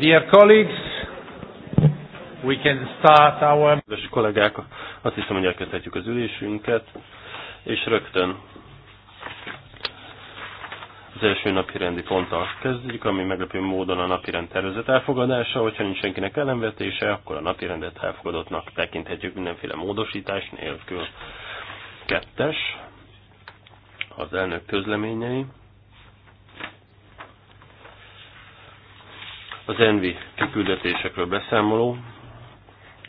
Dear colleagues, we can start our... Kedves kollégák, azt hiszem, hogy elkezdhetjük az ülésünket, és rögtön az első napi rendi ponttal kezdjük, ami meglepő módon a napi rend tervezet elfogadása. Hogyha nincs senkinek ellenvetése, akkor a napi rendet elfogadottnak tekinthetjük mindenféle módosítás nélkül. Kettes, az elnök közleményei. az ENVI kiküldetésekről beszámoló.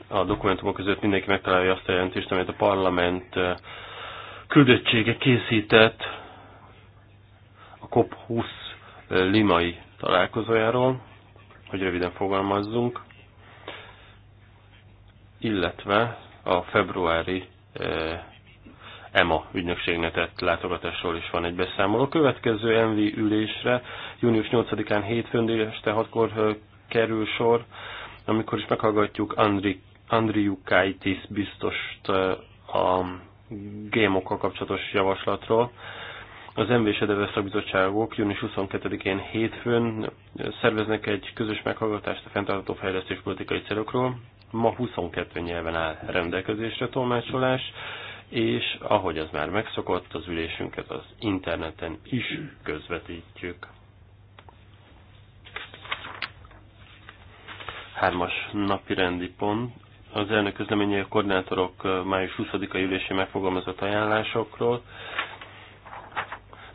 A dokumentumok között mindenki megtalálja azt a jelentést, amelyet a parlament eh, küldöttsége készített a COP20 eh, limai találkozójáról, hogy röviden fogalmazzunk, illetve a februári eh, EMA ügynökségnek tett látogatásról is van egy beszámoló. Következő MV ülésre június 8-án hétfőn este 6-kor kerül sor, amikor is meghallgatjuk Andri, Andriu Kaitis biztost a gémokkal kapcsolatos javaslatról. Az MV és EDV szakbizottságok június 22-én hétfőn szerveznek egy közös meghallgatást a fenntartható fejlesztés politikai célokról. Ma 22 nyelven áll rendelkezésre tolmácsolás és ahogy az már megszokott, az ülésünket az interneten is közvetítjük. Hármas napi rendi pont. Az elnök közleményei a koordinátorok május 20-a ülésé megfogalmazott ajánlásokról.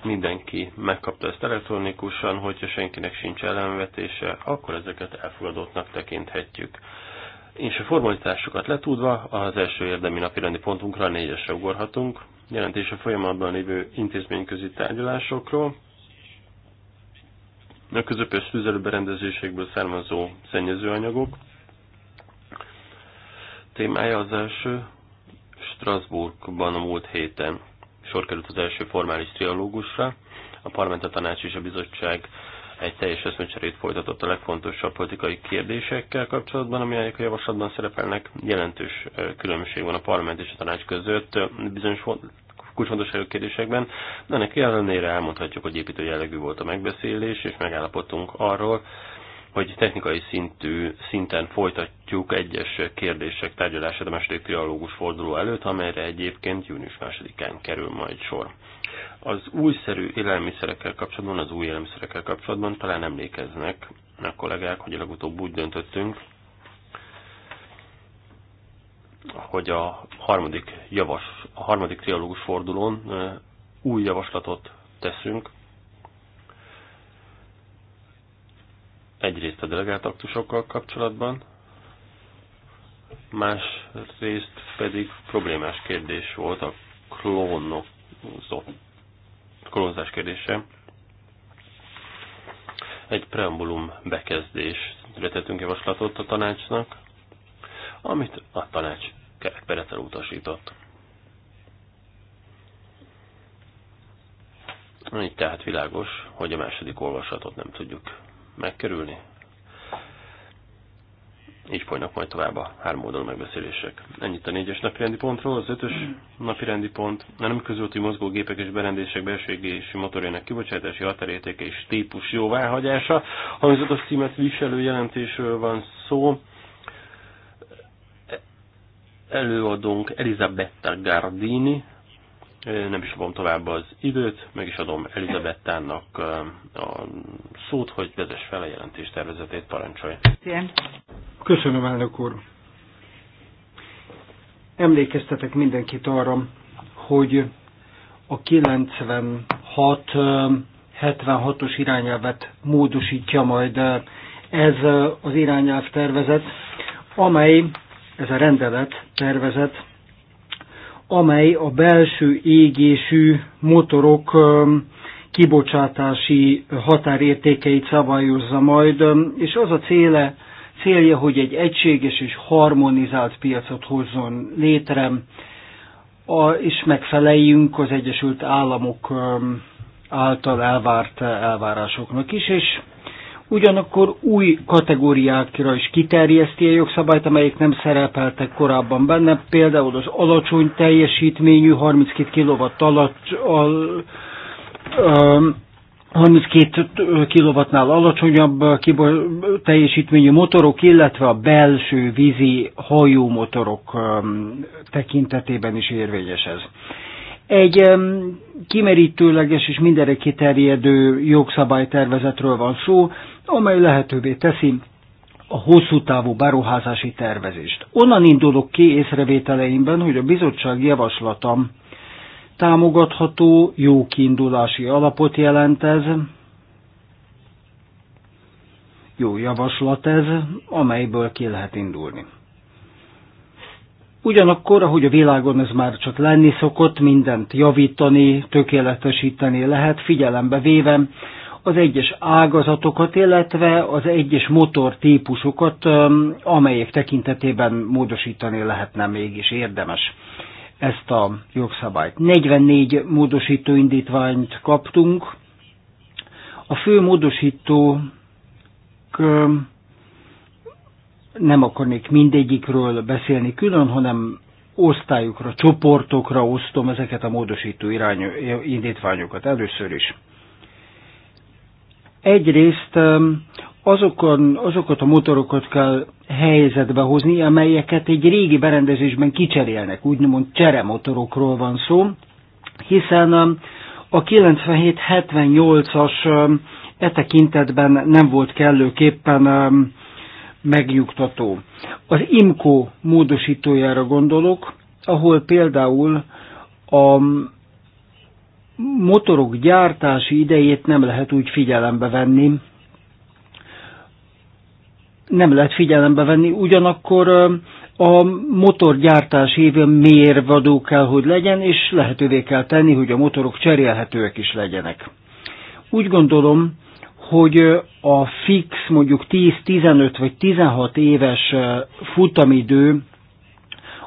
Mindenki megkapta ezt elektronikusan, hogyha senkinek sincs ellenvetése, akkor ezeket elfogadottnak tekinthetjük. És a formalitásokat letudva, az első érdemi napirendi pontunkra négyesre ugorhatunk. Jelentés a folyamatban lévő intézményközi tárgyalásokról. A közöpös tüzelőberendezésekből származó szennyezőanyagok témája az első. Strasbourgban a múlt héten sor került az első formális trialógusra. A parlament, a tanács és a bizottság egy teljes eszmecserét folytatott a legfontosabb politikai kérdésekkel kapcsolatban, amelyek a javaslatban szerepelnek. Jelentős különbség van a parlament és a tanács között bizonyos kulcsfontosságú kérdésekben. De ennek ellenére elmondhatjuk, hogy építő jellegű volt a megbeszélés, és megállapodtunk arról, hogy technikai szintű szinten folytatjuk egyes kérdések tárgyalását a második trialógus forduló előtt, amelyre egyébként június másodikán kerül majd sor. Az újszerű élelmiszerekkel kapcsolatban, az új élelmiszerekkel kapcsolatban talán emlékeznek a kollégák, hogy legutóbb úgy döntöttünk, hogy a harmadik, javas, a harmadik trialógus fordulón új javaslatot teszünk. Egyrészt a delegált aktusokkal kapcsolatban, másrészt pedig problémás kérdés volt a klónok, Kolonzás kérdése. Egy preambulum bekezdés tettünk javaslatot a tanácsnak, amit a tanács kerekperetel utasított. Így tehát világos, hogy a második olvasatot nem tudjuk megkerülni, így folynak majd tovább a három oldalú megbeszélések. Ennyit a négyes napirendi pontról, az ötös mm. napirendi pont a nem közúti mozgógépek és berendések belségési motorjának kibocsátási határértéke és típus jóváhagyása. Hangzatos címet viselő jelentésről van szó. E- előadónk Elisabetta Gardini, nem is lopom tovább az időt, meg is adom Elizabettának a szót, hogy vezess fel a jelentés tervezetét, parancsolja. Köszönöm, elnök úr. Emlékeztetek mindenkit arra, hogy a 96 76-os irányelvet módosítja majd ez az irányelv tervezet, amely, ez a rendelet tervezet amely a belső égésű motorok kibocsátási határértékeit szabályozza majd, és az a céle, célja, hogy egy egységes és harmonizált piacot hozzon létre, és megfeleljünk az Egyesült Államok által elvárt elvárásoknak is, és ugyanakkor új kategóriákra is kiterjeszti a jogszabályt, amelyek nem szerepeltek korábban benne, például az alacsony teljesítményű 32 kW alatt, al, um, 32 kilovatnál alacsonyabb teljesítményű motorok, illetve a belső vízi hajómotorok tekintetében is érvényes ez. Egy kimerítőleges és mindenre kiterjedő jogszabálytervezetről van szó, amely lehetővé teszi a hosszú távú beruházási tervezést. Onnan indulok ki észrevételeimben, hogy a bizottság javaslata támogatható, jó kiindulási alapot jelent ez, jó javaslat ez, amelyből ki lehet indulni. Ugyanakkor, ahogy a világon ez már csak lenni szokott, mindent javítani, tökéletesíteni lehet, figyelembe véve az egyes ágazatokat, illetve az egyes motortípusokat, amelyek tekintetében módosítani lehetne mégis érdemes ezt a jogszabályt. 44 módosító indítványt kaptunk. A fő módosítók nem akarnék mindegyikről beszélni külön, hanem osztályokra, csoportokra osztom ezeket a módosító irányú, indítványokat először is. Egyrészt um, azokon, azokat a motorokat kell helyzetbe hozni, amelyeket egy régi berendezésben kicserélnek, úgymond cseremotorokról van szó, hiszen um, a 97-78-as um, e tekintetben nem volt kellőképpen megnyugtató. Az IMCO módosítójára gondolok, ahol például a motorok gyártási idejét nem lehet úgy figyelembe venni, nem lehet figyelembe venni, ugyanakkor a motorgyártás évén mérvadó kell, hogy legyen, és lehetővé kell tenni, hogy a motorok cserélhetőek is legyenek. Úgy gondolom, hogy a fix mondjuk 10, 15 vagy 16 éves futamidő,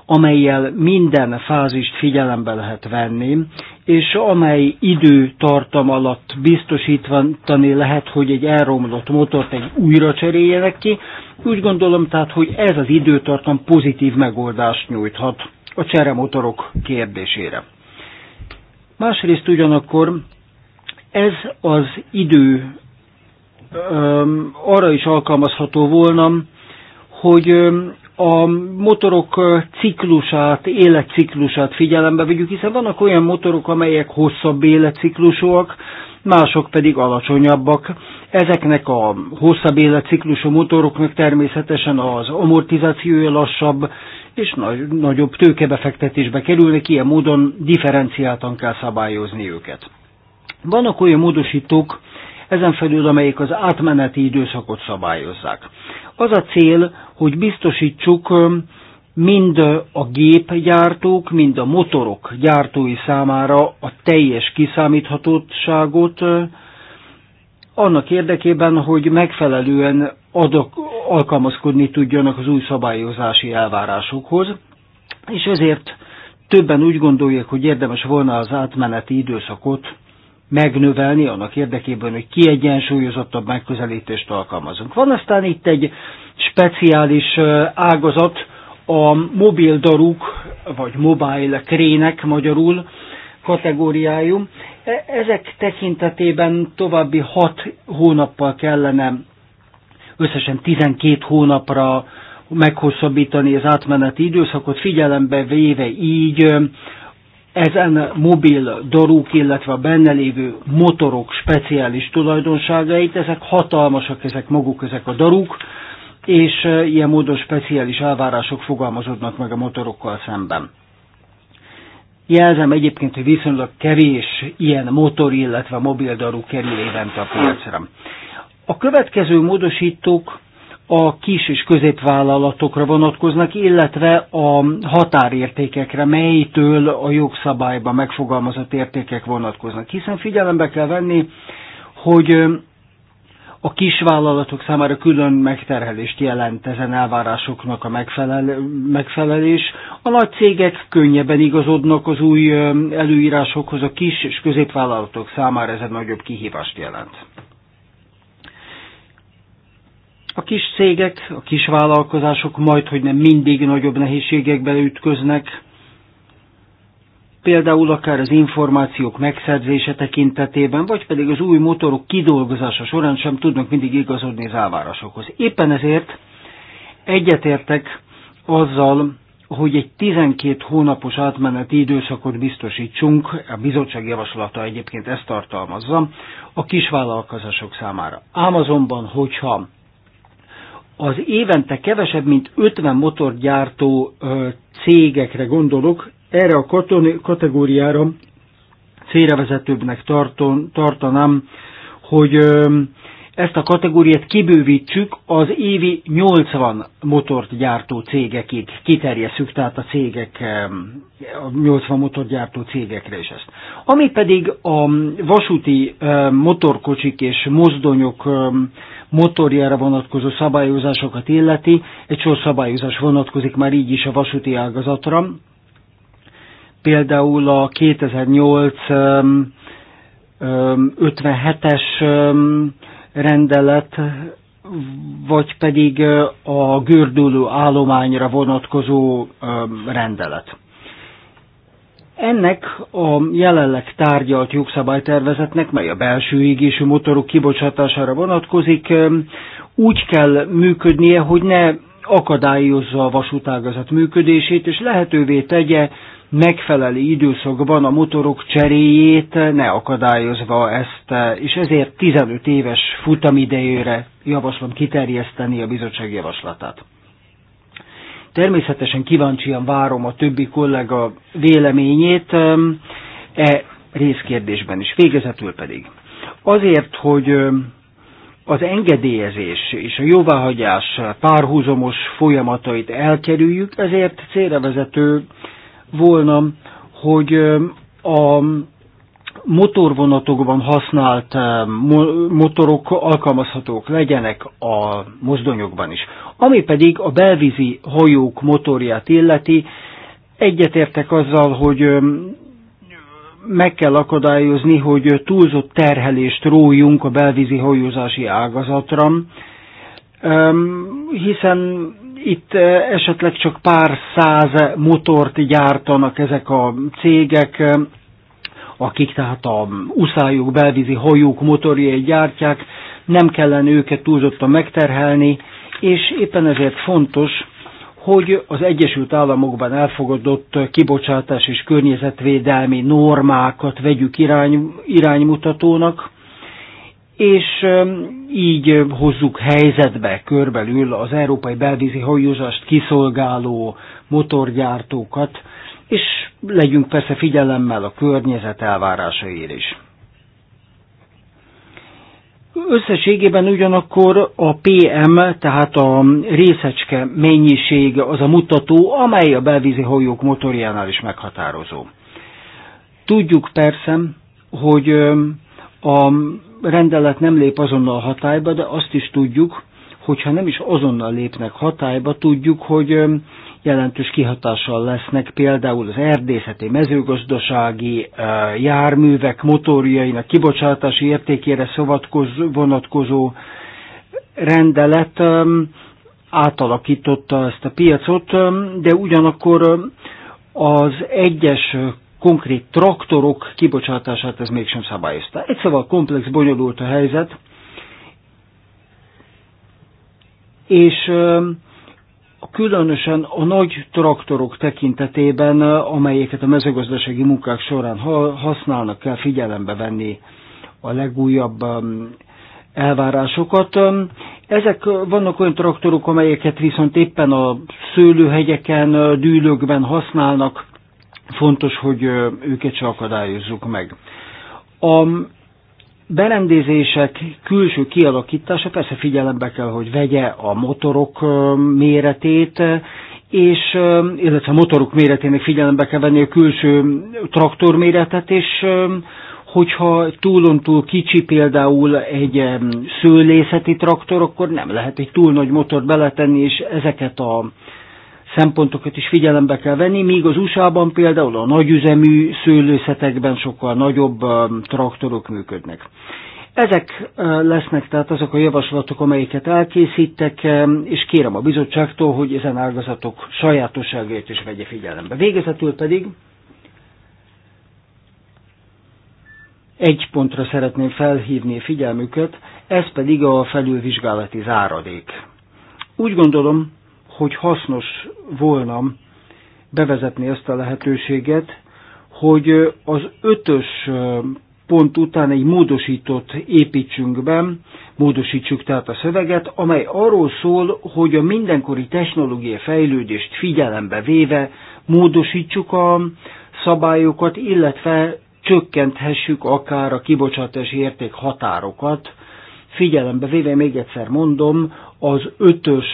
amelyel minden fázist figyelembe lehet venni, és amely időtartam alatt biztosítani lehet, hogy egy elromlott motort egy újra cseréljenek ki. Úgy gondolom tehát, hogy ez az időtartam pozitív megoldást nyújthat a cseremotorok kérdésére. Másrészt ugyanakkor ez az idő arra is alkalmazható volna, hogy a motorok ciklusát, életciklusát figyelembe vegyük, hiszen vannak olyan motorok, amelyek hosszabb életciklusúak, mások pedig alacsonyabbak. Ezeknek a hosszabb életciklusú motoroknak természetesen az amortizációja lassabb, és nagy, nagyobb tőkebefektetésbe kerülnek, ilyen módon differenciáltan kell szabályozni őket. Vannak olyan módosítók, ezen felül amelyik az átmeneti időszakot szabályozzák. Az a cél, hogy biztosítsuk mind a gépgyártók, mind a motorok gyártói számára a teljes kiszámíthatóságot, annak érdekében, hogy megfelelően adok, alkalmazkodni tudjanak az új szabályozási elvárásokhoz, és ezért többen úgy gondolják, hogy érdemes volna az átmeneti időszakot megnövelni annak érdekében, hogy kiegyensúlyozottabb megközelítést alkalmazunk. Van aztán itt egy speciális ágazat, a mobil daruk, vagy mobile krének magyarul kategóriájú. E, ezek tekintetében további 6 hónappal kellene összesen 12 hónapra meghosszabbítani az átmeneti időszakot, figyelembe véve így ezen mobil daruk illetve a benne lévő motorok speciális tulajdonságait, ezek hatalmasak, ezek maguk, ezek a daruk és e, ilyen módon speciális elvárások fogalmazódnak meg a motorokkal szemben. Jelzem egyébként, hogy viszonylag kevés ilyen motor, illetve mobildarú kerül évente a piacra. A következő módosítók a kis és középvállalatokra vonatkoznak, illetve a határértékekre, melytől a jogszabályban megfogalmazott értékek vonatkoznak. Hiszen figyelembe kell venni, hogy a kisvállalatok számára külön megterhelést jelent ezen elvárásoknak a megfelel, megfelelés. A nagy cégek könnyebben igazodnak az új előírásokhoz, a kis és középvállalatok számára ez egy nagyobb kihívást jelent. A kis cégek, a kis vállalkozások majd, hogy nem mindig nagyobb nehézségekbe ütköznek, például akár az információk megszerzése tekintetében, vagy pedig az új motorok kidolgozása során sem tudnak mindig igazodni az elvárásokhoz. Éppen ezért egyetértek azzal, hogy egy 12 hónapos átmeneti időszakot biztosítsunk, a bizottság javaslata egyébként ezt tartalmazza, a kisvállalkozások számára. Ám azonban, hogyha az évente kevesebb, mint 50 motorgyártó cégekre gondolok, erre a kategóriára félrevezetőbbnek tartanám, hogy ezt a kategóriát kibővítsük az évi 80 motort gyártó cégekig, kiterjesszük tehát a cégek, a 80 motort gyártó cégekre is ezt. Ami pedig a vasúti motorkocsik és mozdonyok motorjára vonatkozó szabályozásokat illeti, egy sor szabályozás vonatkozik már így is a vasúti ágazatra. Például a 2008 57-es rendelet, vagy pedig a gördülő állományra vonatkozó rendelet. Ennek a jelenleg tárgyalt jogszabálytervezetnek, mely a belső égésű motorok kibocsátására vonatkozik, úgy kell működnie, hogy ne akadályozza a vasútágazat működését, és lehetővé tegye megfelelő időszakban a motorok cseréjét, ne akadályozva ezt, és ezért 15 éves futamidejére javaslom kiterjeszteni a bizottság javaslatát. Természetesen kíváncsian várom a többi kollega véleményét e részkérdésben is. Végezetül pedig. Azért, hogy az engedélyezés és a jóváhagyás párhuzamos folyamatait elkerüljük, ezért célra vezető volna, hogy a motorvonatokban használt eh, motorok alkalmazhatók legyenek a mozdonyokban is. Ami pedig a belvízi hajók motorját illeti, egyetértek azzal, hogy eh, meg kell akadályozni, hogy túlzott terhelést rójunk a belvízi hajózási ágazatra, ehm, hiszen itt eh, esetleg csak pár száz motort gyártanak ezek a cégek, akik tehát a uszályok, belvízi hajók motorjai gyártják, nem kellene őket túlzottan megterhelni, és éppen ezért fontos, hogy az Egyesült Államokban elfogadott kibocsátás és környezetvédelmi normákat vegyük irány, iránymutatónak, és így hozzuk helyzetbe körbelül az európai belvízi hajózást kiszolgáló motorgyártókat, és legyünk persze figyelemmel a környezet elvárásaira is. Összességében ugyanakkor a PM, tehát a részecske mennyiség az a mutató, amely a belvízi hajók motorjánál is meghatározó. Tudjuk persze, hogy a rendelet nem lép azonnal hatályba, de azt is tudjuk, hogyha nem is azonnal lépnek hatályba, tudjuk, hogy jelentős kihatással lesznek például az erdészeti, mezőgazdasági eh, járművek motorjainak kibocsátási értékére vonatkozó rendelet átalakította ezt a piacot, de ugyanakkor az egyes konkrét traktorok kibocsátását ez mégsem szabályozta. Egy szóval komplex, bonyolult a helyzet, és különösen a nagy traktorok tekintetében, amelyeket a mezőgazdasági munkák során használnak, kell figyelembe venni a legújabb um, elvárásokat. Um, ezek uh, vannak olyan traktorok, amelyeket viszont éppen a szőlőhegyeken, uh, dűlőkben használnak, fontos, hogy uh, őket se akadályozzuk meg. A berendezések külső kialakítása persze figyelembe kell, hogy vegye a motorok méretét, és, illetve a motorok méretének figyelembe kell venni a külső traktor méretet, és hogyha túlontúl kicsi például egy szőlészeti traktor, akkor nem lehet egy túl nagy motort beletenni, és ezeket a szempontokat is figyelembe kell venni, míg az USA-ban például a nagyüzemű szőlőszetekben sokkal nagyobb traktorok működnek. Ezek lesznek tehát azok a javaslatok, amelyeket elkészítek, és kérem a bizottságtól, hogy ezen ágazatok sajátosságait is vegye figyelembe. Végezetül pedig egy pontra szeretném felhívni a figyelmüket, ez pedig a felülvizsgálati záradék. Úgy gondolom, hogy hasznos volna bevezetni ezt a lehetőséget, hogy az ötös pont után egy módosított építsünk be, módosítsuk tehát a szöveget, amely arról szól, hogy a mindenkori technológiai fejlődést figyelembe véve módosítsuk a szabályokat, illetve csökkenthessük akár a kibocsátási érték határokat, figyelembe véve, még egyszer mondom, az ötös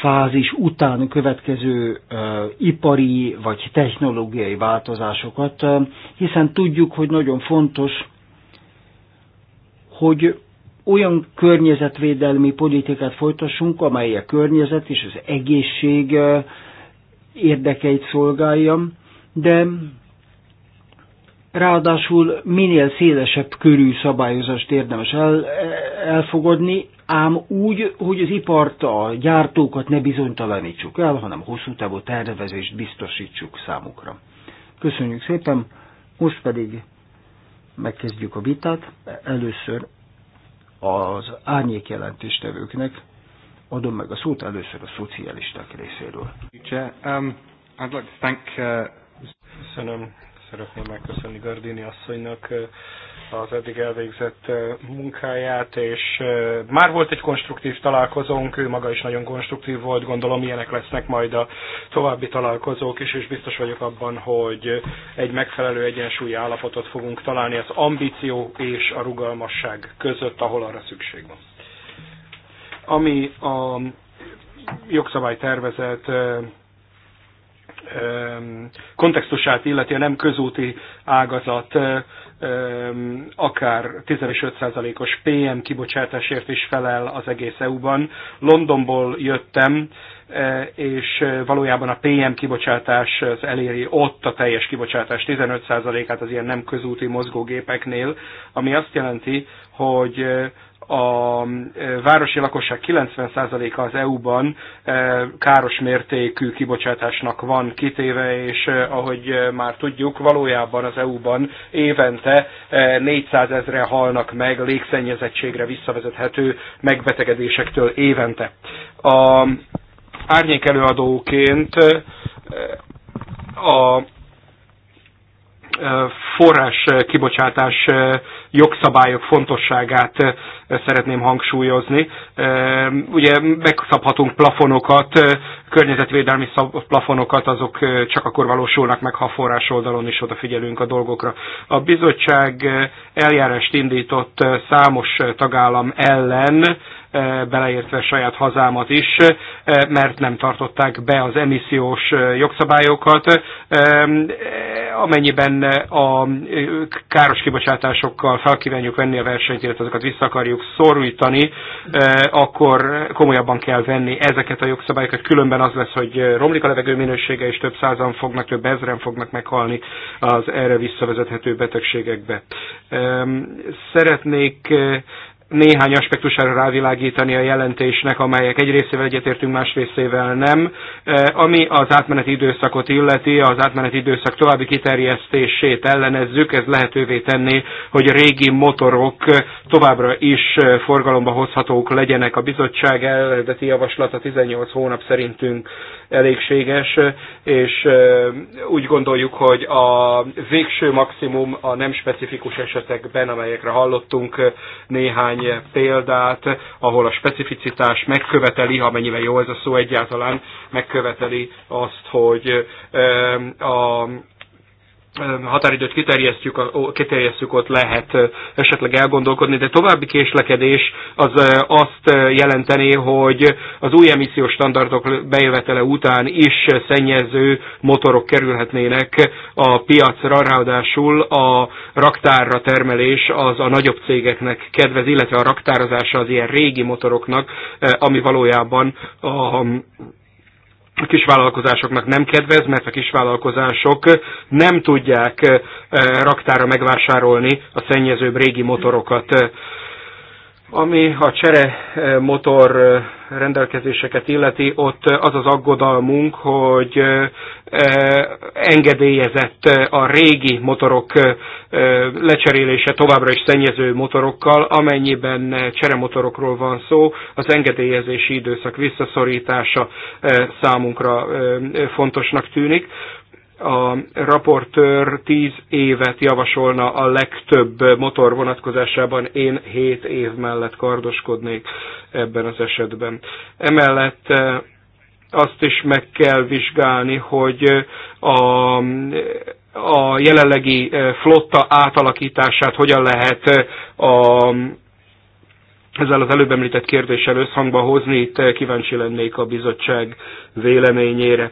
fázis után következő ipari vagy technológiai változásokat, hiszen tudjuk, hogy nagyon fontos, hogy olyan környezetvédelmi politikát folytassunk, amely a környezet és az egészség érdekeit szolgálja, de ráadásul minél szélesebb körű szabályozást érdemes el, elfogadni, ám úgy, hogy az ipart, a gyártókat ne bizonytalanítsuk el, hanem hosszú távú tervezést biztosítsuk számukra. Köszönjük szépen, most pedig megkezdjük a vitát. Először az árnyék jelentéstevőknek adom meg a szót, először a szocialisták részéről. Um, uh, Köszönöm, szeretném megköszönni Gardini asszonynak uh, az eddig elvégzett munkáját, és már volt egy konstruktív találkozónk, ő maga is nagyon konstruktív volt, gondolom ilyenek lesznek majd a további találkozók is, és biztos vagyok abban, hogy egy megfelelő egyensúlyi állapotot fogunk találni az ambíció és a rugalmasság között, ahol arra szükség van. Ami a jogszabálytervezet kontextusát illeti a nem közúti ágazat akár 15%-os PM kibocsátásért is felel az egész EU-ban. Londonból jöttem, és valójában a PM kibocsátás az eléri ott a teljes kibocsátás 15%-át az ilyen nem közúti mozgógépeknél, ami azt jelenti, hogy a városi lakosság 90%-a az EU-ban e, káros mértékű kibocsátásnak van kitéve, és e, ahogy e, már tudjuk, valójában az EU-ban évente 400 ezre halnak meg légszennyezettségre visszavezethető megbetegedésektől évente. A árnyék előadóként a forrás kibocsátás jogszabályok fontosságát szeretném hangsúlyozni. Ugye megszabhatunk plafonokat, környezetvédelmi plafonokat, azok csak akkor valósulnak meg, ha a forrás oldalon is odafigyelünk a dolgokra. A bizottság eljárást indított számos tagállam ellen, beleértve saját hazámat is, mert nem tartották be az emissziós jogszabályokat, amennyiben a káros kibocsátásokkal fel kívánjuk venni a versenyt, illetve azokat vissza akarjuk szorítani, eh, akkor komolyabban kell venni ezeket a jogszabályokat, különben az lesz, hogy romlik a levegő minősége, és több százan fognak, több ezren fognak meghalni az erre visszavezethető betegségekbe. Szeretnék eh, néhány aspektusára rávilágítani a jelentésnek, amelyek egy részével egyetértünk, más részével nem. E, ami az átmeneti időszakot illeti, az átmeneti időszak további kiterjesztését ellenezzük, ez lehetővé tenni, hogy a régi motorok továbbra is forgalomba hozhatók legyenek. A bizottság eredeti javaslata 18 hónap szerintünk elégséges, és úgy gondoljuk, hogy a végső maximum a nem specifikus esetekben, amelyekre hallottunk néhány példát, ahol a specificitás megköveteli, ha mennyivel jó ez a szó egyáltalán, megköveteli azt, hogy a határidőt kiterjesztjük, kiterjesztjük, ott lehet esetleg elgondolkodni, de további késlekedés az azt jelenteni, hogy az új emissziós standardok bejövetele után is szennyező motorok kerülhetnének a piacra, ráadásul a raktárra termelés az a nagyobb cégeknek kedvez, illetve a raktározása az ilyen régi motoroknak, ami valójában a a kisvállalkozásoknak nem kedvez, mert a kisvállalkozások nem tudják eh, raktára megvásárolni a szennyezőbb régi motorokat. Ami a csere eh, motor eh, rendelkezéseket illeti, ott eh, az az aggodalmunk, hogy engedélyezett a régi motorok lecserélése továbbra is szennyező motorokkal, amennyiben cseremotorokról van szó, az engedélyezési időszak visszaszorítása számunkra fontosnak tűnik a raportőr 10 évet javasolna a legtöbb motor vonatkozásában, én 7 év mellett kardoskodnék ebben az esetben. Emellett eh, azt is meg kell vizsgálni, hogy eh, a, a jelenlegi eh, flotta átalakítását hogyan lehet a, ezzel az előbb említett kérdéssel összhangba hozni, itt kíváncsi lennék a bizottság véleményére.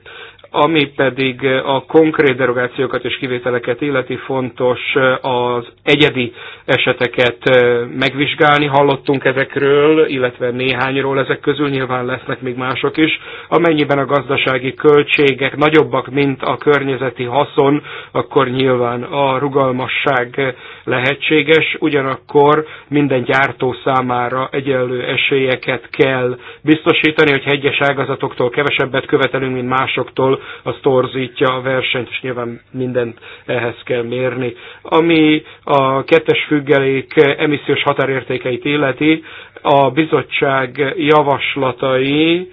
Ami pedig eh, a konkrét derogációkat és kivételeket illeti fontos eh, az egyedi eseteket eh, megvizsgálni. Hallottunk ezekről, illetve néhányról ezek közül, nyilván lesznek még mások is. Amennyiben a gazdasági költségek nagyobbak, mint a környezeti haszon, akkor nyilván a rugalmasság lehetséges, ugyanakkor minden gyártó számára egyenlő esélyeket kell biztosítani, hogy egyes ágazatoktól kevesebbet követelünk, mint másoktól, az torzítja a versenyt, és nyilván mindent ehhez kell mérni. Ami a kettes függelék emissziós határértékeit illeti, a bizottság javaslatai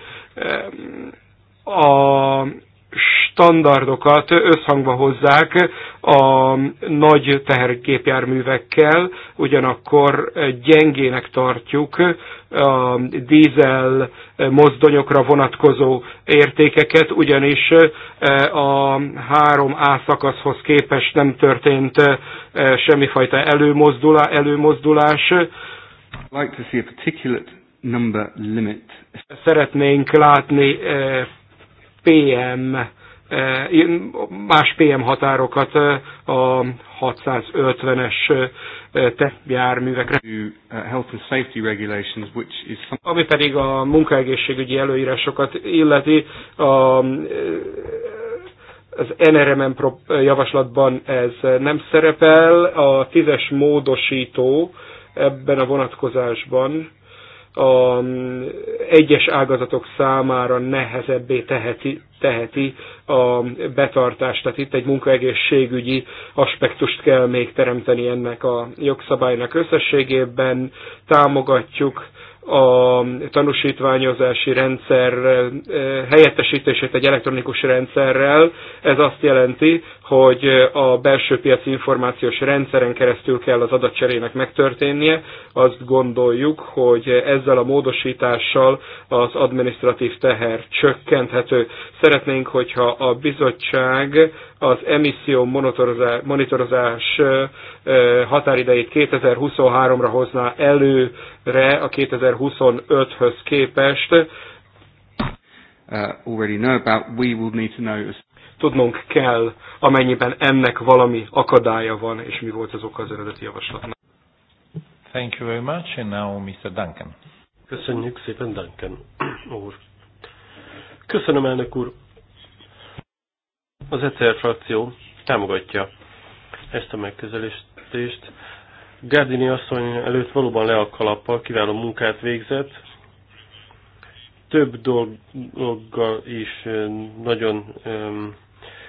a standardokat összhangba hozzák a nagy tehergépjárművekkel, ugyanakkor gyengének tartjuk a dízel mozdonyokra vonatkozó értékeket, ugyanis a három a szakaszhoz képest nem történt semmifajta előmozdulás, előmozdulás. Like to see a particular number limit. Szeretnénk látni eh, PM eh, más PM határokat eh, a 650-es eh, te járművekre. Uh, health and safety regulations, which is Ami pedig a munkaegészségügyi előírásokat illeti, a, az NRMM javaslatban ez nem szerepel, a tízes módosító ebben a vonatkozásban a mm, egyes ágazatok számára nehezebbé teheti, teheti a betartást. Tehát itt egy munkaegészségügyi aspektust kell még teremteni ennek a jogszabálynak összességében. Támogatjuk a tanúsítványozási rendszer eh, helyettesítését egy elektronikus rendszerrel. Ez azt jelenti, hogy a belső piaci információs rendszeren keresztül kell az adatcserének megtörténnie. Azt gondoljuk, hogy ezzel a módosítással az administratív teher csökkenthető. Szeretnénk, hogyha a bizottság az emisszió monitorozás határidejét 2023-ra hozná előre a 2025-höz képest, uh, already know about, we will need to know tudnunk kell, amennyiben ennek valami akadálya van, és mi volt az oka az eredeti javaslatnak. Thank you very much, and now Mr. Duncan. Köszönjük szépen, Duncan úr. Köszönöm, elnök úr. Az ECR frakció támogatja ezt a megközelítést. Gárdini asszony előtt valóban le a kalappal, kiváló munkát végzett. Több dolggal is eh, nagyon um,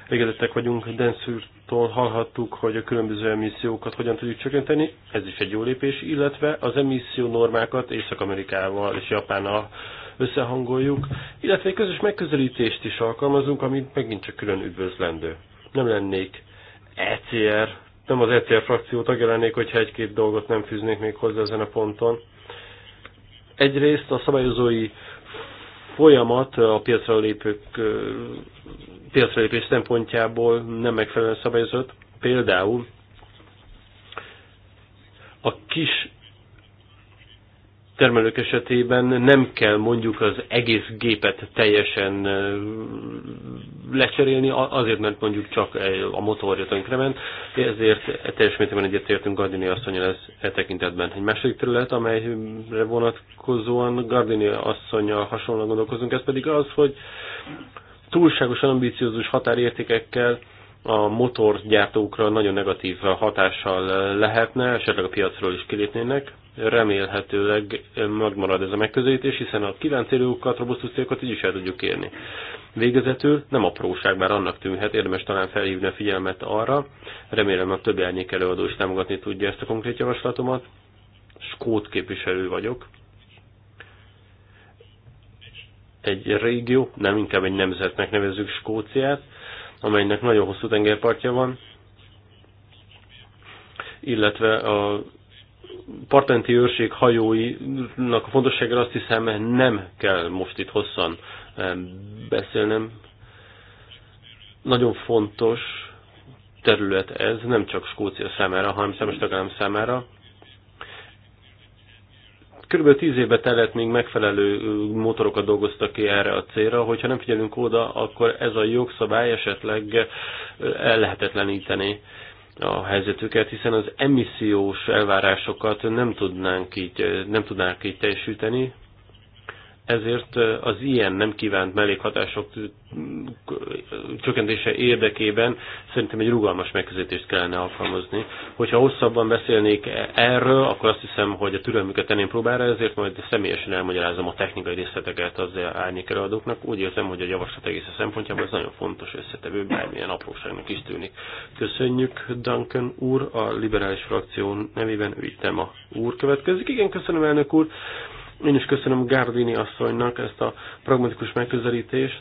Elégedettek vagyunk, Denszűrtól hallhattuk, hogy a különböző emissziókat hogyan tudjuk csökkenteni, ez is egy jó lépés, illetve az emisszió normákat Észak-Amerikával és Japánnal összehangoljuk, illetve egy közös megközelítést is alkalmazunk, ami megint csak külön üdvözlendő. Nem lennék ECR, nem az ECR frakció tagja lennék, hogyha egy-két dolgot nem fűznék még hozzá ezen a ponton. Egyrészt a szabályozói folyamat a piacra lépők piacrelépés szempontjából nem megfelelően szabályozott. Például a kis termelők esetében nem kell mondjuk az egész gépet teljesen lecserélni, azért, mert mondjuk csak a motorja tönkrement, ezért teljes mértékben egyetértünk Gardini asszony ez e tekintetben. Egy másik terület, amelyre vonatkozóan Gardini asszonyjal hasonlóan gondolkozunk, ez pedig az, hogy túlságosan ambiciózus határértékekkel a motorgyártókra nagyon negatív hatással lehetne, esetleg a piacról is kilépnének. Remélhetőleg megmarad ez a megközelítés, hiszen a kilenc célokat, robusztus célokat így is el tudjuk érni. Végezetül nem apróság, bár annak tűnhet, érdemes talán felhívni a figyelmet arra. Remélem a többi árnyék előadó is támogatni tudja ezt a konkrét javaslatomat. Skót képviselő vagyok. egy régió, nem inkább egy nemzetnek nevezzük Skóciát, amelynek nagyon hosszú tengerpartja van, illetve a partenti őrség hajóinak a fontosságára azt hiszem nem kell most itt hosszan eh, beszélnem. Nagyon fontos terület ez, nem csak Skócia számára, hanem számos tagállam számára kb. 10 évbe telett, még megfelelő motorokat dolgoztak ki erre a célra, hogyha nem figyelünk oda, akkor ez a jogszabály esetleg lehetetleníteni a helyzetüket, hiszen az emissziós elvárásokat nem tudnánk így, nem tudnánk így teljesíteni, ezért az ilyen nem kívánt mellékhatások csökkentése érdekében szerintem egy rugalmas megközelítést kellene alkalmazni. Hogyha hosszabban beszélnék erről, akkor azt hiszem, hogy a türelmüket tenném próbára, ezért majd személyesen elmagyarázom a technikai részleteket az árnyék előadóknak. Úgy érzem, hogy a javaslat egész a szempontjából ez nagyon fontos összetevő, bármilyen apróságnak is tűnik. Köszönjük Duncan úr, a liberális frakció nevében a úr következik. Igen, köszönöm elnök úr. Én is köszönöm Gárdini asszonynak ezt a pragmatikus megközelítést,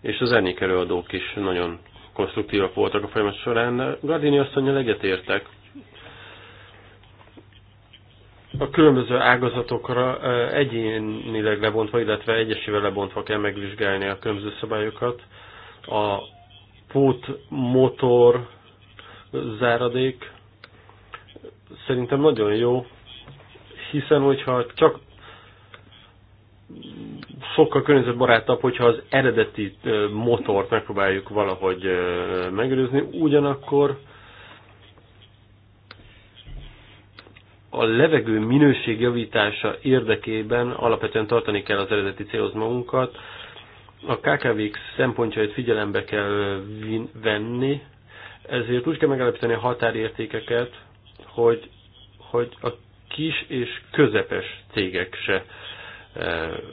és az ennék előadók is nagyon konstruktívak voltak a folyamat során. Gardini asszonyjal egyetértek. A különböző ágazatokra egyénileg lebontva, illetve egyesével lebontva kell megvizsgálni a különböző szabályokat. A pót, motor, záradék, szerintem nagyon jó, hiszen hogyha csak sokkal környezetbarátabb, hogyha az eredeti motort megpróbáljuk valahogy megőrizni, ugyanakkor a levegő minőség javítása érdekében alapvetően tartani kell az eredeti célhoz magunkat. A KKV-k szempontjait figyelembe kell venni, ezért úgy kell megállapítani a határértékeket, hogy, hogy a kis és közepes cégek se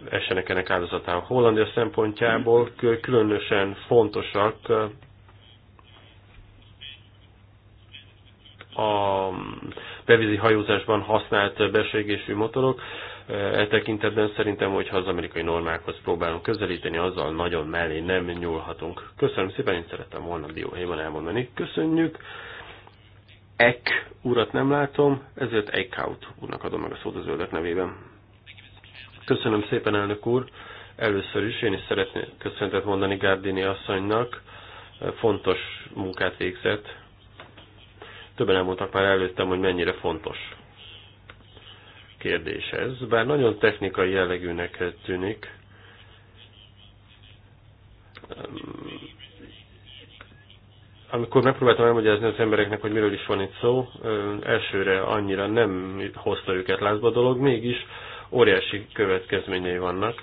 esenek ennek áldozatán. Hollandia szempontjából különösen fontosak e, a bevízi hajózásban használt beségésű motorok. E, e tekintetben szerintem, hogy az amerikai normákhoz próbálunk közelíteni, azzal nagyon mellé nem nyúlhatunk. Köszönöm szépen, én szerettem volna dióhéjban elmondani. Köszönjük! Ek urat nem látom, ezért Eichhout úrnak adom meg a szót az zöldek nevében. Köszönöm szépen, elnök úr! Először is én is szeretnék köszöntet mondani Gárdini asszonynak. Fontos munkát végzett. Többen elmondtak már előttem, hogy mennyire fontos kérdés ez. Bár nagyon technikai jellegűnek tűnik, amikor megpróbáltam elmagyarázni az embereknek, hogy miről is van itt szó, elsőre annyira nem hozta őket lázba a dolog, mégis óriási következményei vannak.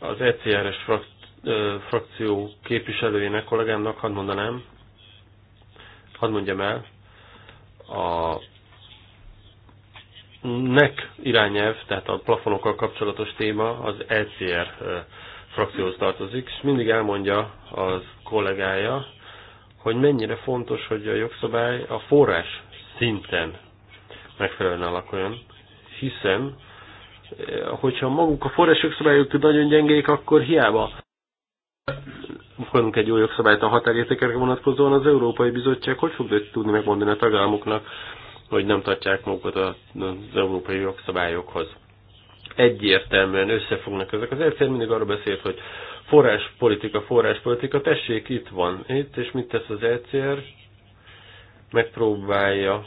Az ECRS frak, frakció képviselőjének, kollégámnak hadd mondanám, hadd mondjam el, a NEC irányelv, tehát a plafonokkal kapcsolatos téma az ECR frakcióhoz tartozik, és mindig elmondja az kollégája, hogy mennyire fontos, hogy a jogszabály a forrás szinten megfelelően alakuljon, hiszen eh, hogyha maguk a forrás jogszabályok nagyon gyengék, akkor hiába fogunk egy új jogszabályt a határértékekre vonatkozóan, az Európai Bizottság hogy fog tudni megmondani a tagállamoknak, hogy nem tartják magukat az európai jogszabályokhoz egyértelműen összefognak ezek. Az egyszer mindig arra beszélt, hogy forráspolitika, forráspolitika, tessék, itt van, itt, és mit tesz az ECR? Megpróbálja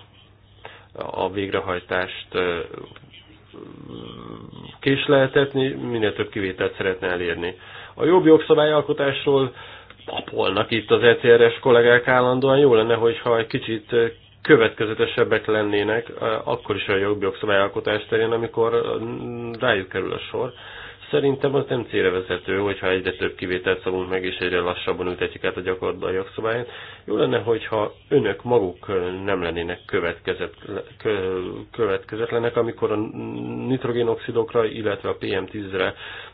a végrehajtást késleltetni, minél több kivételt szeretne elérni. A jobb jogszabályalkotásról papolnak itt az ECR-es kollégák állandóan, jó lenne, hogyha egy kicsit következetesebbek lennének, akkor is a jogszabályalkotás terén, amikor rájuk kerül a sor. Szerintem az nem célra vezető, hogyha egyre több kivételt szabunk meg, és egyre lassabban ültetjük át a gyakorlatban a jogszabályt. Jó lenne, hogyha önök maguk nem lennének következet, következetlenek, amikor a nitrogénoxidokra, illetve a PM10-re,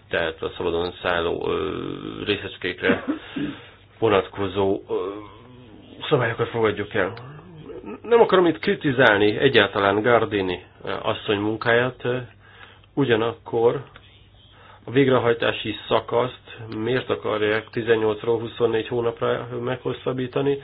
tehát a szabadon szálló részecskékre vonatkozó szabályokat fogadjuk el nem akarom itt kritizálni egyáltalán Gardini eh, asszony munkáját, eh, ugyanakkor a végrehajtási szakaszt miért akarják 18 24 hónapra meghosszabbítani,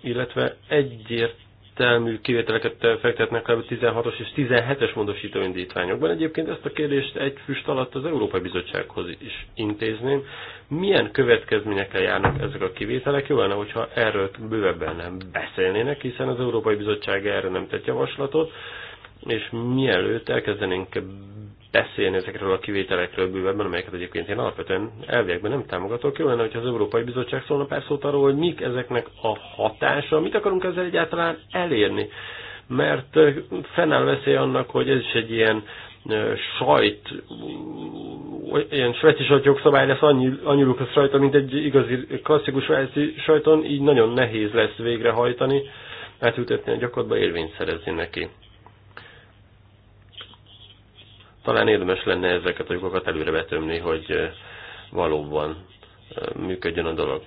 illetve egyért egyértelmű kivételeket fektetnek le a 16-os és 17-es módosító indítványokban. Egyébként ezt a kérdést egy füst alatt az Európai Bizottsághoz is intézném. Milyen következményekkel járnak ezek a kivételek? Jó lenne, hogyha erről bővebben nem beszélnének, hiszen az Európai Bizottság erre nem tett javaslatot, és mielőtt elkezdenénk beszélni ezekről a kivételekről bővebben, amelyeket egyébként én alapvetően elviekben nem támogatok. Jó lenne, hogyha az Európai Bizottság szólna pár szót arról, hogy mik ezeknek a hatása, mit akarunk ezzel egyáltalán elérni. Mert fennáll veszély annak, hogy ez is egy ilyen sajt, ilyen sveci sajtjogszabály lesz annyi, annyi lukasz rajta, mint egy igazi klasszikus svájci sajton, így nagyon nehéz lesz végrehajtani, átültetni a gyakorlatba érvényt szerezni neki talán érdemes lenne ezeket a lyukokat előre betömni, hogy valóban működjön a dolog.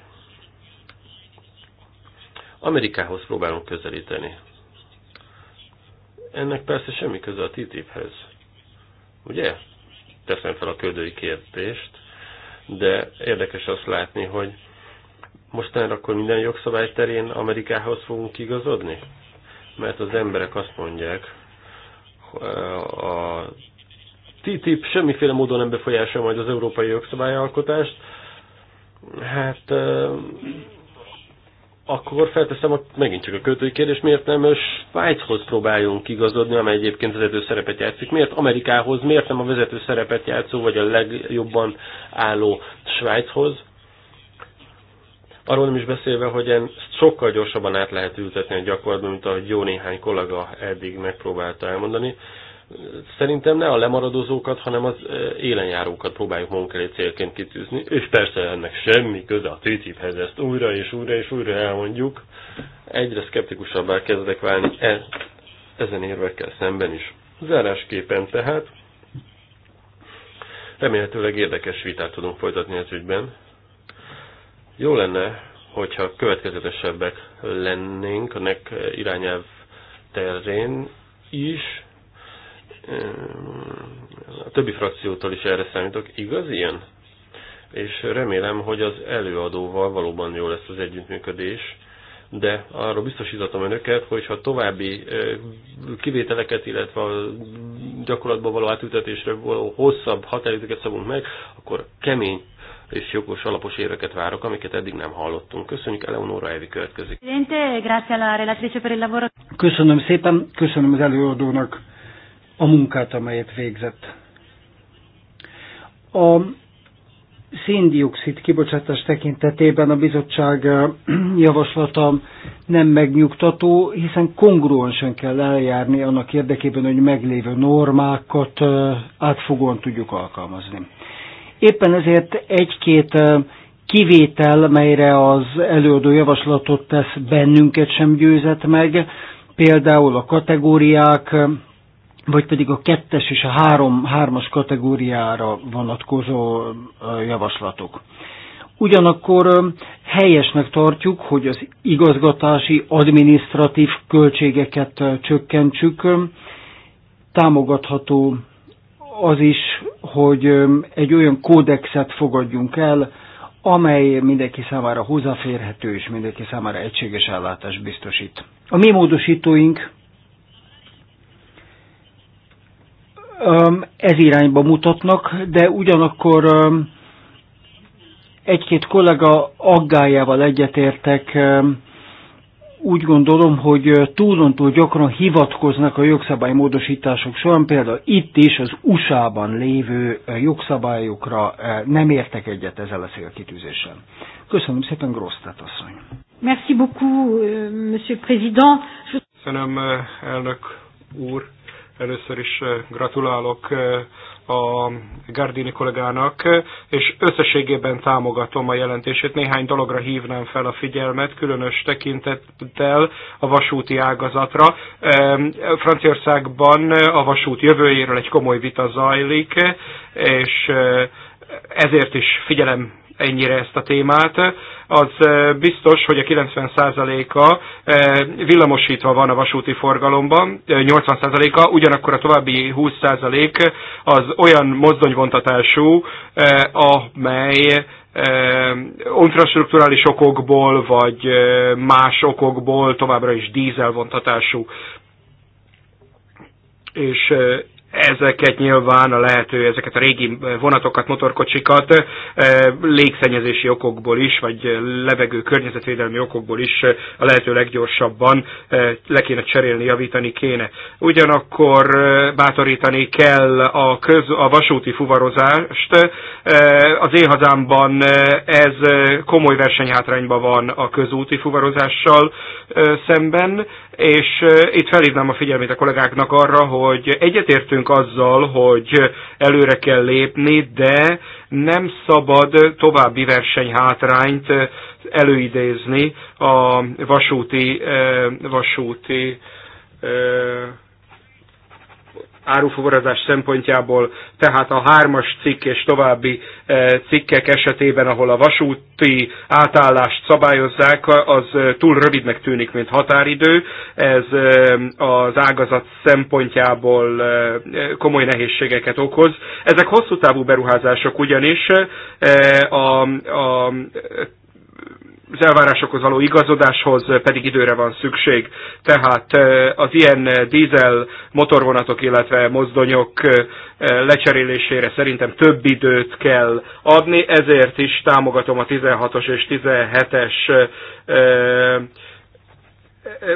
Amerikához próbálunk közelíteni. Ennek persze semmi köze a TTIP-hez. Ugye? Teszem fel a köldői kérdést, de érdekes azt látni, hogy mostanra akkor minden jogszabály terén Amerikához fogunk igazodni? Mert az emberek azt mondják, a TTIP semmiféle módon nem befolyásolja majd az európai jogszabályalkotást, hát e, akkor felteszem a, megint csak a költői kérdés, miért nem Svájchoz próbáljunk igazodni, amely egyébként vezető szerepet játszik, miért Amerikához, miért nem a vezető szerepet játszó, vagy a legjobban álló Svájchoz, Arról nem is beszélve, hogy en sokkal gyorsabban át lehet ültetni a gyakorlatban, mint ahogy jó néhány kollega eddig megpróbálta elmondani. Szerintem ne a lemaradozókat, hanem az e, élenjárókat próbáljuk magunk elé célként kitűzni, és persze ennek semmi köze a TTIP-hez, ezt újra és újra és újra elmondjuk. Egyre szkeptikusabbá kezdek válni e, ezen érvekkel szemben is. Zárásképpen tehát remélhetőleg érdekes vitát tudunk folytatni az ügyben. Jó lenne, hogyha következetesebbek lennénk a nek irányelv terén is, a többi frakciótól is erre számítok. Igaz ilyen? És remélem, hogy az előadóval valóban jó lesz az együttműködés, de arról biztosítatom önöket, hogy ha további kivételeket, illetve a gyakorlatban való átültetésre való hosszabb határidőket szabunk meg, akkor kemény és jogos alapos éveket várok, amiket eddig nem hallottunk. Köszönjük, Eleonora Evi következik. Köszönöm szépen, köszönöm az előadónak a munkát, amelyet végzett. A széndiokszid kibocsátás tekintetében a bizottság javaslata nem megnyugtató, hiszen kongruensen kell eljárni annak érdekében, hogy meglévő normákat átfogóan tudjuk alkalmazni. Éppen ezért egy-két kivétel, melyre az előadó javaslatot tesz, bennünket sem győzett meg, például a kategóriák vagy pedig a kettes és a három, hármas kategóriára vonatkozó javaslatok. Ugyanakkor helyesnek tartjuk, hogy az igazgatási, administratív költségeket csökkentsük. Támogatható az is, hogy egy olyan kódexet fogadjunk el, amely mindenki számára hozzáférhető és mindenki számára egységes ellátást biztosít. A mi módosítóink ez irányba mutatnak, de ugyanakkor egy-két kollega aggájával egyetértek, úgy gondolom, hogy túlontúl gyakran hivatkoznak a jogszabály módosítások során, például itt is az USA-ban lévő jogszabályokra nem értek egyet ezzel a célkitűzéssel. Köszönöm szépen, Grosztát asszony. Merci beaucoup, euh, monsieur président. Köszönöm, elnök úr. Először is eh, gratulálok eh, a Gardini kollégának, és összességében támogatom a jelentését. Néhány dologra hívnám fel a figyelmet, különös tekintettel a vasúti ágazatra. Eh, Franciaországban a vasút jövőjéről egy komoly vita zajlik, és ezért is figyelem ennyire ezt a témát, az eh, biztos, hogy a 90%-a eh, villamosítva van a vasúti forgalomban, 80%-a, eh, ugyanakkor a további 20% az olyan mozdonyvontatású, amely infrastruktúrális okokból, vagy más okokból továbbra is dízelvontatású. És ezeket nyilván a lehető, ezeket a régi vonatokat, motorkocsikat eh, légszennyezési okokból is, vagy levegő környezetvédelmi okokból is eh, a lehető leggyorsabban eh, le kéne cserélni, javítani kéne. Ugyanakkor bátorítani kell a, köz, a vasúti fuvarozást. Az én hazámban ez komoly versenyhátrányban van a közúti fuvarozással szemben és eh, itt felhívnám a figyelmét a kollégáknak arra, hogy egyetértünk azzal, hogy előre kell lépni, de nem szabad további versenyhátrányt eh, előidézni a vasúti, eh, vasúti árufuvarozás szempontjából, tehát a hármas cikk és további eh, cikkek esetében, ahol a vasúti átállást szabályozzák, az eh, túl rövidnek tűnik, mint határidő. Ez eh, az ágazat szempontjából komoly nehézségeket okoz. Ezek hosszú távú beruházások ugyanis. A, a az elvárásokhoz való igazodáshoz pedig időre van szükség. Tehát eh, az ilyen dízel motorvonatok, illetve mozdonyok eh, lecserélésére szerintem több időt kell adni, ezért is támogatom a 16-os és 17-es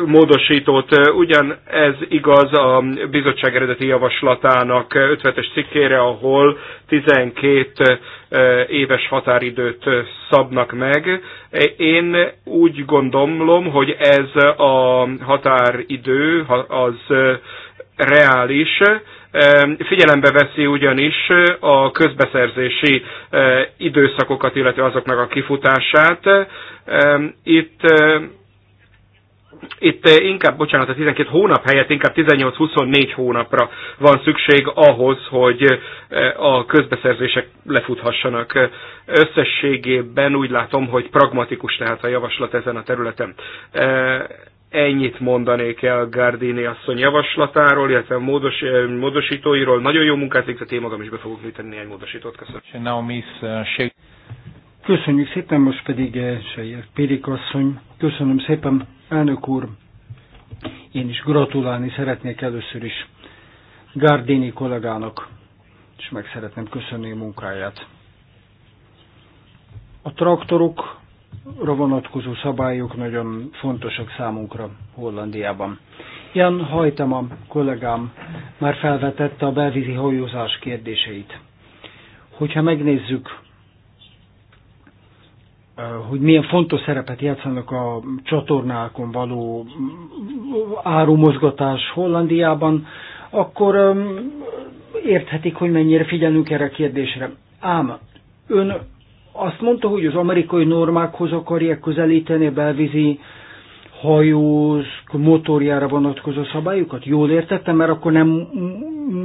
módosítót. Ugyan ez igaz a bizottság eredeti javaslatának 50-es cikkére, ahol 12 e, éves határidőt szabnak meg. E, én úgy gondolom, hogy ez a határidő az reális, e, figyelembe veszi ugyanis a közbeszerzési időszakokat, illetve azoknak a kifutását. Itt itt eh, inkább, bocsánat, a 12 hónap helyett inkább 18-24 hónapra van szükség ahhoz, hogy eh, a közbeszerzések lefuthassanak. Összességében úgy látom, hogy pragmatikus tehát a javaslat ezen a területen. Eh, ennyit mondanék el Gardini asszony javaslatáról, illetve módos, módosítóiról. Nagyon jó munkát végzett, én magam is be fogok műteni egy módosítót. Köszönöm. Köszönjük szépen, most pedig eh, Sejer Périk asszony. Köszönöm szépen, elnök úr. Én is gratulálni szeretnék először is Gárdéni kollégának, és meg szeretném köszönni a munkáját. A traktorokra vonatkozó szabályok nagyon fontosak számunkra Hollandiában. Jan Hajtam a kollégám már felvetette a belvízi hajózás kérdéseit. Hogyha megnézzük hogy milyen fontos szerepet játszanak a csatornákon való árumozgatás Hollandiában, akkor érthetik, hogy mennyire figyelünk erre a kérdésre. Ám ön azt mondta, hogy az amerikai normákhoz akarják közelíteni a belvízi hajózk motorjára vonatkozó szabályokat? Jól értettem, mert akkor nem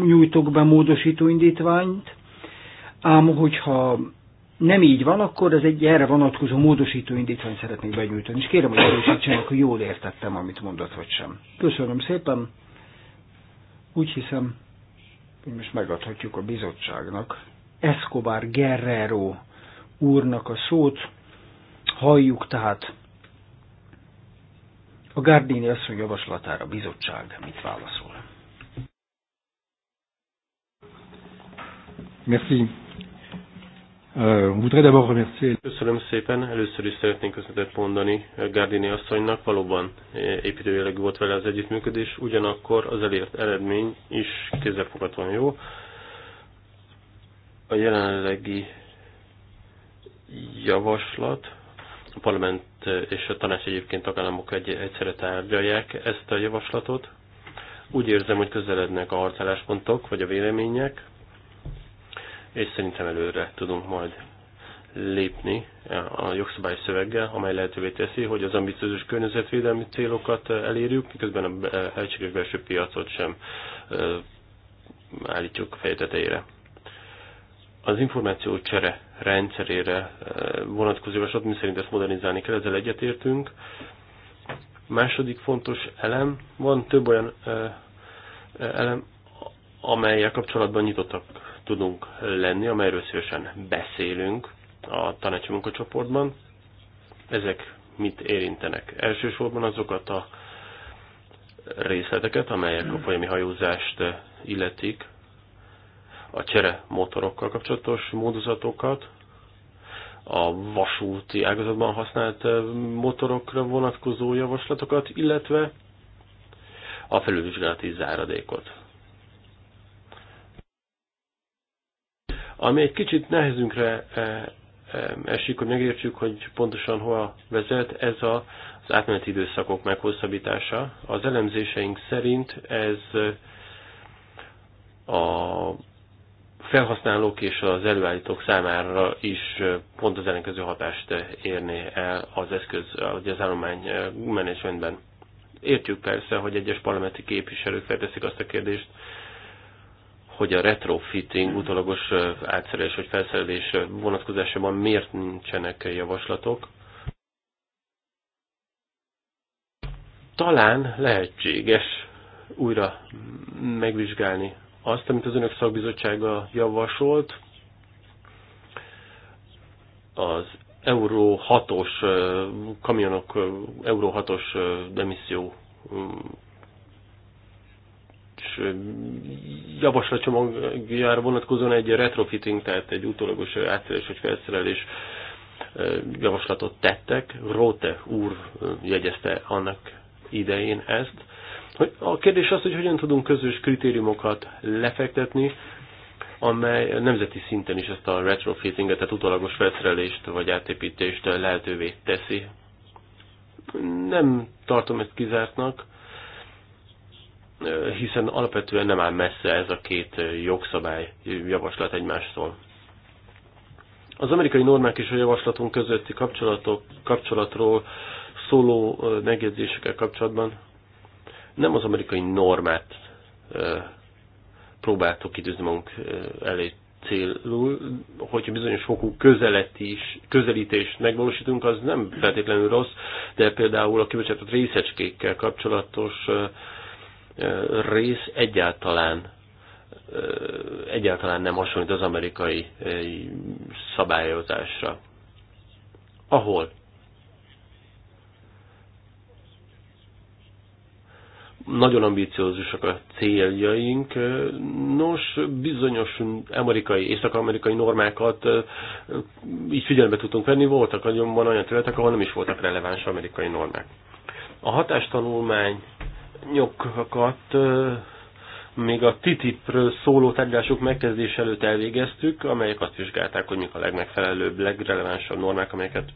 nyújtok be módosító indítványt, ám hogyha nem így van, akkor ez egy erre vonatkozó módosító indítványt szeretnék benyújtani, és kérem, hogy erősítsenek, hogy jól értettem, amit mondott, vagy sem. Köszönöm szépen. Úgy hiszem, hogy most megadhatjuk a bizottságnak, Escobar Guerrero úrnak a szót. Halljuk tehát a Gardini asszony javaslatára a bizottság mit válaszol. Merci. Euh, Köszönöm szépen. Először is szeretnénk köszönetet mondani Gárdini asszonynak. Valóban eh, építőjelegű volt vele az együttműködés, ugyanakkor az elért eredmény is kézzelfogatóan jó. A jelenlegi javaslat, a parlament eh, és a tanács egyébként tagállamok egy, egyszerre tárgyalják ezt a javaslatot. Úgy érzem, hogy közelednek a harcáláspontok, vagy a vélemények, és szerintem előre tudunk majd lépni a jogszabály szöveggel, amely lehetővé teszi, hogy az ambiciózus környezetvédelmi célokat elérjük, miközben a helységes belső piacot sem állítjuk fejtetejére. Az információ csere rendszerére vonatkozó javaslat, mi szerint ezt modernizálni kell, ezzel egyetértünk. Második fontos elem, van több olyan elem, amelyek kapcsolatban nyitottak tudunk lenni, amelyről szívesen beszélünk a tanácsi munkacsoportban. Ezek mit érintenek? Elsősorban azokat a részleteket, amelyek a folyami hajózást illetik, a csere motorokkal kapcsolatos módozatokat, a vasúti ágazatban használt eh, motorokra vonatkozó javaslatokat, illetve a felülvizsgálati záradékot. Ami egy kicsit nehezünkre eh, eh, esik, hogy megértsük, hogy pontosan hova vezet, ez a, az átmeneti időszakok meghosszabbítása. Az elemzéseink szerint ez eh, a felhasználók és az előállítók számára is pont az ellenkező hatást érné el az eszköz, az állomány menedzsmentben. Értjük persze, hogy egyes parlamenti képviselők felteszik azt a kérdést, hogy a retrofitting utolagos átszerelés vagy felszerelés vonatkozásában miért nincsenek javaslatok. Talán lehetséges újra megvizsgálni azt, amit az Önök szakbizottsága javasolt, az Euró 6-os kamionok Euró 6-os demisszió javaslatcsomagjára vonatkozóan egy retrofitting, tehát egy utólagos átszerelés vagy felszerelés javaslatot tettek. Rote úr jegyezte annak idején ezt. A kérdés az, hogy hogyan tudunk közös kritériumokat lefektetni, amely nemzeti szinten is ezt a retrofittinget, tehát utolagos felszerelést vagy átépítést lehetővé teszi. Nem tartom ezt kizártnak hiszen alapvetően nem áll messze ez a két jogszabály javaslat egymástól. Az amerikai normák és a javaslatunk közötti kapcsolatok, kapcsolatról szóló megjegyzésekkel kapcsolatban nem az amerikai normát próbáltuk időzni magunk elé célul, hogyha bizonyos fokú közeletis, közelítést megvalósítunk, az nem feltétlenül rossz, de például a kibocsátott részecskékkel kapcsolatos rész egyáltalán egyáltalán nem hasonlít az amerikai szabályozásra. Ahol nagyon ambíciózusak a céljaink. Nos, bizonyos amerikai, észak-amerikai normákat így figyelembe tudtunk venni, voltak nagyon olyan területek, ahol nem is voltak releváns amerikai normák. A hatástanulmány nyokakat még a TTIP-ről szóló tárgyalások megkezdés előtt elvégeztük, amelyek azt vizsgálták, hogy mik a legmegfelelőbb, legrelevánsabb normák, amelyeket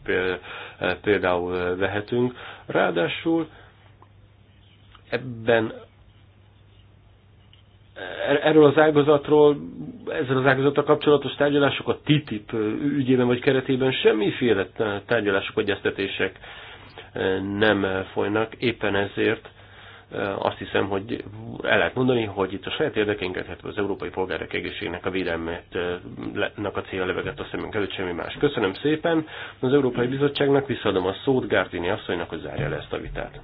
például vehetünk. Ráadásul ebben er-, erről az ágazatról, ezzel az ágazattal kapcsolatos tárgyalások a TTIP ügyében vagy keretében semmiféle tárgyalások, egyeztetések nem folynak, éppen ezért azt hiszem, hogy el lehet mondani, hogy itt a saját érdekeinket, hát az európai polgárok egészségének a védelmet, a célja levegett a szemünk előtt, semmi más. Köszönöm szépen. Az Európai Bizottságnak visszaadom a szót Gárdini asszonynak, hogy zárja le ezt a vitát.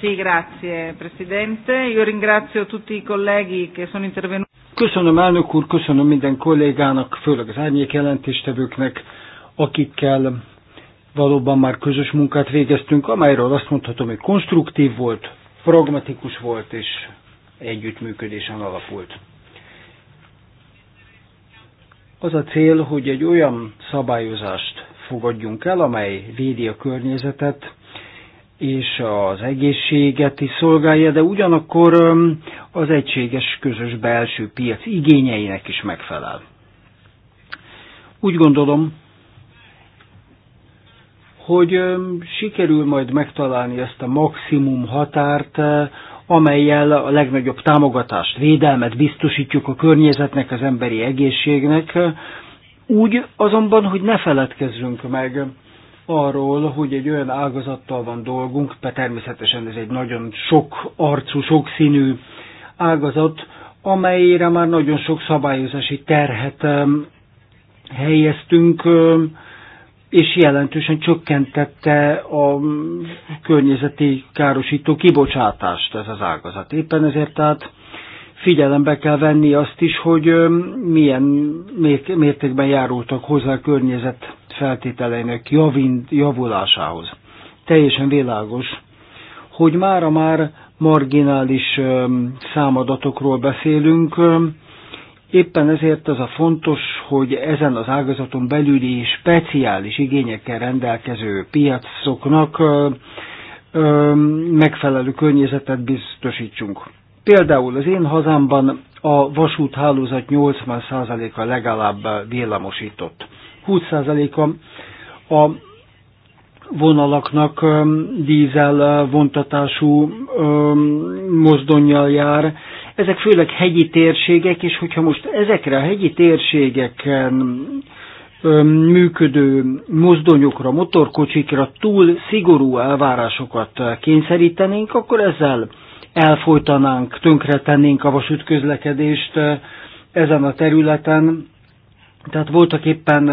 Sì, grazie Presidente. Io ringrazio tutti i colleghi che sono intervenuti. Köszönöm elnök úr, köszönöm minden kollégának, főleg az árnyék jelentéstevőknek, akikkel valóban már közös munkát végeztünk, amelyről azt mondhatom, hogy konstruktív volt, pragmatikus volt és együttműködésen alapult. Az a cél, hogy egy olyan szabályozást fogadjunk el, amely védi a környezetet és az egészséget is szolgálja, de ugyanakkor az egységes közös belső piac igényeinek is megfelel. Úgy gondolom, hogy sikerül majd megtalálni ezt a maximum határt, amelyel a legnagyobb támogatást, védelmet biztosítjuk a környezetnek, az emberi egészségnek, úgy azonban, hogy ne feledkezzünk meg arról, hogy egy olyan ágazattal van dolgunk, mert természetesen ez egy nagyon sok arcú, sokszínű ágazat, amelyre már nagyon sok szabályozási terhet helyeztünk, és jelentősen csökkentette a környezeti károsító kibocsátást ez az ágazat. Éppen ezért tehát figyelembe kell venni azt is, hogy milyen mértékben járultak hozzá a környezet feltételeinek javulásához. Teljesen világos, hogy mára már marginális számadatokról beszélünk, Éppen ezért az a fontos, hogy ezen az ágazaton belüli speciális igényekkel rendelkező piacoknak ö, ö, megfelelő környezetet biztosítsunk. Például az én hazámban a vasúthálózat 80%-a legalább villamosított. 20%-a a vonalaknak dízel vontatású mozdonnyal jár, ezek főleg hegyi térségek, és hogyha most ezekre a hegyi térségeken működő mozdonyokra, motorkocsikra túl szigorú elvárásokat kényszerítenénk, akkor ezzel elfolytanánk, tönkretennénk a vasútközlekedést ezen a területen. Tehát voltak éppen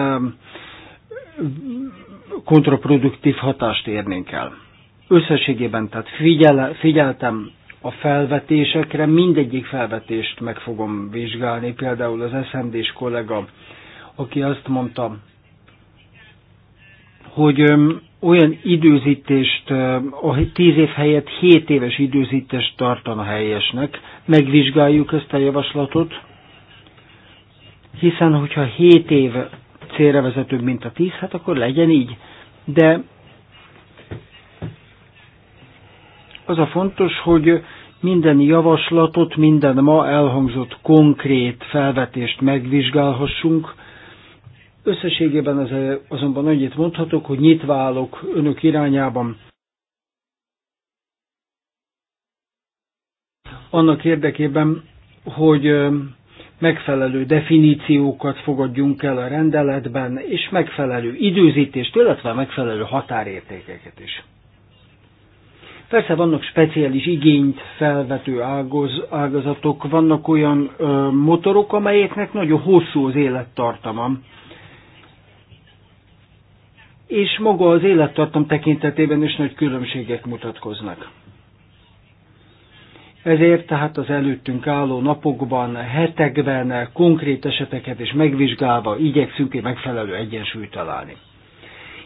kontraproduktív hatást érnénk el. Összességében tehát figyel, figyeltem a felvetésekre, mindegyik felvetést meg fogom vizsgálni, például az SMD-s kollega, aki azt mondta, hogy olyan időzítést, a tíz év helyett hét éves időzítést tartana helyesnek. Megvizsgáljuk ezt a javaslatot, hiszen hogyha hét év célra vezetőbb, mint a tíz, hát akkor legyen így. De Az a fontos, hogy minden javaslatot, minden ma elhangzott konkrét felvetést megvizsgálhassunk. Összességében az, azonban annyit mondhatok, hogy nyitva állok önök irányában. Annak érdekében, hogy megfelelő definíciókat fogadjunk el a rendeletben, és megfelelő időzítést, illetve megfelelő határértékeket is. Persze vannak speciális igényt felvető ágaz, ágazatok, vannak olyan ö, motorok, amelyeknek nagyon hosszú az élettartama. És maga az élettartam tekintetében is nagy különbségek mutatkoznak. Ezért tehát az előttünk álló napokban, hetekben konkrét eseteket is megvizsgálva igyekszünk egy megfelelő egyensúlyt találni.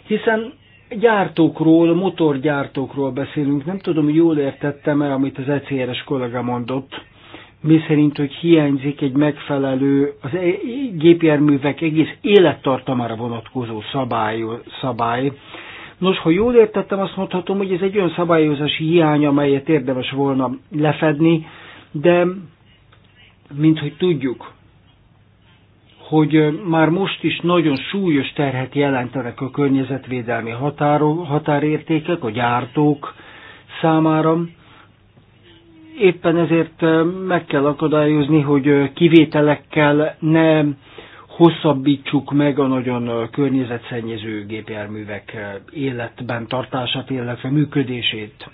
Hiszen gyártókról, motorgyártókról beszélünk. Nem tudom, hogy jól értettem-e, amit az ECRS kollega mondott, mi szerint, hogy hiányzik egy megfelelő, az e- gépjárművek egész élettartamára vonatkozó szabály, szabály. Nos, ha jól értettem, azt mondhatom, hogy ez egy olyan szabályozási hiány, amelyet érdemes volna lefedni, de mint hogy tudjuk, hogy már most is nagyon súlyos terhet jelentenek a környezetvédelmi határo, határértékek a gyártók számára. Éppen ezért meg kell akadályozni, hogy kivételekkel ne hosszabbítsuk meg a nagyon környezetszennyező gépjárművek életben tartását, illetve működését.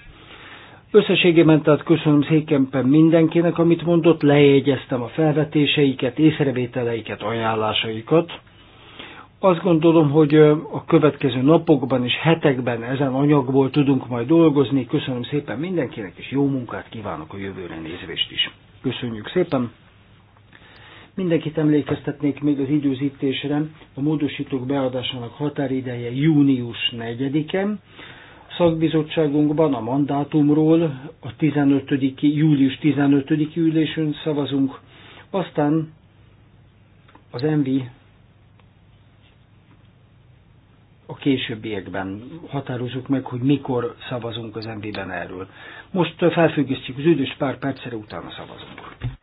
Összességében tehát köszönöm szépen mindenkinek, amit mondott, lejegyeztem a felvetéseiket, észrevételeiket, ajánlásaikat. Azt gondolom, hogy a következő napokban és hetekben ezen anyagból tudunk majd dolgozni. Köszönöm szépen mindenkinek, és jó munkát kívánok a jövőre nézvést is. Köszönjük szépen! Mindenkit emlékeztetnék még az időzítésre. A módosítók beadásának határideje június 4-en szakbizottságunkban a mandátumról a 15. július 15. ülésünk szavazunk, aztán az ENVI a későbbiekben határozzuk meg, hogy mikor szavazunk az envi ben erről. Most felfüggesztjük az üdös pár percre, utána szavazunk.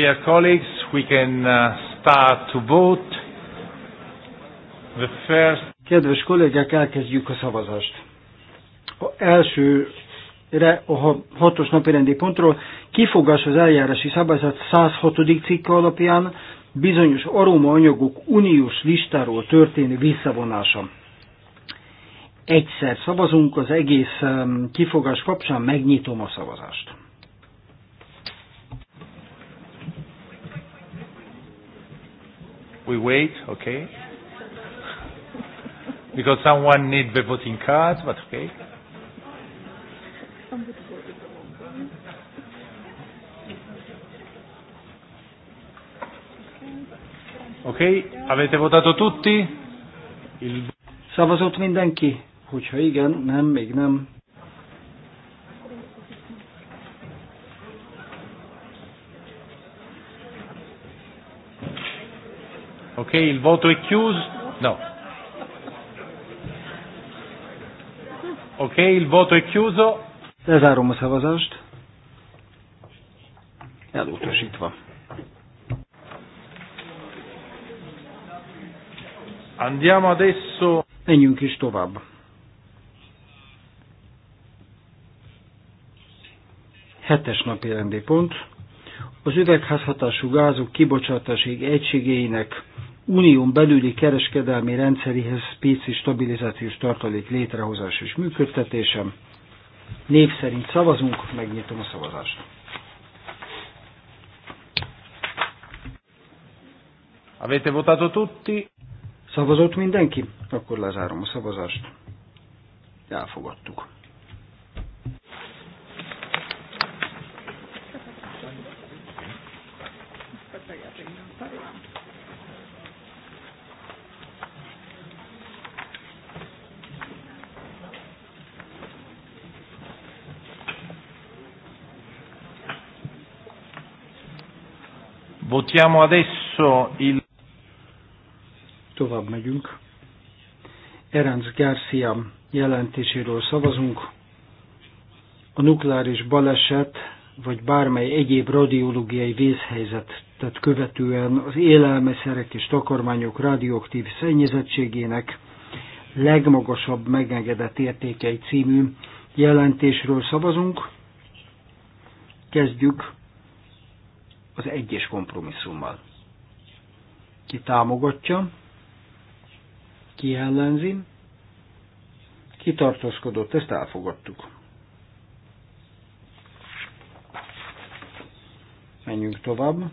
Dear colleagues, we can uh, start to vote. The first... Kedves kollégák, elkezdjük a szavazást. A re, a hatos napirendi pontról kifogás az eljárási szabályzat 106. cikke alapján bizonyos aromaanyagok uniós listáról történő visszavonása. Egyszer szavazunk az egész um, kifogás kapcsán, megnyitom a szavazást. We wait, okay? Because someone needs the voting card, but okay. Ok, avete votato tutti? Il... Szavazott mindenki? Hogyha igen, nem, még nem, Ok, il voto è chiuso. No. Ok, il voto è chiuso. Lezárom a szavazást. Elutasítva. Andiamo adesso. Menjünk is tovább. Hetes napi rendi pont. Az üvegházhatású gázok kibocsátási egységeinek unión belüli kereskedelmi rendszeréhez péci stabilizációs tartalék létrehozás és működtetésem. Név szerint szavazunk, megnyitom a szavazást. Avete votato tutti? Szavazott mindenki? Akkor lezárom a szavazást. Elfogadtuk. Votiamo adesso il... Tovább megyünk. Erenc Garcia jelentéséről szavazunk. A nukleáris baleset vagy bármely egyéb radiológiai vészhelyzetet követően az élelmiszerek és takarmányok radioaktív szennyezettségének legmagasabb megengedett értékei című jelentésről szavazunk. Kezdjük az egyes kompromisszummal. Ki támogatja, ki ellenzi, ki tartózkodott, ezt elfogadtuk. Menjünk tovább.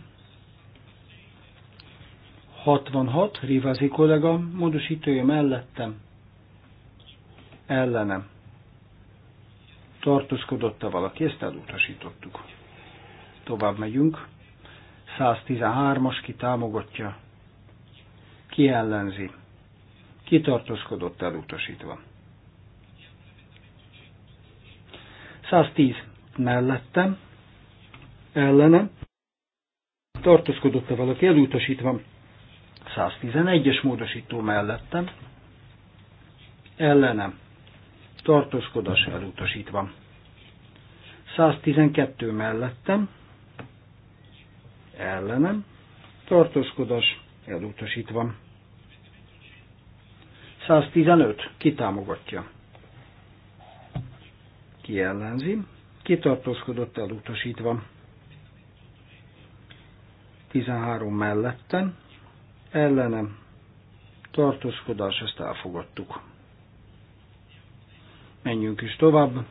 66, Rivázi kollega, módosítője mellettem, ellenem. Tartózkodott-e valaki, ezt elutasítottuk. Tovább megyünk. 113-as ki támogatja, ki ellenzi, ki tartózkodott elutasítva. 110 mellettem, ellenem, tartózkodott-e valaki elutasítva, 111-es módosító mellettem, ellenem, tartózkodás elutasítva. 112 mellettem, ellenem, tartózkodás elutasítva. 115. Ki támogatja? Ki ellenzi? Ki tartózkodott elutasítva? 13 melletten, ellenem, tartózkodás, ezt elfogadtuk. Menjünk is tovább.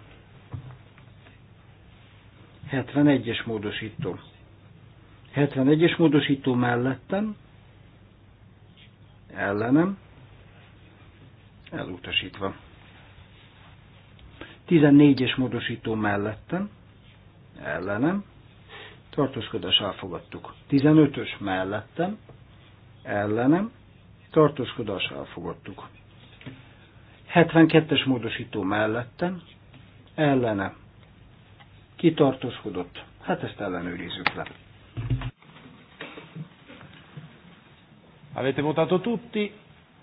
71-es módosító 71-es módosító mellettem, ellenem, elutasítva. 14-es módosító mellettem, ellenem, tartózkodás elfogadtuk. 15-ös mellettem, ellenem, tartózkodás elfogadtuk. 72-es módosító mellettem, ellenem, kitartózkodott, hát ezt ellenőrizzük le. Avete votato tutti?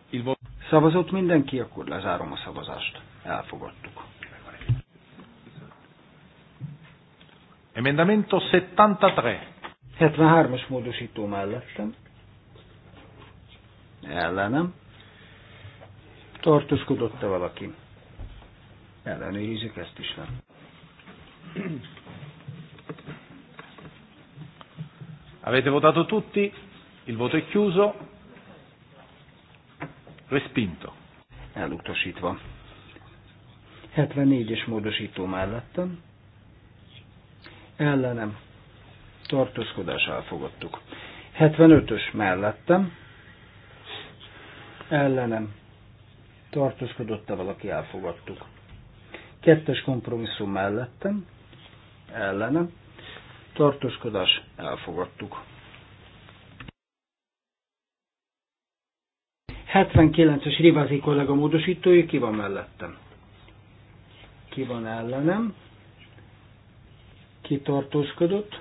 Il voto... Szavazott mindenki, akkor lezárom a szavazást. Elfogadtuk. Emendamento 73. 73-as módosító mellettem. Ellenem. Tartózkodott-e valaki? Ellenőrizik ezt is nem. Avete votato tutti? Il voto è chiuso. Respinto. Elutasítva. 74-es módosító mellettem. Ellenem. Tartózkodás elfogadtuk. 75-ös mellettem. Ellenem. Tartózkodott-e valaki? Elfogadtuk. Kettes kompromisszum mellettem. Ellenem tartózkodás elfogadtuk. 79-es Rivázi kollega módosítói, ki van mellettem? Ki van ellenem? Ki tartózkodott?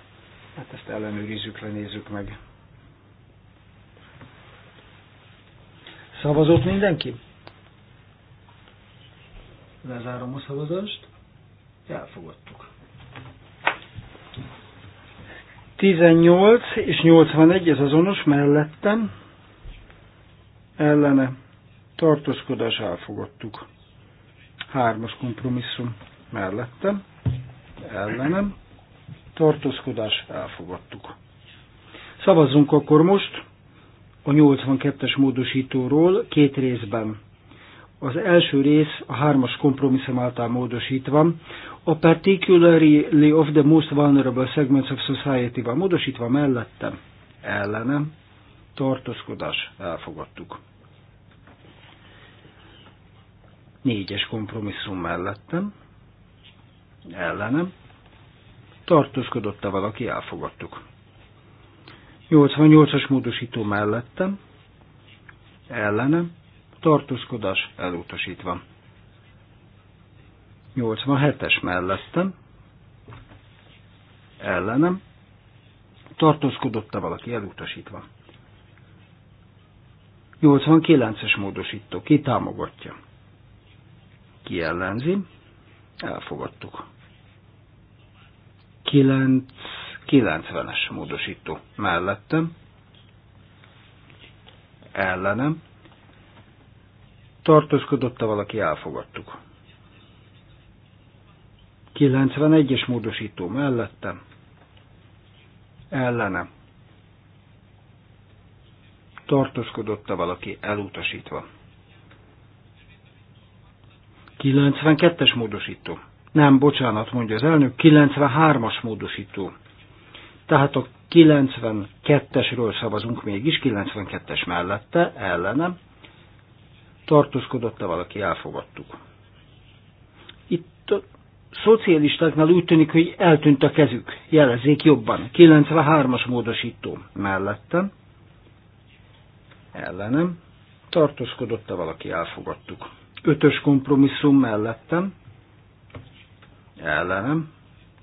Hát ezt ellenőrizzük lenézzük nézzük meg. Szavazott mindenki? Lezárom a szavazást. Elfogadtuk. 18 és 81, ez azonos, mellettem, ellene, tartózkodás elfogadtuk. Hármas kompromisszum mellettem, ellenem, tartózkodás elfogadtuk. Szavazzunk akkor most a 82-es módosítóról két részben az első rész a hármas kompromisszum által módosítva, a particularly of the most vulnerable segments of society-val módosítva mellettem, ellenem, tartózkodás, elfogadtuk. Négyes kompromisszum mellettem, ellenem, tartózkodott-e valaki, elfogadtuk. 88-as módosító mellettem, ellenem, tartózkodás elutasítva. 87-es mellettem, ellenem, tartózkodott-e valaki elutasítva. 89-es módosító, ki támogatja? Ki ellenzi? Elfogadtuk. 90-es módosító mellettem, ellenem, tartózkodott-e valaki, elfogadtuk. 91-es módosító mellette, ellene, tartózkodott-e valaki, elutasítva. 92-es módosító. Nem, bocsánat, mondja az elnök, 93-as módosító. Tehát a 92-esről szavazunk mégis, 92-es mellette, ellenem, tartózkodott-e valaki, elfogadtuk. Itt a szocialistáknál úgy tűnik, hogy eltűnt a kezük, jelezzék jobban. 93-as módosító mellettem, ellenem, tartózkodott-e valaki, elfogadtuk. Ötös kompromisszum mellettem, ellenem,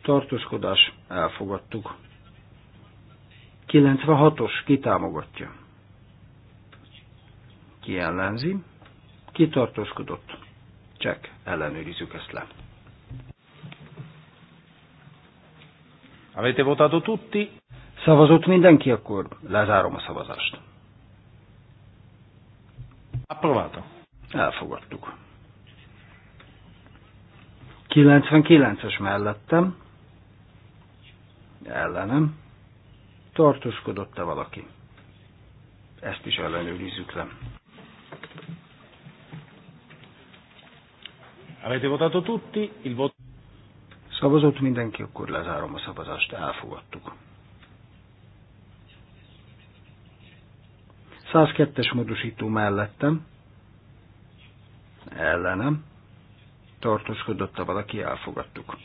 tartózkodás, elfogadtuk. 96-os kitámogatja. Ki ellenzi? kitartóskodott. Csak ellenőrizzük ezt le. Avete votato tutti? Szavazott mindenki, akkor lezárom a szavazást. Approvato. Elfogadtuk. 99-es mellettem, ellenem, tartózkodott-e valaki? Ezt is ellenőrizzük le. Avete votato tutti? Il voto... Szavazott mindenki, akkor lezárom a szavazást, elfogadtuk. 102-es módosító mellettem, ellenem, tartózkodott a valaki, elfogadtuk.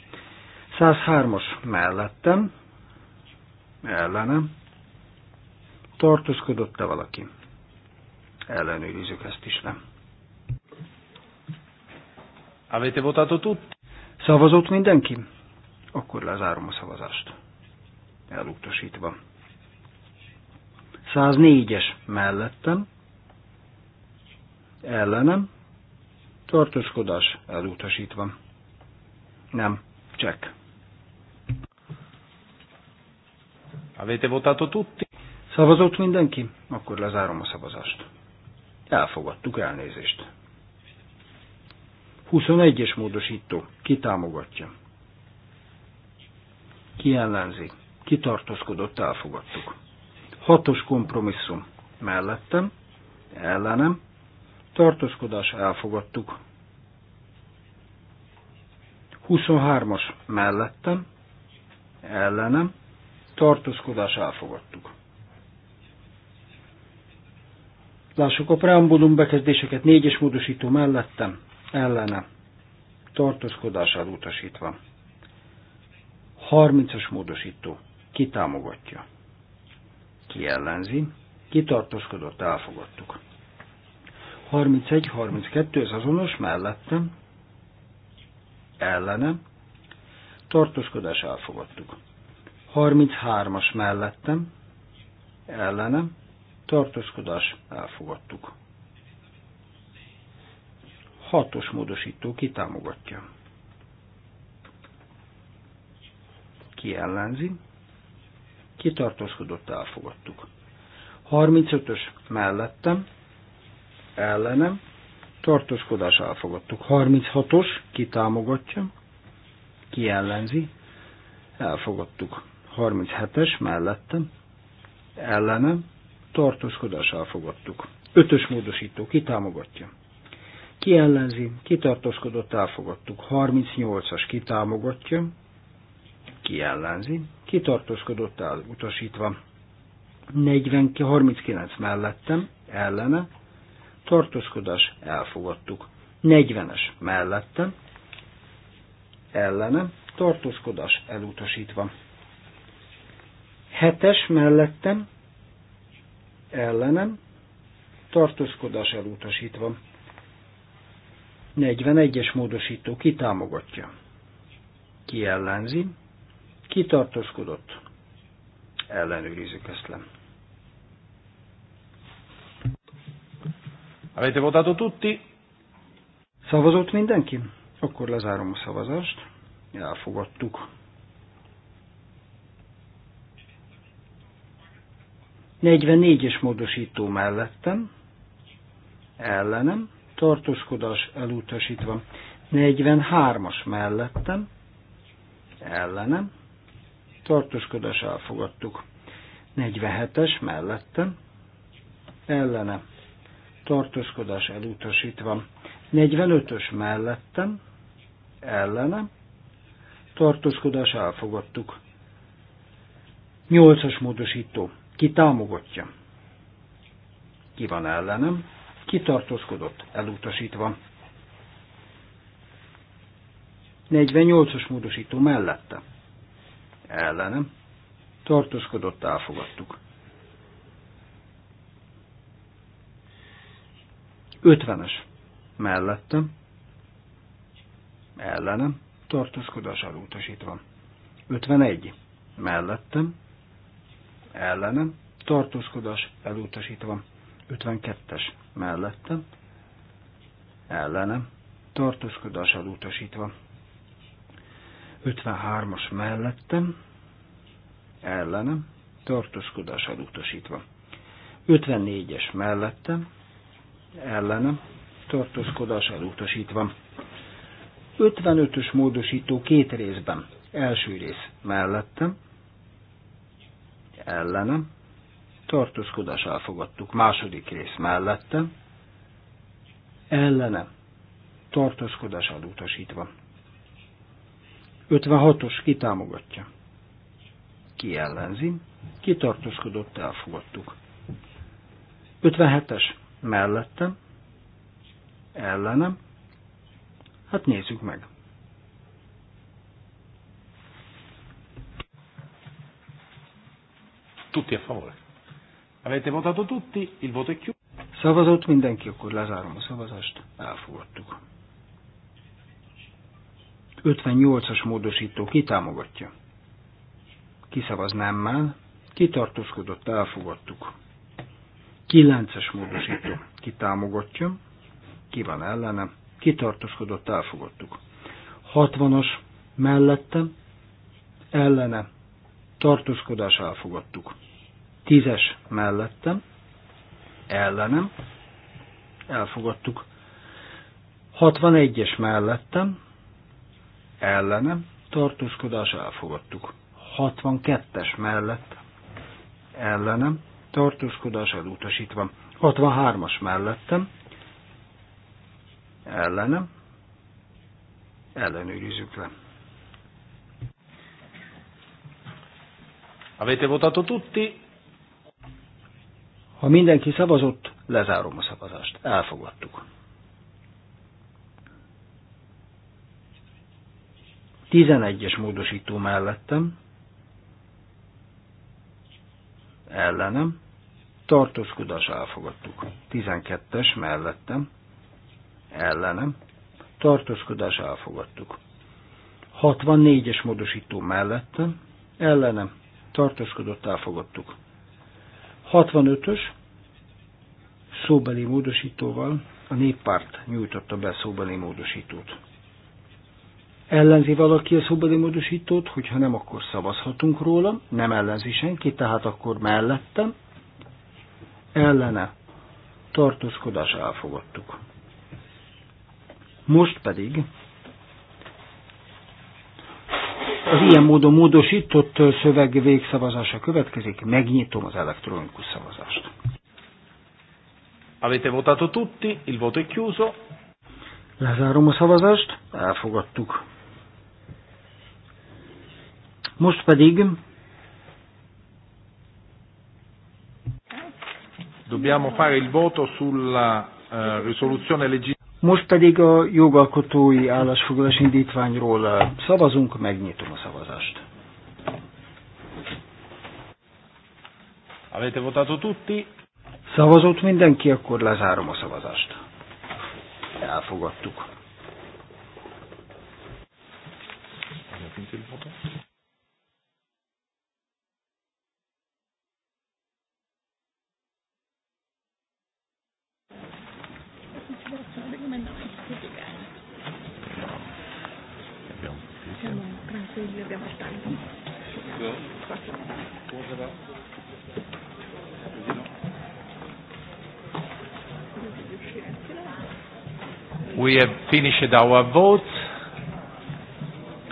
103-as mellettem, ellenem, tartózkodott a valaki? Ellenőrizzük ezt is, nem? Avete votato tutti? Szavazott mindenki? Akkor lezárom a szavazást. Elutasítva. 104-es mellettem. Ellenem. Tartózkodás elutasítva. Nem. Csek. Avete votato tutti? Szavazott mindenki? Akkor lezárom a szavazást. Elfogadtuk elnézést. 21-es módosító. Ki támogatja? Ki ellenzi? Ki tartózkodott? Elfogadtuk. Hatos kompromisszum. Mellettem. Ellenem. Tartózkodás. Elfogadtuk. 23-as. Mellettem. Ellenem. Tartózkodás. Elfogadtuk. Lássuk a preambulum bekezdéseket, négyes módosító mellettem, ellene tartózkodását utasítva, 30-as módosító kitámogatja. támogatja, ki ellenzi, ki elfogadtuk. 31-32 az azonos mellettem, Ellene tartózkodás elfogadtuk. 33-as mellettem, Ellene tartózkodás elfogadtuk. Hatos módosító kitámogatja, kiellenzi, Ki ellenzi? Ki elfogadtuk. 35-ös mellettem, ellenem, tartózkodás elfogadtuk. 36-os kitámogatja, támogatja, ki ellenzi, elfogadtuk. 37-es mellettem, ellenem, tartózkodás elfogadtuk. Ötös módosító kitámogatja. Ki ellenzi? Ki tartózkodott? Elfogadtuk. 38-as ki támogatja? Ki ellenzi? Ki tartózkodott? Elutasítva. 39 mellettem, ellene, tartózkodás, elfogadtuk. 40-es mellettem, ellene, tartózkodás, elutasítva. 7-es mellettem, ellenem, tartózkodás elutasítva. 41-es módosító ki támogatja? Ki ellenzi? Ki tartózkodott? Ellenőrizzük ezt le. Avete votato tutti? Szavazott mindenki? Akkor lezárom a szavazást. Elfogadtuk. 44 módosító mellettem, ellenem, tartózkodás elutasítva. 43-as mellettem, ellenem, tartózkodás elfogadtuk. 47-es mellettem, ellenem, tartózkodás elutasítva. 45-ös mellettem, ellenem, tartózkodás elfogadtuk. 8-as módosító, ki támogatja? Ki van ellenem? kitartózkodott, elutasítva. 48 os módosító mellette. Ellenem. Tartózkodott, elfogadtuk. 50-es mellette. Ellenem. Tartózkodás elutasítva. 51 mellettem. Ellenem. Tartózkodás elutasítva. 52-es mellettem, ellenem, tartózkodással utasítva. 53-as mellettem, ellenem, tartózkodással utasítva. 54-es mellettem, ellenem, tartózkodással utasítva. 55-ös módosító két részben. Első rész mellettem, ellenem, tartózkodás elfogadtuk. Második rész mellette, ellene, tartózkodás elutasítva. 56-os kitámogatja. Ki ellenzi, ki tartózkodott, elfogadtuk. 57-es mellettem, ellenem, hát nézzük meg. tutti a favore. Avete votato tutti, il voto è chiuso. Szavazott mindenki, akkor lezárom a szavazást, elfogadtuk. 58-as módosító kitámogatja. Kiszavaz nemmel, kitartózkodott, elfogadtuk. 9-es módosító kitámogatja, ki van ellene, kitartózkodott, elfogadtuk. 60-as mellette, ellene, tartózkodás elfogadtuk. Tízes mellettem, ellenem, elfogadtuk. 61-es mellettem, ellenem, tartózkodás elfogadtuk. 62-es mellett, ellenem, tartózkodás elutasítva. 63-as mellettem, ellenem, ellenőrizzük le. Avete votato tutti? Ha mindenki szavazott, lezárom a szavazást. Elfogadtuk. 11-es módosító mellettem, ellenem, tartózkodás elfogadtuk. 12-es mellettem, ellenem, tartózkodás elfogadtuk. 64-es módosító mellettem, ellenem, tartózkodott elfogadtuk. 65-ös szóbeli módosítóval a néppárt nyújtotta be szóbeli módosítót. Ellenzi valaki a szóbeli módosítót, hogyha nem, akkor szavazhatunk róla, nem ellenzi senki, tehát akkor mellettem, ellene tartózkodás elfogadtuk. Most pedig Az ilyen módon módosított szöveg végszavazása következik. Megnyitom az elektronikus szavazást. Avete votato tutti, il voto è chiuso. Lezárom a szavazást, elfogadtuk. Most pedig dobbiamo fare il voto sulla uh, risoluzione legislativa most pedig a jogalkotói állásfoglalás indítványról szavazunk, megnyitom a szavazást. Avete votato tutti? Szavazott mindenki, akkor lezárom a szavazást. Elfogadtuk. We have finished our vote.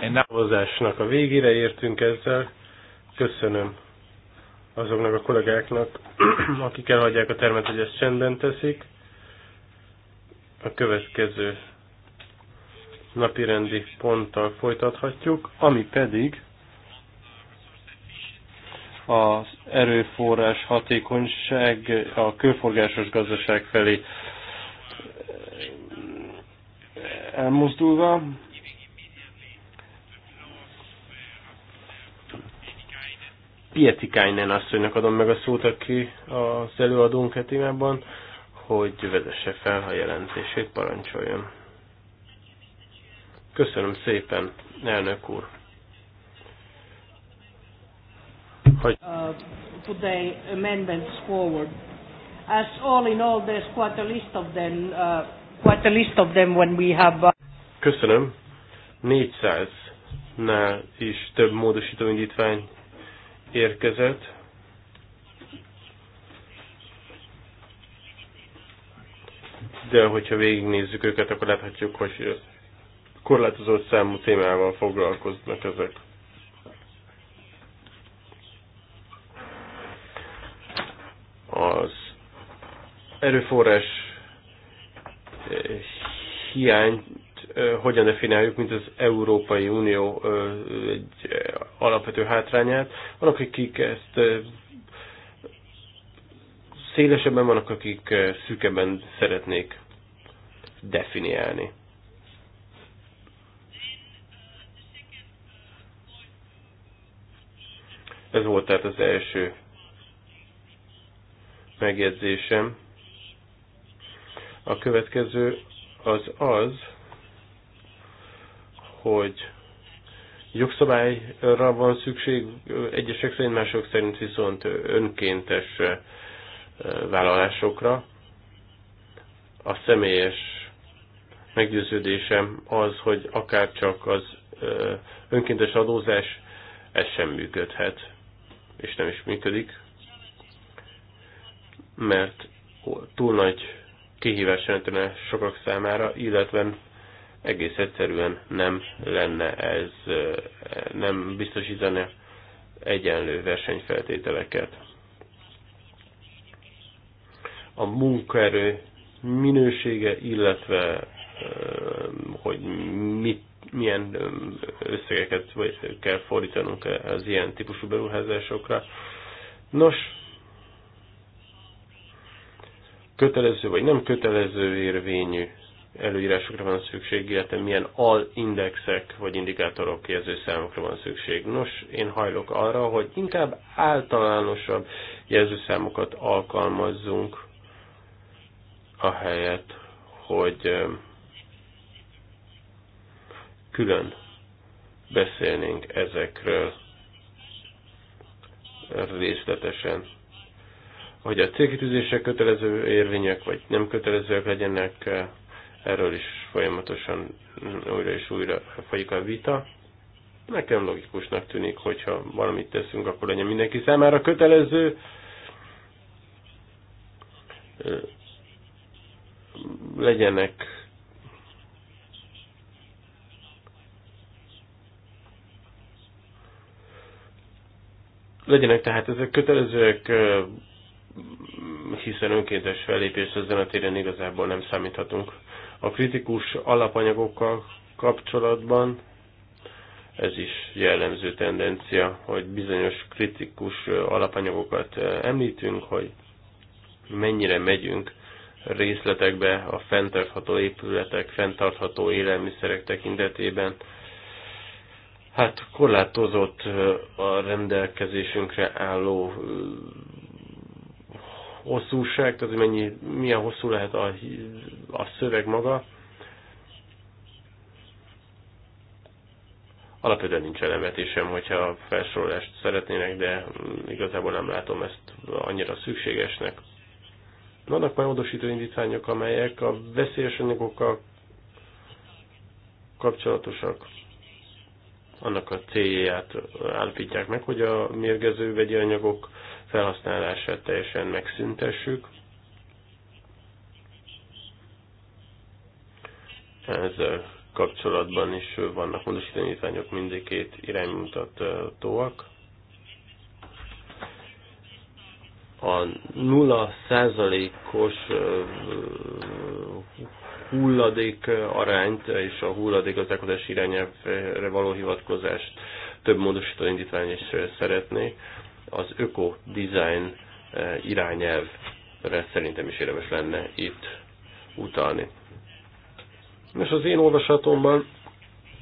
And now... a végére értünk ezzel. Köszönöm azoknak a kollégáknak, akik elhagyják a termet, hogy ezt csendben teszik. A következő napirendi ponttal folytathatjuk, ami pedig az erőforrás hatékonyság a körforgásos gazdaság felé elmozdulva. Pietikainen asszonynak adom meg a szót, aki az előadónk témában, hogy vezesse fel a jelentését, parancsoljon. Köszönöm szépen, elnök úr. Hogy... Uh, put uh, amendments forward. As all in all, there's quite a list of them. Uh, quite a list of them when we have. Uh... Köszönöm. 400-nál is több módosító indítvány érkezett. De hogyha végignézzük őket, akkor láthatjuk, hogy korlátozott számú témával foglalkoznak ezek. Az erőforrás eh, hiányt eh, hogyan definiáljuk, mint az Európai Unió eh, egy alapvető hátrányát. Vannak, akik ezt szélesebben, vannak, akik szűkebben szeretnék definiálni. Ez volt tehát az első megjegyzésem. A következő az az, hogy jogszabályra van szükség, egyesek szerint, mások szerint viszont önkéntes vállalásokra. A személyes meggyőződésem az, hogy akár csak az önkéntes adózás, ez sem működhet és nem is működik, mert túl nagy kihívás jelentene sokak számára, illetve egész egyszerűen nem lenne ez, nem biztosítana egyenlő versenyfeltételeket. A munkaerő minősége, illetve hogy mit milyen összegeket kell fordítanunk az ilyen típusú beruházásokra. Nos, kötelező vagy nem kötelező érvényű előírásokra van szükség, illetve milyen alindexek vagy indikátorok jelzőszámokra van szükség. Nos, én hajlok arra, hogy inkább általánosabb jelzőszámokat alkalmazzunk, ahelyett, hogy külön beszélnénk ezekről részletesen. Hogy a célkitűzések kötelező érvények, vagy nem kötelezőek legyenek, erről is folyamatosan újra és újra folyik a vita. Nekem logikusnak tűnik, hogyha valamit teszünk, akkor legyen mindenki számára kötelező. Legyenek Legyenek tehát ezek kötelezőek, hiszen önkéntes fellépés ezen a téren igazából nem számíthatunk. A kritikus alapanyagokkal kapcsolatban ez is jellemző tendencia, hogy bizonyos kritikus alapanyagokat említünk, hogy mennyire megyünk részletekbe a fenntartható épületek, fenntartható élelmiszerek tekintetében, hát korlátozott a rendelkezésünkre álló hosszúság, tehát mennyi, milyen hosszú lehet a, a szöveg maga. Alapvetően nincs elemetésem, hogyha a felsorolást szeretnének, de mm, igazából nem látom ezt annyira szükségesnek. Vannak már módosító indítványok, amelyek a veszélyes anyagokkal kapcsolatosak annak a célját állapítják meg, hogy a mérgező vegyi anyagok felhasználását teljesen megszüntessük. Ezzel kapcsolatban is vannak módosítanyítványok mindig két iránymutatóak. A 0 százalékos hulladék arányt és a hulladék gazdálkodási irányelvre való hivatkozást több módosító indítvány is szeretné. Az öko-design irányelvre szerintem is érdemes lenne itt utalni. És az én olvasatomban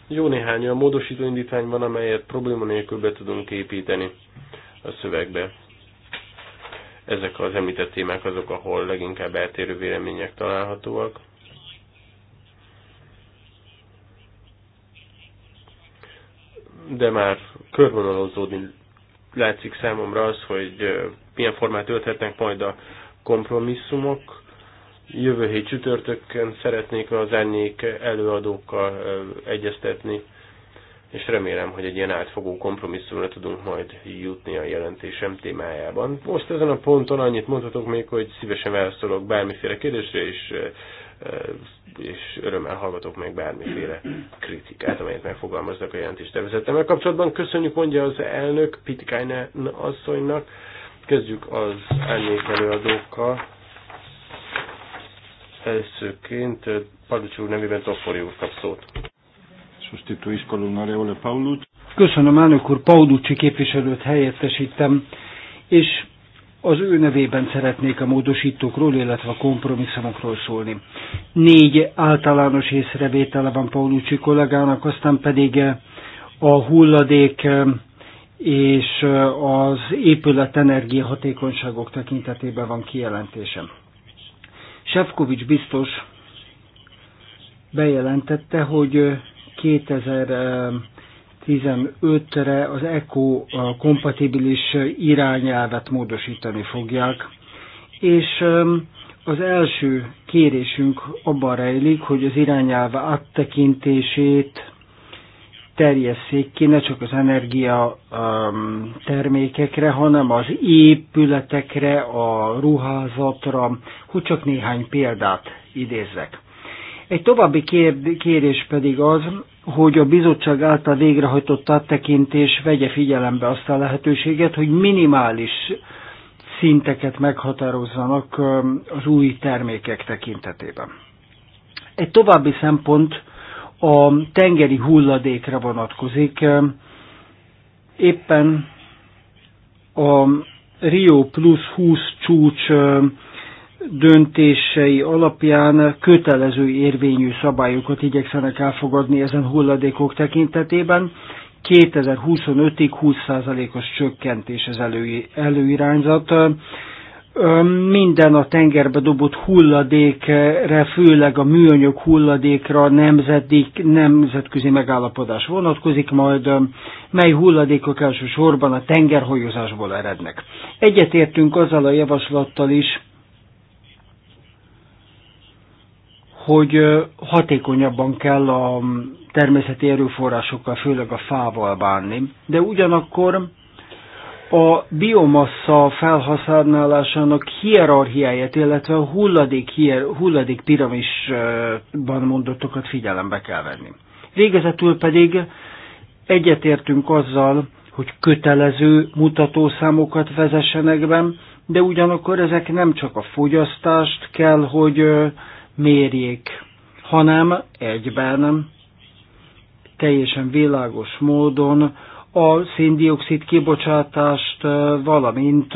jó néhány olyan módosító indítvány van, amelyet probléma nélkül be tudunk építeni a szövegbe. Ezek az említett témák azok, ahol leginkább eltérő vélemények találhatóak. de már körvonalozódni látszik számomra az, hogy milyen formát ölthetnek majd a kompromisszumok. Jövő hét csütörtökön szeretnék az árnyék előadókkal egyeztetni, és remélem, hogy egy ilyen átfogó kompromisszumra tudunk majd jutni a jelentésem témájában. Most ezen a ponton annyit mondhatok még, hogy szívesen válaszolok bármiféle kérdésre, és és örömmel hallgatok meg bármiféle kritikát, amelyet megfogalmaznak a jelentéstervezetemmel kapcsolatban. Köszönjük, mondja az elnök Pitikainen asszonynak. Kezdjük az elnék előadókkal. Elsőként Paducs úr nevében Toffori úr kap szót. Köszönöm, elnök úr, Paulucci képviselőt helyettesítem, és az ő nevében szeretnék a módosítókról, illetve a kompromisszumokról szólni. Négy általános észrevétele van Paulucsi kollégának, aztán pedig eh, a hulladék eh, és eh, az épület energiahatékonyságok tekintetében van kijelentésem. Sefkovics biztos bejelentette, hogy 2000 15-re az ECO kompatibilis irányelvet módosítani fogják, és az első kérésünk abban rejlik, hogy az irányelve áttekintését terjesszék ki ne csak az energia termékekre, hanem az épületekre, a ruházatra, hogy csak néhány példát idézzek. Egy további kérdés kérés pedig az, hogy a bizottság által végrehajtott áttekintés vegye figyelembe azt a lehetőséget, hogy minimális szinteket meghatározzanak az új termékek tekintetében. Egy további szempont a tengeri hulladékra vonatkozik. Éppen a Rio Plus 20 csúcs döntései alapján kötelező érvényű szabályokat igyekszenek elfogadni ezen hulladékok tekintetében. 2025-ig 20%-os csökkentés az elő, előirányzat. Minden a tengerbe dobott hulladékre, főleg a műanyag hulladékra nemzetik, nemzetközi megállapodás vonatkozik, majd mely hulladékok elsősorban a tengerhajózásból erednek. Egyetértünk azzal a javaslattal is, hogy hatékonyabban kell a természeti erőforrásokkal, főleg a fával bánni, de ugyanakkor a biomassa felhasználásának hierarchiáját, illetve a hulladék, hier, hulladék piramisban mondottokat figyelembe kell venni. Végezetül pedig egyetértünk azzal, hogy kötelező mutatószámokat vezessenek be, de ugyanakkor ezek nem csak a fogyasztást kell, hogy mérjék, hanem egyben teljesen világos módon a széndiokszid kibocsátást, valamint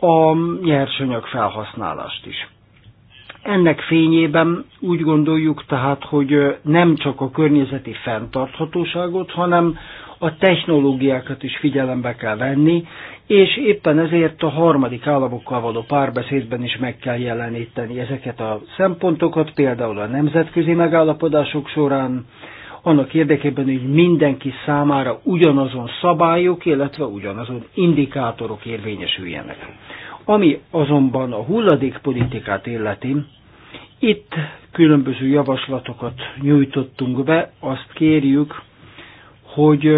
a nyersanyag felhasználást is. Ennek fényében úgy gondoljuk tehát, hogy nem csak a környezeti fenntarthatóságot, hanem a technológiákat is figyelembe kell venni, és éppen ezért a harmadik államokkal való párbeszédben is meg kell jeleníteni ezeket a szempontokat, például a nemzetközi megállapodások során, annak érdekében, hogy mindenki számára ugyanazon szabályok, illetve ugyanazon indikátorok érvényesüljenek. Ami azonban a hulladékpolitikát illeti, itt különböző javaslatokat nyújtottunk be, azt kérjük, hogy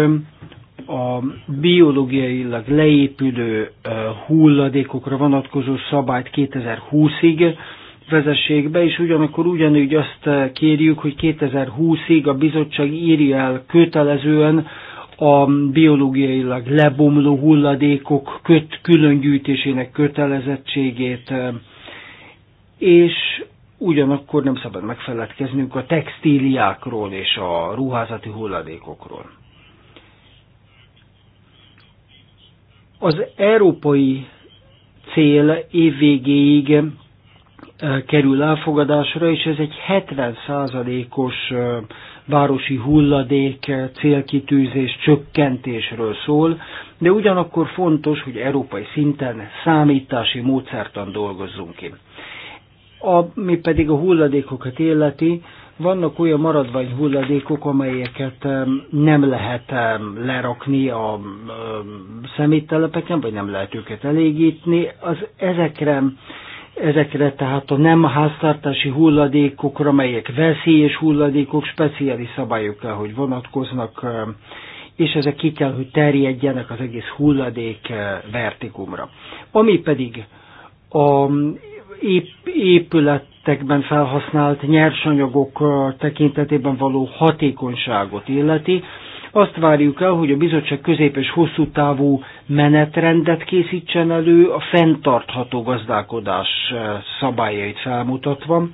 a biológiailag leépülő hulladékokra vonatkozó szabályt 2020-ig vezessék be, és ugyanakkor ugyanúgy azt kérjük, hogy 2020-ig a bizottság írja el kötelezően a biológiailag lebomló hulladékok köt, különgyűjtésének kötelezettségét, és ugyanakkor nem szabad megfeledkeznünk a textíliákról és a ruházati hulladékokról. Az európai cél évvégéig eh, kerül elfogadásra, és ez egy 70%-os eh, városi hulladék eh, célkitűzés csökkentésről szól, de ugyanakkor fontos, hogy európai szinten számítási módszertan dolgozzunk ki. Ami pedig a hulladékokat illeti, vannak olyan maradvány hulladékok, amelyeket nem lehet lerakni a szeméttelepeken, vagy nem lehet őket elégítni. Az ezekre ezekre tehát a nem háztartási hulladékokra, amelyek veszélyes hulladékok, speciális szabályok kell, hogy vonatkoznak, és ezek ki kell, hogy terjedjenek az egész hulladék vertikumra. Ami pedig a épület területekben felhasznált nyersanyagok tekintetében való hatékonyságot illeti. Azt várjuk el, hogy a bizottság közép és hosszú távú menetrendet készítsen elő, a fenntartható gazdálkodás szabályait felmutatva,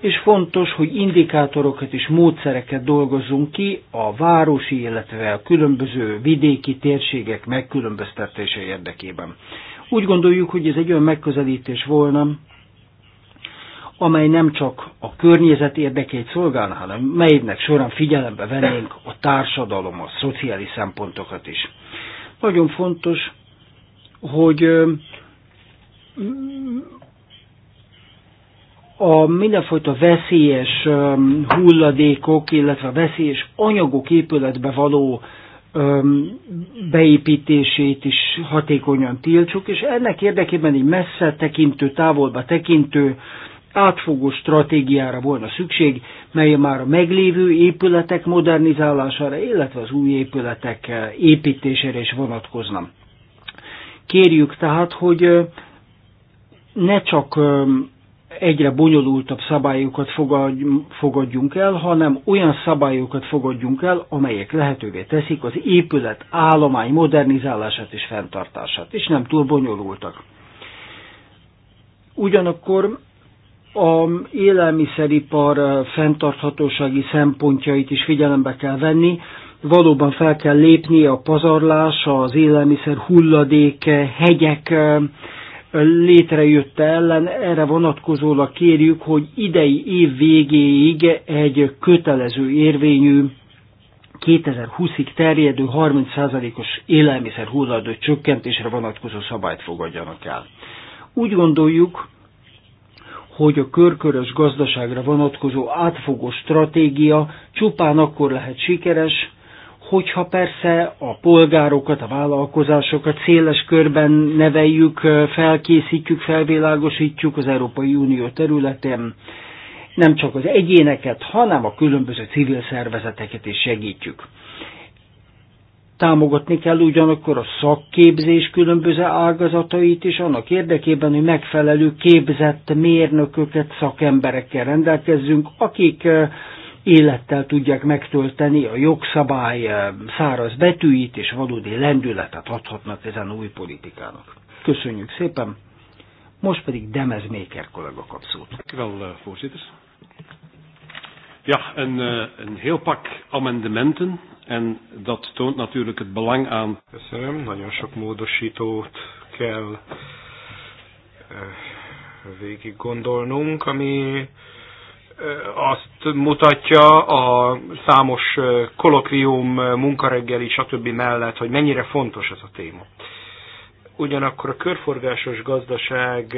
és fontos, hogy indikátorokat és módszereket dolgozzunk ki a városi, illetve a különböző vidéki térségek megkülönböztetése érdekében. Úgy gondoljuk, hogy ez egy olyan megközelítés volna, amely nem csak a környezet érdekét szolgálna, hanem melynek során figyelembe vennénk a társadalom, a szociális szempontokat is. Nagyon fontos, hogy a mindenfajta veszélyes hulladékok, illetve veszélyes anyagok épületbe való beépítését is hatékonyan tiltsuk, és ennek érdekében egy messze tekintő, távolba tekintő átfogó stratégiára volna szükség, mely már a meglévő épületek modernizálására, illetve az új épületek eh, építésére is vonatkozna. Kérjük tehát, hogy eh, ne csak eh, egyre bonyolultabb szabályokat fogadjunk el, hanem olyan szabályokat fogadjunk el, amelyek lehetővé teszik az épület állomány modernizálását és fenntartását, és nem túl bonyolultak. Ugyanakkor a élelmiszeripar eh, fenntarthatósági szempontjait is figyelembe kell venni. Valóban fel kell lépni a pazarlás, az élelmiszer hulladék, eh, hegyek eh, létrejötte ellen. Erre vonatkozólag kérjük, hogy idei év végéig egy kötelező érvényű 2020-ig terjedő 30%-os élelmiszer hulladó csökkentésre vonatkozó szabályt fogadjanak el. Úgy gondoljuk, hogy a körkörös gazdaságra vonatkozó átfogó stratégia csupán akkor lehet sikeres, hogyha persze a polgárokat, a vállalkozásokat széles körben neveljük, felkészítjük, felvilágosítjuk az Európai Unió területén, nem csak az egyéneket, hanem a különböző civil szervezeteket is segítjük támogatni kell ugyanakkor a szakképzés különböző ágazatait is annak érdekében, hogy megfelelő képzett mérnököket, szakemberekkel rendelkezzünk, akik eh, élettel tudják megtölteni a jogszabály eh, száraz betűit, és valódi lendületet adhatnak ezen új politikának. Köszönjük szépen! Most pedig Demez Méker kollega kapszót. szót. Köszönöm, Ja, een, eh, een heel pak amendementen en dat toont natuurlijk het belang aan. Köszönöm, nagyon sok módosítót kell eh, végig gondolnunk, ami eh, azt mutatja a számos kolokvium, munkareggeli, stb. mellett, hogy mennyire fontos ez a téma. Ugyanakkor a körforgásos gazdaság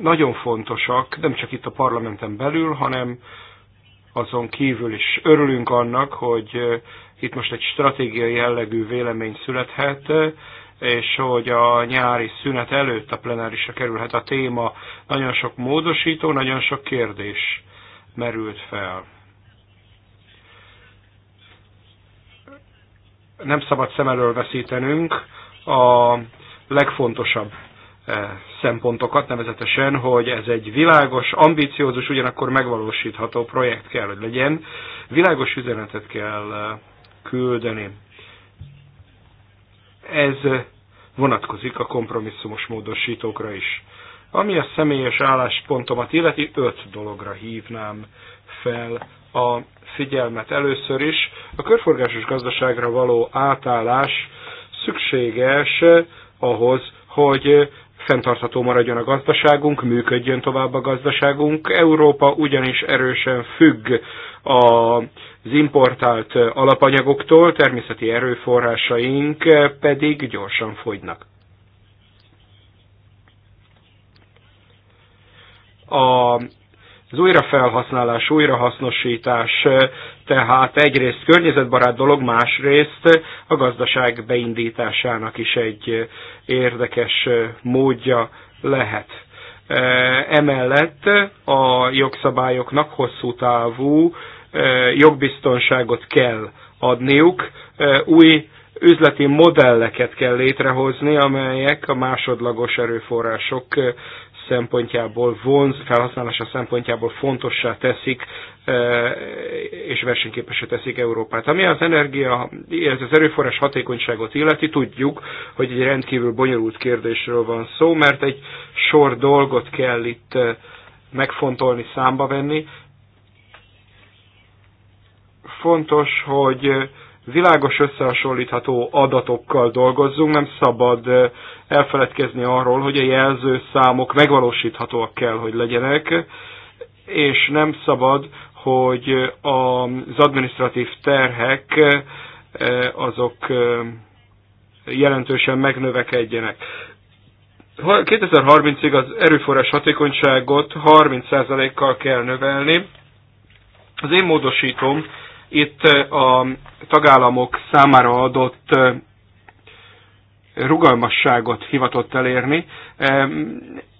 nagyon fontosak, nem csak itt a parlamenten belül, hanem azon kívül is örülünk annak, hogy itt most egy stratégiai jellegű vélemény születhet, és hogy a nyári szünet előtt a plenárisra kerülhet a téma. Nagyon sok módosító, nagyon sok kérdés merült fel. Nem szabad szem elől veszítenünk a legfontosabb Eh, szempontokat, nevezetesen, hogy ez egy világos, ambíciózus, ugyanakkor megvalósítható projekt kell, hogy legyen. Világos üzenetet kell eh, küldeni. Ez eh, vonatkozik a kompromisszumos módosítókra is. Ami a személyes álláspontomat illeti, öt dologra hívnám fel a figyelmet. Először is a körforgásos gazdaságra való átállás szükséges ahhoz, hogy fenntartható maradjon a gazdaságunk, működjön tovább a gazdaságunk. Európa ugyanis erősen függ az importált alapanyagoktól, természeti erőforrásaink pedig gyorsan fogynak. A az újrafelhasználás, újrahasznosítás eh, tehát egyrészt környezetbarát dolog, másrészt a gazdaság beindításának is egy eh, érdekes eh, módja lehet. Emellett a jogszabályoknak hosszú távú jogbiztonságot kell adniuk, új üzleti modelleket kell létrehozni, amelyek a másodlagos erőforrások szempontjából, vonz, felhasználása szempontjából fontossá teszik, e, és versenyképesre teszik Európát. Ami az energia, ez az erőforrás hatékonyságot illeti, tudjuk, hogy egy rendkívül bonyolult kérdésről van szó, mert egy sor dolgot kell itt e, megfontolni, számba venni. Fontos, hogy világos összehasonlítható adatokkal dolgozzunk, nem szabad elfeledkezni arról, hogy a jelző számok megvalósíthatóak kell, hogy legyenek, és nem szabad, hogy az adminisztratív terhek azok jelentősen megnövekedjenek. 2030-ig az erőforrás hatékonyságot 30%-kal kell növelni. Az én módosítom itt a tagállamok számára adott rugalmasságot hivatott elérni.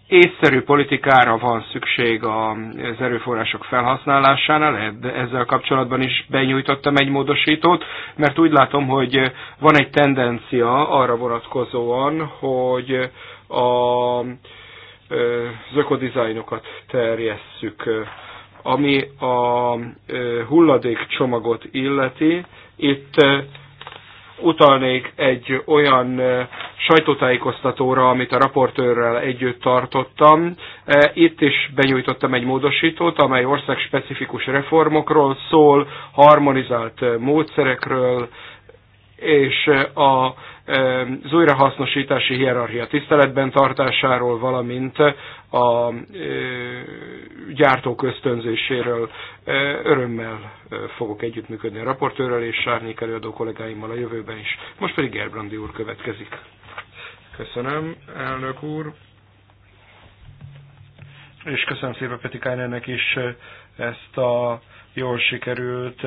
Észszerű politikára van szükség az erőforrások felhasználásánál, ezzel kapcsolatban is benyújtottam egy módosítót, mert úgy látom, hogy van egy tendencia arra vonatkozóan, hogy a, az ökodizájnokat terjesszük ami a hulladékcsomagot illeti, itt utalnék egy olyan sajtótájékoztatóra, amit a raportőrrel együtt tartottam. Itt is benyújtottam egy módosítót, amely országspecifikus reformokról szól, harmonizált módszerekről, és a az újrahasznosítási hierarchia tiszteletben tartásáról, valamint a gyártók ösztönzéséről örömmel fogok együttműködni a raportőrrel és sárnyék előadó kollégáimmal a jövőben is. Most pedig Gerbrandi úr következik. Köszönöm, elnök úr. És köszönöm szépen Kájnernek is ezt a jól sikerült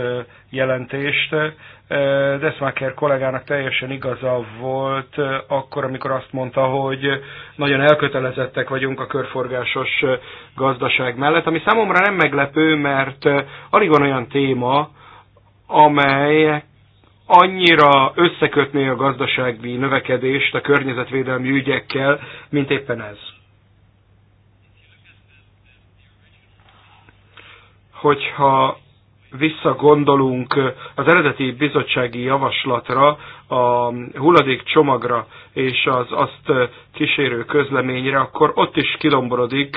jelentést. Deszmáker kollégának teljesen igaza volt akkor, amikor azt mondta, hogy nagyon elkötelezettek vagyunk a körforgásos gazdaság mellett, ami számomra nem meglepő, mert alig van olyan téma, amely annyira összekötné a gazdasági növekedést a környezetvédelmi ügyekkel, mint éppen ez. hogyha visszagondolunk az eredeti bizottsági javaslatra, a hulladék csomagra és az azt kísérő közleményre, akkor ott is kilomborodik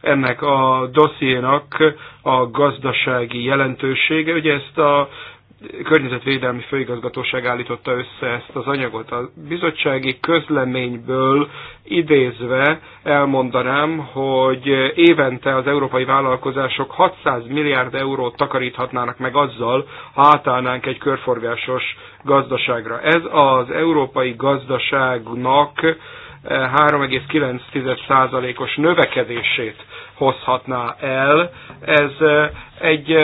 ennek a dossziénak a gazdasági jelentősége. Ugye ezt a környezetvédelmi főigazgatóság állította össze ezt az anyagot. A bizottsági közleményből idézve elmondanám, hogy évente az európai vállalkozások 600 milliárd eurót takaríthatnának meg azzal, ha átállnánk egy körforgásos gazdaságra. Ez az európai gazdaságnak 3,9%-os eh, növekedését hozhatná el. Ez egy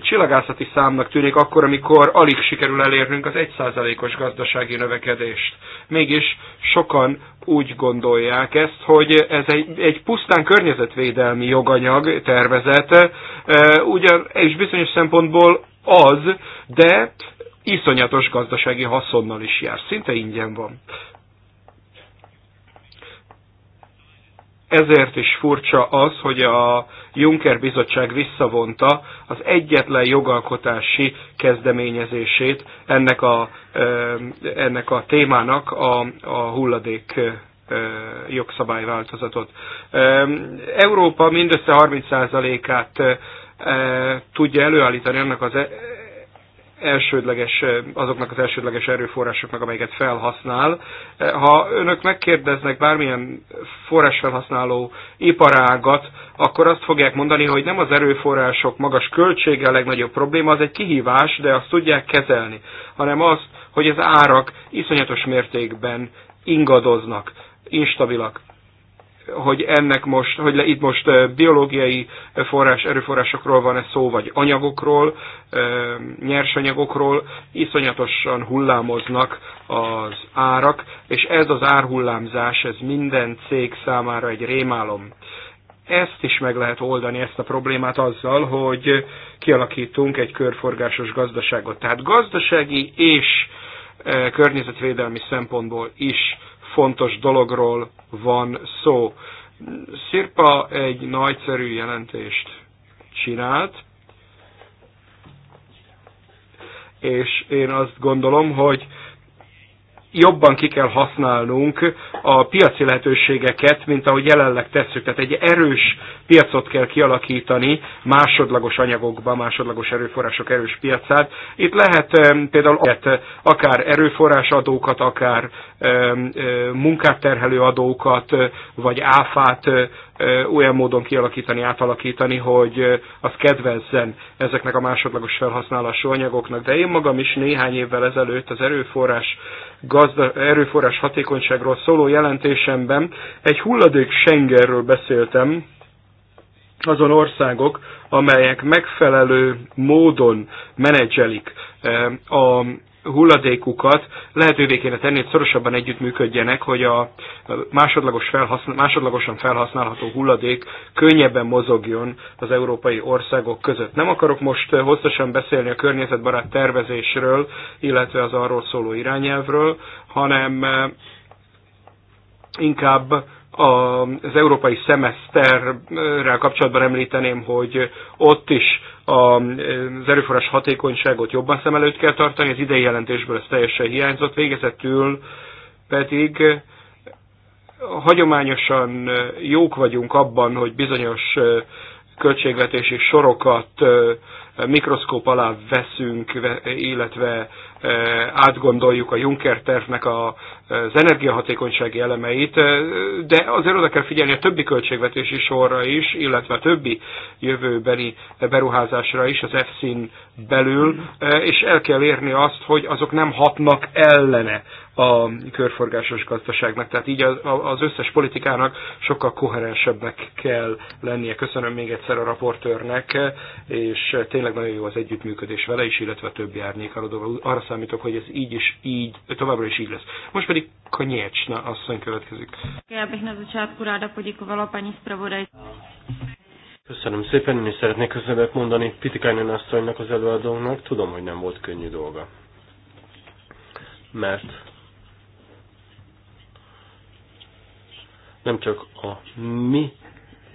csillagászati számnak tűnik akkor, amikor alig sikerül elérnünk az 1%-os gazdasági növekedést. Mégis sokan úgy gondolják ezt, hogy ez egy, egy pusztán környezetvédelmi joganyag tervezete, ugyan, és bizonyos szempontból az, de iszonyatos gazdasági haszonnal is jár. Szinte ingyen van. ezért is furcsa az, hogy a Juncker bizottság visszavonta az egyetlen jogalkotási kezdeményezését ennek a, ennek a témának a, a hulladék jogszabályváltozatot. Európa mindössze 30%-át tudja előállítani annak az e- elsődleges, eh, azoknak az elsődleges erőforrásoknak, amelyeket felhasznál. Eh, ha önök megkérdeznek bármilyen forrásfelhasználó iparágat, akkor azt fogják mondani, hogy nem az erőforrások magas költsége a legnagyobb probléma, az egy kihívás, de azt tudják kezelni, hanem azt, hogy az árak iszonyatos mértékben ingadoznak, instabilak hogy ennek most, hogy le, itt most biológiai forrás, erőforrásokról van ez szó, vagy anyagokról, nyersanyagokról, iszonyatosan hullámoznak az árak, és ez az árhullámzás, ez minden cég számára egy rémálom. Ezt is meg lehet oldani, ezt a problémát azzal, hogy kialakítunk egy körforgásos gazdaságot. Tehát gazdasági és környezetvédelmi szempontból is fontos dologról van szó. Szirpa egy nagyszerű jelentést csinált, és én azt gondolom, hogy jobban ki kell használnunk a piaci lehetőségeket, mint ahogy jelenleg tesszük. Tehát egy erős piacot kell kialakítani másodlagos anyagokba, másodlagos erőforrások erős piacát. Itt lehet például akár erőforrásadókat, akár munkát terhelő adókat, vagy áfát olyan módon kialakítani, átalakítani, hogy az kedvezzen ezeknek a másodlagos felhasználású anyagoknak. De én magam is néhány évvel ezelőtt az erőforrás gazda, erőforrás hatékonyságról szóló jelentésemben egy hulladék Schengenről beszéltem, azon országok, amelyek megfelelő módon menedzselik eh, a hulladékukat lehetővé kéne tenni, hogy szorosabban együttműködjenek, hogy a másodlagos felhasznál, másodlagosan felhasználható hulladék könnyebben mozogjon az európai országok között. Nem akarok most hosszasan beszélni a környezetbarát tervezésről, illetve az arról szóló irányelvről, hanem eh, inkább az európai szemeszterrel kapcsolatban említeném, hogy ott is az erőforrás hatékonyságot jobban szem előtt kell tartani, az idei jelentésből ez teljesen hiányzott, végezetül pedig hagyományosan jók vagyunk abban, hogy bizonyos költségvetési sorokat mikroszkóp alá veszünk, illetve Eh, átgondoljuk a Juncker tervnek a, az energiahatékonysági elemeit, eh, de azért oda kell figyelni a többi költségvetési sorra is, illetve a többi jövőbeli beruházásra is az efsz belül, eh, és el kell érni azt, hogy azok nem hatnak ellene a körforgásos gazdaságnak. Tehát így az összes politikának sokkal koherensebbnek kell lennie. Köszönöm még egyszer a raportőrnek, és tényleg nagyon jó az együttműködés vele is, illetve a többi árnyékaladóval. Arra számítok, hogy ez így is így, továbbra is így lesz. Most pedig Kanyécsna asszony következik. Köszönöm szépen, én is szeretnék köszönetet mondani Pitikainen asszonynak, az előadónak. Tudom, hogy nem volt könnyű dolga. Mert nem csak a mi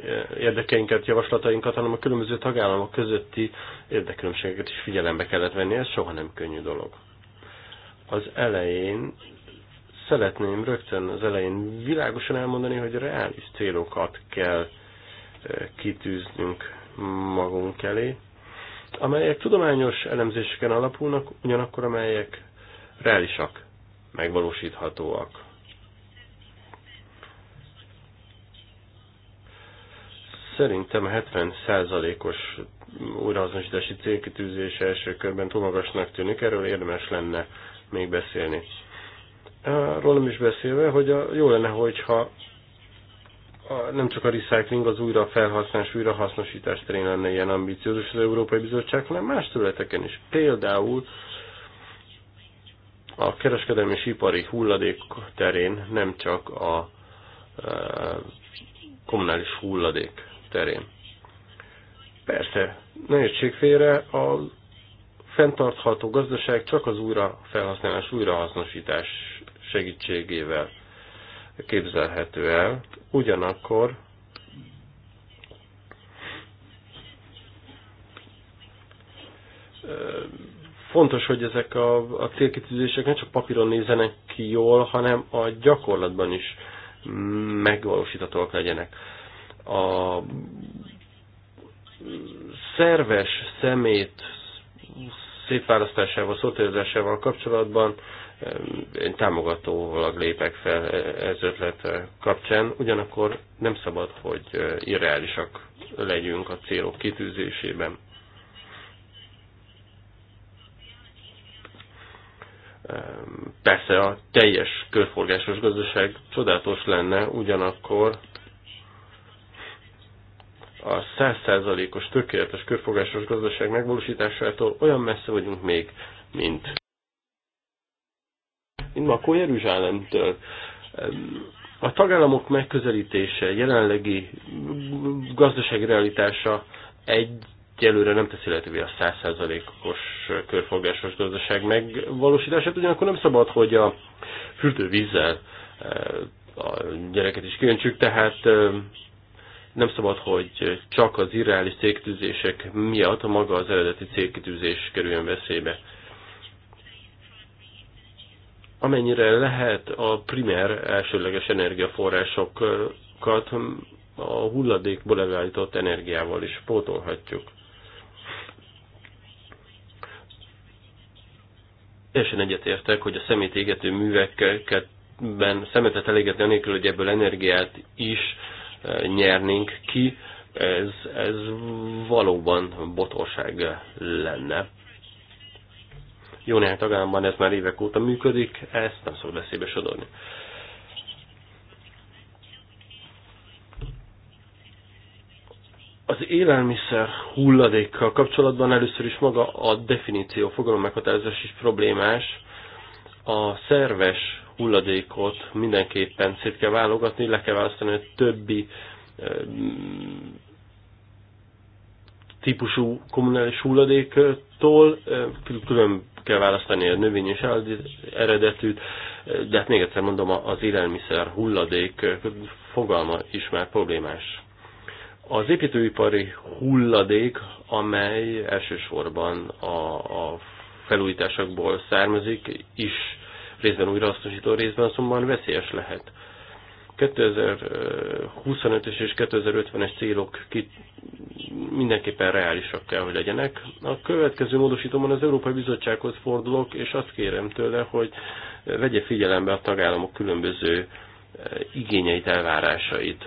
eh, érdekeinket, javaslatainkat, hanem a különböző tagállamok közötti érdekkülönbségeket is figyelembe kellett venni. Ez soha nem könnyű dolog. Az elején szeretném rögtön az elején világosan elmondani, hogy reális célokat kell eh, kitűznünk magunk elé, amelyek tudományos elemzéseken alapulnak, ugyanakkor amelyek reálisak, megvalósíthatóak. Szerintem 70%-os újrahasznosítási célkitűzése első körben túl magasnak tűnik, erről érdemes lenne még beszélni. Rólam is beszélve, hogy a, jó lenne, hogyha a, nem csak a recycling, az újra felhasználás, újrahasznosítás terén lenne ilyen ambíciózus az Európai Bizottság, hanem más területeken is. Például a kereskedelmi és ipari hulladék terén nem csak a, a kommunális hulladék terén. Persze, ne értsék félre, a fenntartható gazdaság csak az újra felhasználás, újrahasznosítás segítségével képzelhető el. Ugyanakkor fontos, hogy ezek a, a célkitűzések nem csak papíron nézenek ki jól, hanem a gyakorlatban is megvalósíthatóak legyenek a szerves szemét szétválasztásával, szótérzésével kapcsolatban eh, én támogatólag lépek fel ez ötlet kapcsán, ugyanakkor nem szabad, hogy eh, irreálisak legyünk a célok kitűzésében. Ehm, persze a teljes körforgásos gazdaság csodálatos lenne, ugyanakkor a százszázalékos tökéletes körfogásos gazdaság megvalósításától olyan messze vagyunk még, mint mint Makó Jeruzsálemtől. A tagállamok megközelítése, jelenlegi gazdasági realitása egyelőre nem teszi lehetővé a százszázalékos körfogásos gazdaság megvalósítását, ugyanakkor nem szabad, hogy a fürdővízzel eh, a gyereket is kijöntsük, tehát nem szabad, hogy csak az irreális cégkitűzések miatt a maga az eredeti cégkitűzés kerüljön veszélybe. Amennyire lehet a primer elsőleges energiaforrásokat a hulladékból előállított energiával is pótolhatjuk. teljesen egyetértek, hogy a szemét égető művekben szemetet elégetni anélkül, hogy ebből energiát is nyernénk ki, ez, ez valóban botorság lenne. Jó néhány tagállamban ez már évek óta működik, ezt nem szabad veszélybe sodorni. Az élelmiszer hulladékkal kapcsolatban először is maga a definíció, fogalom meghatározás is problémás. A szerves hulladékot mindenképpen szét kell válogatni, le kell választani a többi típusú kommunális hulladéktól, külön kell választani a növény és eredetűt, de hát még egyszer mondom, az élelmiszer hulladék fogalma is már problémás. Az építőipari hulladék, amely elsősorban a, a felújításokból származik, is részben újrahasznosító, részben azonban veszélyes lehet. 2025-es és 2050-es célok mindenképpen reálisak kell, hogy legyenek. A következő módosítóban az Európai Bizottsághoz fordulok, és azt kérem tőle, hogy vegye figyelembe a tagállamok különböző eh, igényeit, elvárásait.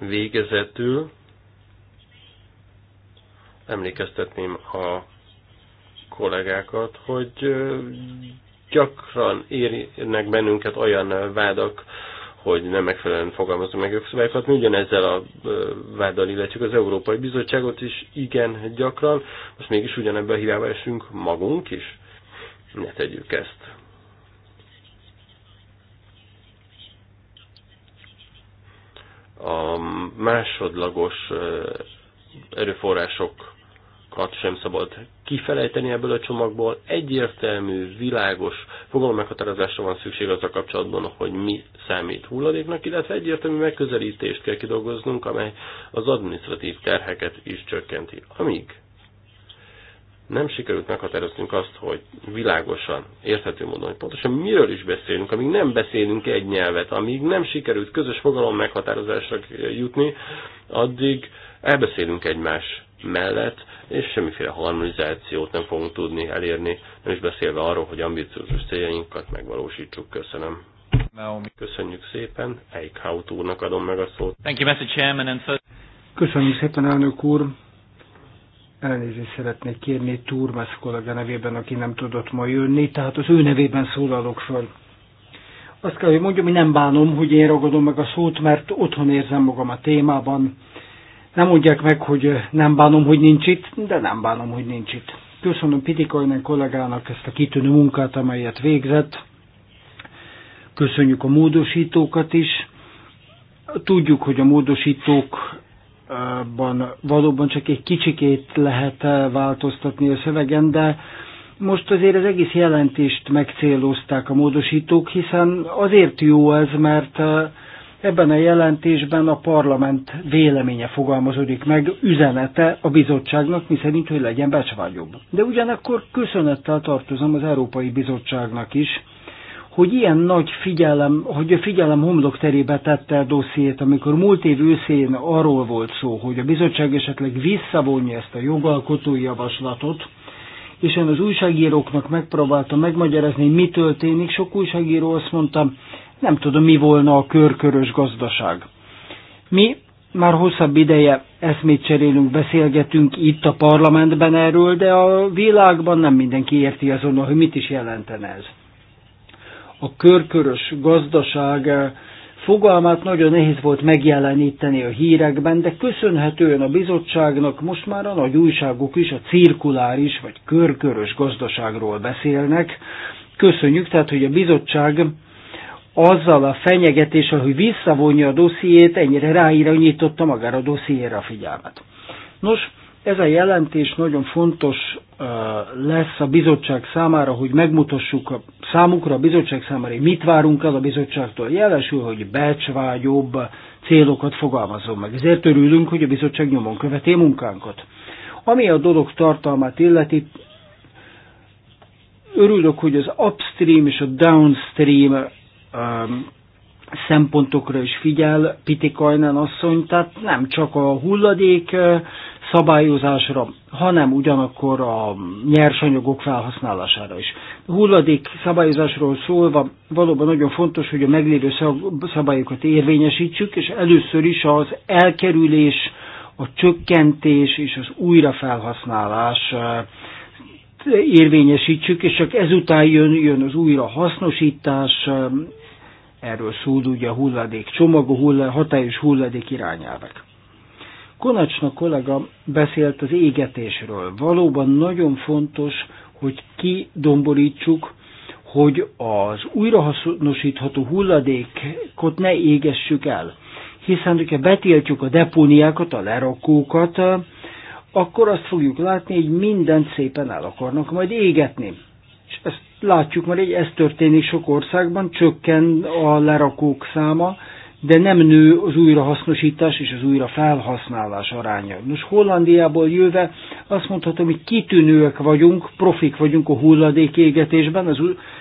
Végezetül emlékeztetném a kollégákat, hogy gyakran érnek bennünket olyan vádak, hogy nem megfelelően fogalmazom, meg jogszabályokat. Mi ugyanezzel a váddal illetjük az Európai Bizottságot is igen gyakran, most mégis ugyanebben a hibába esünk magunk is. Ne tegyük ezt. A másodlagos erőforrások fogalmakat sem szabad kifelejteni ebből a csomagból. Egyértelmű, világos fogalommeghatározásra van szükség az a kapcsolatban, hogy mi számít hulladéknak, illetve egyértelmű megközelítést kell kidolgoznunk, amely az administratív terheket is csökkenti. Amíg nem sikerült meghatároznunk azt, hogy világosan, érthető módon, hogy pontosan miről is beszélünk, amíg nem beszélünk egy nyelvet, amíg nem sikerült közös fogalom meghatározásra jutni, addig elbeszélünk egymás mellett, és semmiféle harmonizációt nem fogunk tudni elérni, nem is beszélve arról, hogy ambiciózus céljainkat megvalósítsuk. Köszönöm. Naomi. Köszönjük szépen. Eichhout úrnak adom meg a szót. Thank you, Mr. Chairman, and first... Köszönjük szépen, elnök úr. Elnézést szeretnék kérni Turmes kollega nevében, aki nem tudott ma jönni, tehát az ő nevében szólalok föl. Azt kell, hogy mondjam, hogy nem bánom, hogy én ragadom meg a szót, mert otthon érzem magam a témában, nem mondják meg, hogy eh, nem bánom, hogy nincs itt, de nem bánom, hogy nincs itt. Köszönöm Pitikoinen kollégának ezt a kitűnő munkát, amelyet végzett. Köszönjük a módosítókat is. Tudjuk, hogy a módosítókban valóban csak egy kicsikét lehet változtatni a szövegen, de most azért az egész jelentést megcélozták a módosítók, hiszen azért jó ez, mert eh, Ebben a jelentésben a parlament véleménye fogalmazódik meg, üzenete a bizottságnak, miszerint, hogy legyen becsvágyobb. De ugyanakkor köszönettel tartozom az Európai Bizottságnak is, hogy ilyen nagy figyelem, hogy a figyelem homlok terébe tette a dossziét, amikor múlt év őszén arról volt szó, hogy a bizottság esetleg visszavonja ezt a jogalkotói javaslatot, és én az újságíróknak megpróbáltam megmagyarázni, hogy mi történik. Sok újságíró azt mondta, nem tudom, mi volna a körkörös gazdaság. Mi már hosszabb ideje eszmét cserélünk, beszélgetünk itt a parlamentben erről, de a világban nem mindenki érti azonnal, hogy mit is jelenten ez. A körkörös gazdaság eh, fogalmát nagyon nehéz volt megjeleníteni a hírekben, de köszönhetően a bizottságnak most már a nagy újságok is a cirkuláris vagy körkörös gazdaságról beszélnek. Köszönjük tehát, hogy a bizottság azzal a fenyegetéssel, hogy visszavonja a dossziét, ennyire ráirányította nyitotta magára a dossziéra a figyelmet. Nos, ez a jelentés nagyon fontos lesz a bizottság számára, hogy megmutassuk a számukra, a bizottság számára, hogy mit várunk el a bizottságtól. Jelesül, hogy becsvágyobb célokat fogalmazom meg. Ezért örülünk, hogy a bizottság nyomon követi munkánkat. Ami a dolog tartalmát illeti, örülök, hogy az upstream és a downstream szempontokra is figyel Pitikajnen asszony, tehát nem csak a hulladék szabályozásra, hanem ugyanakkor a nyersanyagok felhasználására is. A hulladék szabályozásról szólva valóban nagyon fontos, hogy a meglévő szabályokat érvényesítsük, és először is az elkerülés, a csökkentés és az újrafelhasználás érvényesítsük, és csak ezután jön, jön az újrahasznosítás, Erről szól ugye a hulladék csomagú, hulla, hatályos hulladék irányelvek. Konacsna kollega beszélt az égetésről. Valóban nagyon fontos, hogy kidomborítsuk, hogy az újrahasznosítható hulladékot ne égessük el. Hiszen, hogyha betiltjuk a depóniákat, a lerakókat, akkor azt fogjuk látni, hogy mindent szépen el akarnak majd égetni látjuk már, hogy ez történik sok országban, csökken a lerakók száma, de nem nő az újrahasznosítás és az újrafelhasználás aránya. Nos, Hollandiából jöve azt mondhatom, hogy kitűnőek vagyunk, profik vagyunk a hulladékégetésben, az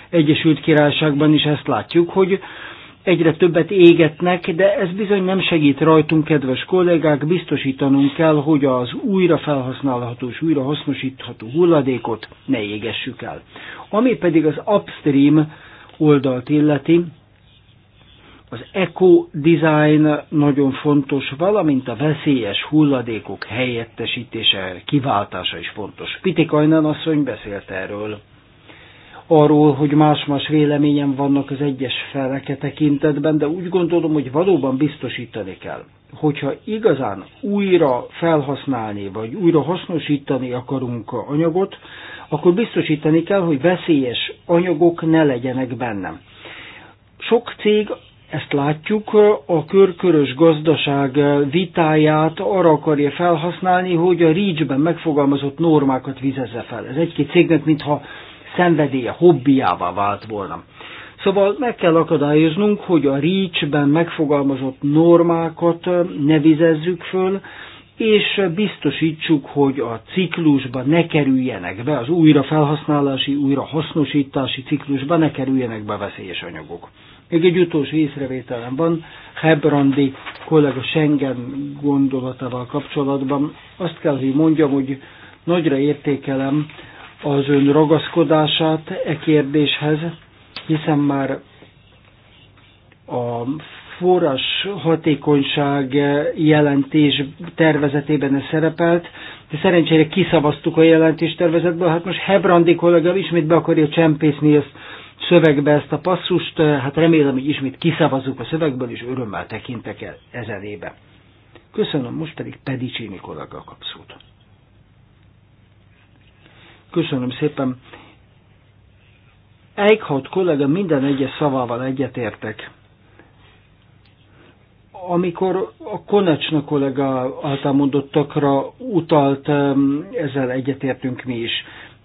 Egyesült Királyságban is ezt látjuk, hogy egyre többet égetnek, de ez bizony nem segít rajtunk, kedves kollégák, biztosítanunk kell, hogy az újra felhasználható és újra hasznosítható hulladékot ne égessük el. Ami pedig az upstream oldalt illeti, az eco-design nagyon fontos, valamint a veszélyes hulladékok helyettesítése, kiváltása is fontos. Pitikajnán asszony beszélt erről arról, hogy más-más véleményen vannak az egyes feleke tekintetben, de úgy gondolom, hogy valóban biztosítani kell, hogyha igazán újra felhasználni, vagy újra hasznosítani akarunk anyagot, akkor biztosítani kell, hogy veszélyes anyagok ne legyenek benne. Sok cég ezt látjuk, a körkörös gazdaság vitáját arra akarja felhasználni, hogy a reach megfogalmazott normákat vizezze fel. Ez egy-két cégnek, mintha szenvedélye, hobbiává vált volna. Szóval meg kell akadályoznunk, hogy a REACH-ben megfogalmazott normákat ne vizezzük föl, és biztosítsuk, hogy a ciklusba ne kerüljenek be, az újrafelhasználási, újrahasznosítási ciklusba ne kerüljenek be veszélyes anyagok. Még egy utolsó észrevételem van, Hebrandi kollega Schengen gondolatával kapcsolatban. Azt kell, hogy mondjam, hogy nagyra értékelem az ön ragaszkodását e kérdéshez, hiszen már a forrás hatékonyság jelentés tervezetében ez szerepelt, de szerencsére kiszavaztuk a jelentés tervezetből, hát most Hebrandi kollégám ismét be akarja csempészni ezt szövegbe ezt a passzust, hát remélem, hogy ismét kiszavazzuk a szövegből, és örömmel tekintek el ezelébe. Köszönöm, most pedig Pedicini kollega kapszót. Köszönöm szépen. Eichhardt kollega minden egyes szavával egyetértek. Amikor a Konecsna kollega által mondottakra utalt, ezzel egyetértünk mi is.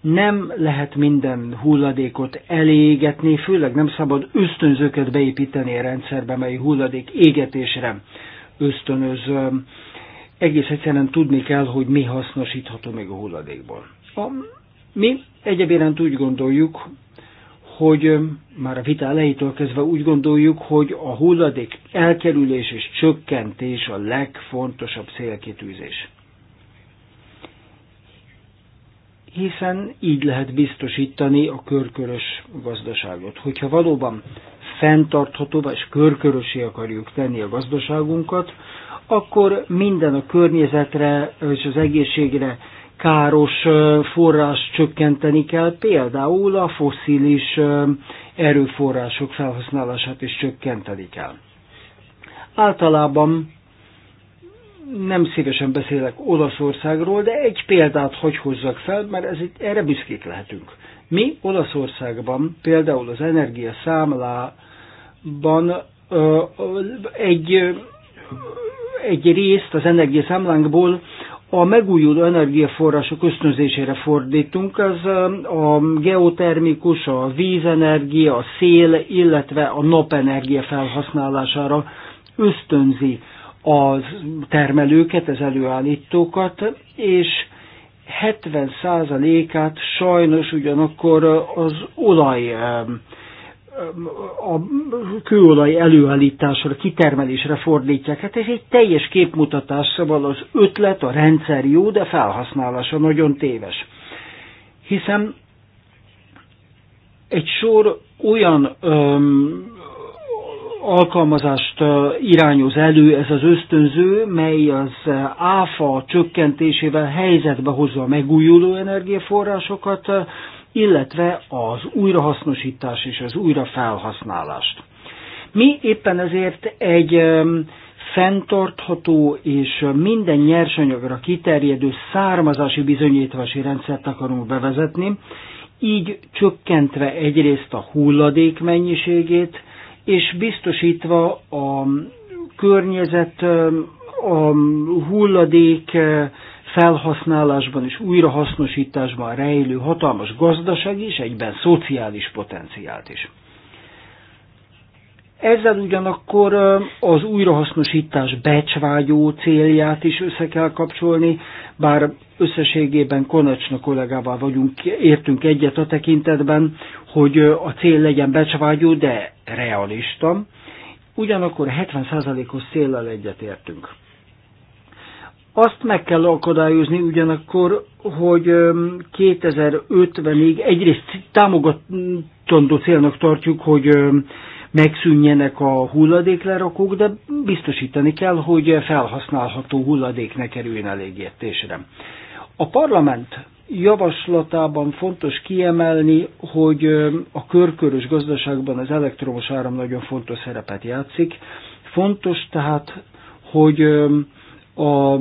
Nem lehet minden hulladékot elégetni, főleg nem szabad ösztönzőket beépíteni a rendszerbe, mely hulladék égetésre ösztönöz. Egész egyszerűen tudni kell, hogy mi hasznosítható még a hulladékból. A mi egyébként úgy gondoljuk, hogy már a vita elejétől kezdve úgy gondoljuk, hogy a hulladék elkerülés és csökkentés a legfontosabb célkitűzés. Hiszen így lehet biztosítani a körkörös gazdaságot. Hogyha valóban fenntarthatóvá és körkörösé akarjuk tenni a gazdaságunkat, akkor minden a környezetre és az egészségre káros forrás csökkenteni kell, például a foszilis erőforrások felhasználását is csökkenteni kell. Általában nem szívesen beszélek Olaszországról, de egy példát hogy hozzak fel, mert ez itt, erre büszkék lehetünk. Mi Olaszországban például az energia számlában egy, egy részt az számlánkból a megújuló energiaforrások ösztönzésére fordítunk, ez a geotermikus, a vízenergia, a szél, illetve a napenergia felhasználására ösztönzi a termelőket, az előállítókat, és 70%-át sajnos ugyanakkor az olaj a kőolaj előállításra, kitermelésre fordítják. Hát ez egy teljes képmutatás, szóval az ötlet, a rendszer jó, de felhasználása nagyon téves. Hiszen egy sor olyan öm, alkalmazást irányoz elő ez az ösztönző, mely az áfa csökkentésével helyzetbe hozza a megújuló energiaforrásokat, illetve az újrahasznosítás és az újrafelhasználás. Mi éppen ezért egy fenntartható és minden nyersanyagra kiterjedő származási bizonyítási rendszert akarunk bevezetni, így csökkentve egyrészt a hulladék mennyiségét, és biztosítva a környezet, a hulladék felhasználásban és újrahasznosításban rejlő hatalmas gazdaság és egyben szociális potenciált is. Ezzel ugyanakkor az újrahasznosítás becsvágyó célját is össze kell kapcsolni, bár összességében Konacsna kollégával vagyunk, értünk egyet a tekintetben, hogy a cél legyen becsvágyó, de realista. Ugyanakkor 70%-os céllal egyetértünk. Azt meg kell akadályozni ugyanakkor, hogy 2050-ig egyrészt támogatandó célnak tartjuk, hogy megszűnjenek a hulladéklerakók, de biztosítani kell, hogy felhasználható hulladék ne kerüljön elégértésre. A parlament javaslatában fontos kiemelni, hogy a körkörös gazdaságban az elektromos áram nagyon fontos szerepet játszik. Fontos tehát, hogy a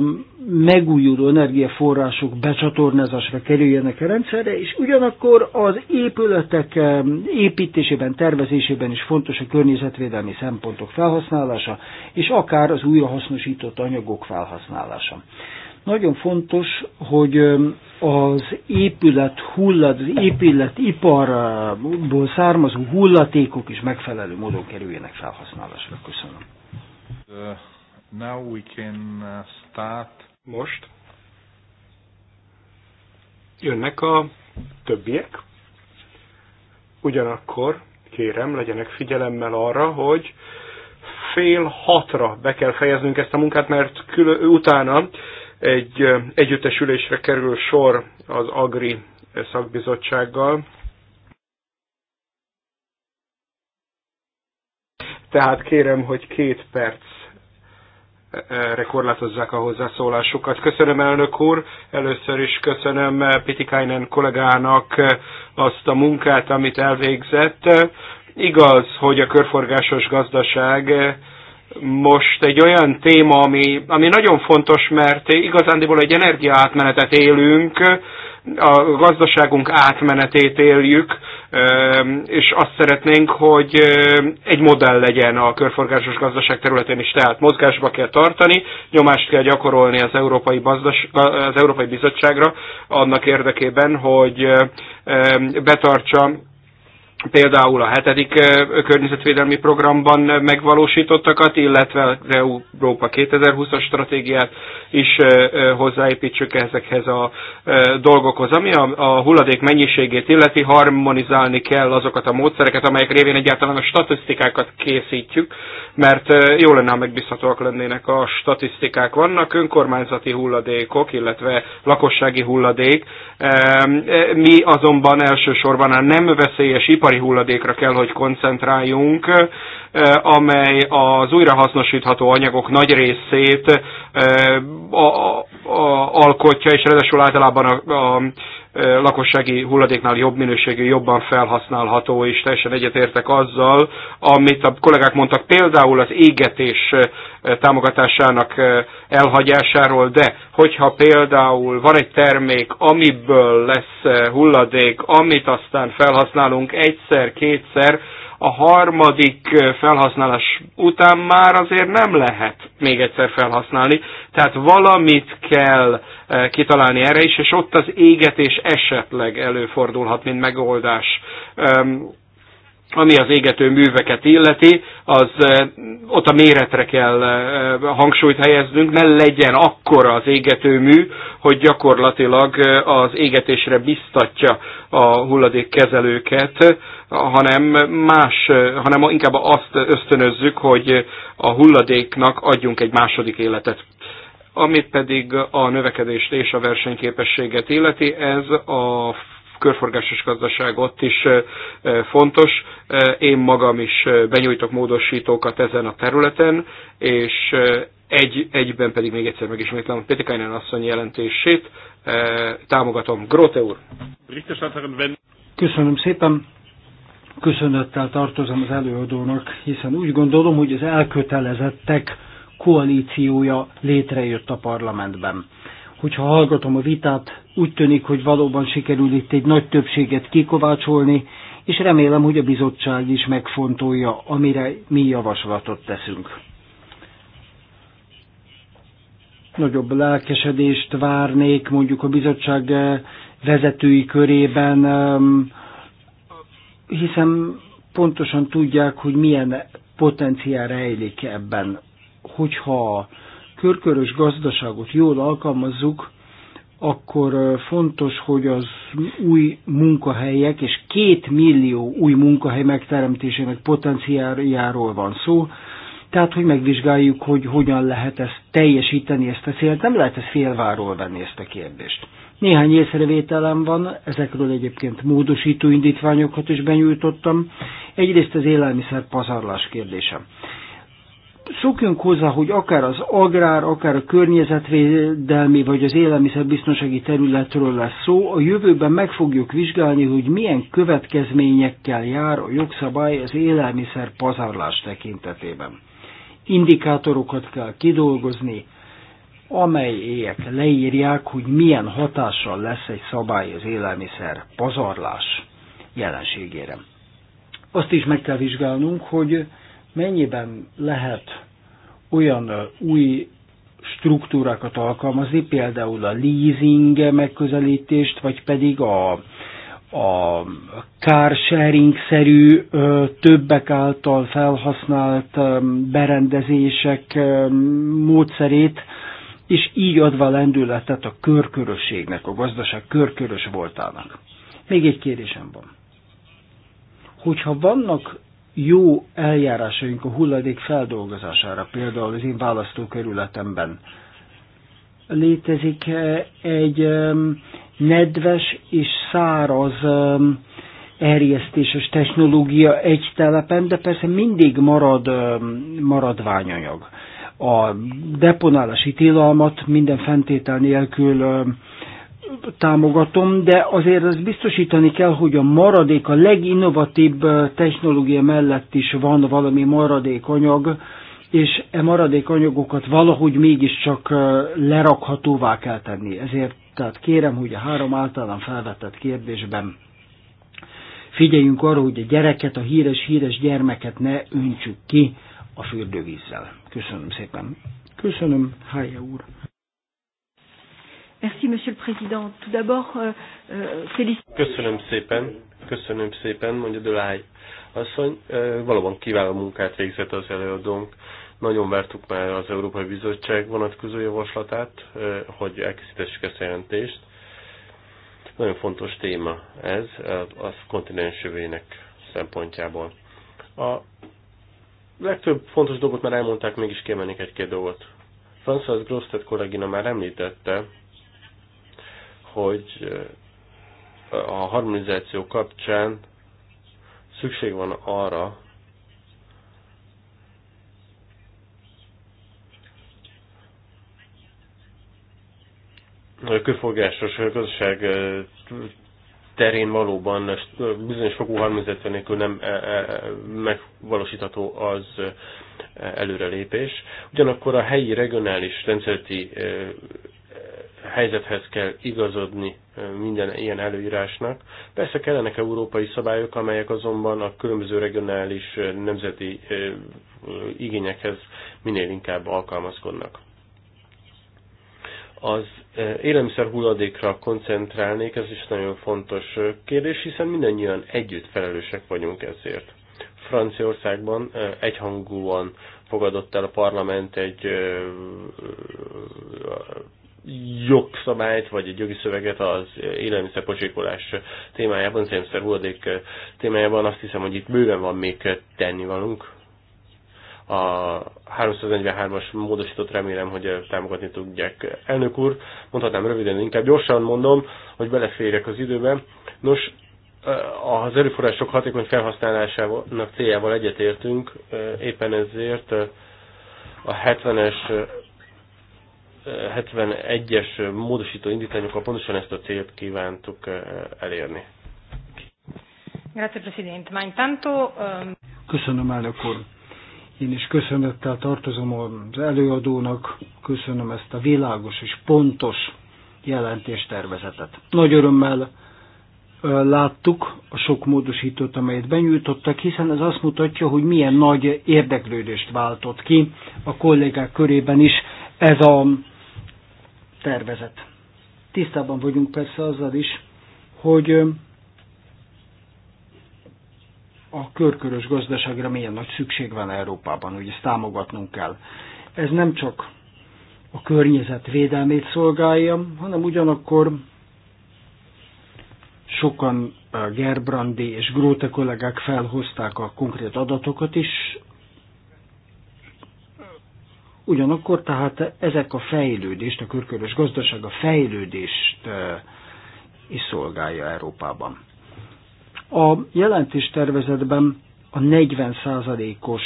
megújuló energiaforrások becsatornázásra kerüljenek a rendszerre, és ugyanakkor az épületek építésében, tervezésében is fontos a környezetvédelmi szempontok felhasználása, és akár az újrahasznosított anyagok felhasználása. Nagyon fontos, hogy az épület hullat, az iparból származó hullatékok is megfelelő módon kerüljenek felhasználásra. Köszönöm. Now we can uh, start. Most jönnek a többiek. Ugyanakkor kérem, legyenek figyelemmel arra, hogy fél hatra be kell fejeznünk ezt a munkát, mert külön, utána egy együttesülésre kerül sor az Agri szakbizottsággal. Tehát kérem, hogy két perc korlátozzák a hozzászólásukat. Köszönöm elnök úr, először is köszönöm Pitikainen kollégának azt a munkát, amit elvégzett. Igaz, hogy a körforgásos gazdaság most egy olyan téma, ami, ami nagyon fontos, mert igazándiból egy energiaátmenetet élünk, a gazdaságunk átmenetét éljük, és azt szeretnénk, hogy egy modell legyen a körforgásos gazdaság területén is, tehát mozgásba kell tartani, nyomást kell gyakorolni az Európai, Bazdas, az Európai Bizottságra annak érdekében, hogy betartsa például a hetedik környezetvédelmi programban megvalósítottakat, illetve az Európa 2020-as stratégiát is hozzáépítsük ezekhez a dolgokhoz. Ami a, hulladék mennyiségét illeti, harmonizálni kell azokat a módszereket, amelyek révén egyáltalán a statisztikákat készítjük, mert jó lenne, ha megbízhatóak lennének a statisztikák. Vannak önkormányzati hulladékok, illetve lakossági hulladék. Mi azonban elsősorban a nem veszélyes ipari hulladékra kell, hogy koncentráljunk amely az újrahasznosítható anyagok nagy részét a, a, a, alkotja, és ráadásul általában a, a, lakossági hulladéknál jobb minőségű, jobban felhasználható, és teljesen egyetértek azzal, amit a kollégák mondtak, például az égetés támogatásának elhagyásáról, de hogyha például van egy termék, amiből lesz hulladék, amit aztán felhasználunk egyszer, kétszer, a harmadik felhasználás után már azért nem lehet még egyszer felhasználni, tehát valamit kell kitalálni erre is, és ott az égetés esetleg előfordulhat, mint megoldás ami az égető műveket illeti, az eh, ott a méretre kell eh, hangsúlyt helyeznünk, ne legyen akkora az égető mű, hogy gyakorlatilag eh, az égetésre biztatja a hulladékkezelőket, hanem más, hanem inkább azt ösztönözzük, hogy a hulladéknak adjunk egy második életet amit pedig a növekedést és a versenyképességet illeti, ez a körforgásos gazdaság ott is fontos. Én magam is benyújtok módosítókat ezen a területen, és egy, egyben pedig még egyszer megismétlem a Petikainen asszony jelentését. Támogatom. Grote úr! Köszönöm szépen! Köszönettel tartozom az előadónak, hiszen úgy gondolom, hogy az elkötelezettek koalíciója létrejött a parlamentben hogyha hallgatom a vitát, úgy tűnik, hogy valóban sikerül itt egy nagy többséget kikovácsolni, és remélem, hogy a bizottság is megfontolja, amire mi javaslatot teszünk. Nagyobb lelkesedést várnék mondjuk a bizottság eh, vezetői körében, hiszen pontosan tudják, hogy milyen potenciál rejlik ebben, hogyha körkörös gazdaságot jól alkalmazzuk, akkor fontos, hogy az új munkahelyek és két millió új munkahely megteremtésének potenciáljáról van szó, tehát hogy megvizsgáljuk, hogy hogyan lehet ezt teljesíteni, ezt a célt, nem lehet ezt félváról venni ezt a kérdést. Néhány észrevételem van, ezekről egyébként módosító indítványokat is benyújtottam. Egyrészt az élelmiszer pazarlás kérdése szokjunk hozzá, hogy akár az agrár, akár a környezetvédelmi vagy az élelmiszerbiztonsági területről lesz szó, a jövőben meg fogjuk vizsgálni, hogy milyen következményekkel jár a jogszabály az élelmiszer pazarlás tekintetében. Indikátorokat kell kidolgozni, amelyek leírják, hogy milyen hatással lesz egy szabály az élelmiszer pazarlás jelenségére. Azt is meg kell vizsgálnunk, hogy Mennyiben lehet olyan új struktúrákat alkalmazni, például a leasing megközelítést, vagy pedig a, a car sharing-szerű többek által felhasznált berendezések módszerét, és így adva lendületet a körkörösségnek, a gazdaság körkörös voltának. Még egy kérdésem van. Hogyha vannak jó eljárásaink a hulladék feldolgozására, például az én választókerületemben. Létezik eh, egy nedves és száraz erjesztéses technológia egy telepen, de persze mindig marad maradványanyag. A deponálási tilalmat minden fentétel nélkül támogatom, de azért ezt biztosítani kell, hogy a maradék, a leginnovatív technológia mellett is van valami maradékanyag, és e maradékanyagokat valahogy mégiscsak lerakhatóvá kell tenni. Ezért tehát kérem, hogy a három általán felvetett kérdésben figyeljünk arra, hogy a gyereket, a híres-híres gyermeket ne öntsük ki a fürdővízzel. Köszönöm szépen. Köszönöm, Hája úr. Merci, Monsieur le Président. Tout d'abord, euh, euh, félicitations. Köszönöm szépen, köszönöm szépen, mondja Döláj. Asszony, valóban kiváló munkát végzett az előadónk. Nagyon vártuk már az Európai Bizottság vonatkozó javaslatát, hogy elkészítessük ezt a jelentést. Nagyon fontos téma ez, az kontinens jövőjének szempontjából. A legtöbb fontos dolgot már elmondták, mégis kiemelnék egy-két dolgot. François Grosztet kollégina már említette, hogy a harmonizáció kapcsán szükség van arra, a kőfogásos közösség terén valóban bizonyos fokú harmonizáció nélkül nem e, e, megvalósítható az előrelépés. Ugyanakkor a helyi regionális rendszereti helyzethez kell igazodni minden ilyen előírásnak. Persze kellenek európai szabályok, amelyek azonban a különböző regionális nemzeti igényekhez minél inkább alkalmazkodnak. Az élelmiszer hulladékra koncentrálnék, ez is nagyon fontos kérdés, hiszen mindannyian együtt felelősek vagyunk ezért. Franciaországban egyhangúan fogadott el a parlament egy jogszabályt, vagy egy jogi szöveget az élelmiszerpocsékolás témájában, az élelmiszer hulladék témájában. Azt hiszem, hogy itt bőven van még tennivalunk. A 343-as módosított remélem, hogy támogatni tudják. Elnök úr, mondhatnám röviden, inkább gyorsan mondom, hogy beleférjek az időbe. Nos, az erőforrások hatékony felhasználásának céljával egyetértünk, éppen ezért a 70-es 71-es módosító indítványokkal pontosan ezt a célt kívántuk eh, elérni. Ehm, köszönöm, elnök úr. Én is köszönettel tartozom az előadónak, köszönöm ezt a világos és pontos jelentéstervezetet. Nagy örömmel eh, láttuk a sok módosítót, amelyet benyújtottak, hiszen ez azt mutatja, hogy milyen nagy érdeklődést váltott ki a kollégák körében is ez a tervezet. Tisztában vagyunk persze azzal is, hogy a körkörös gazdaságra milyen nagy szükség van Európában, hogy ezt támogatnunk kell. Ez nem csak a környezet védelmét szolgálja, hanem ugyanakkor sokan Gerbrandi és Gróte kollégák felhozták a konkrét adatokat is, Ugyanakkor tehát ezek a fejlődést, a körkörös gazdaság a fejlődést is szolgálja Európában. A jelentés tervezetben a 40%-os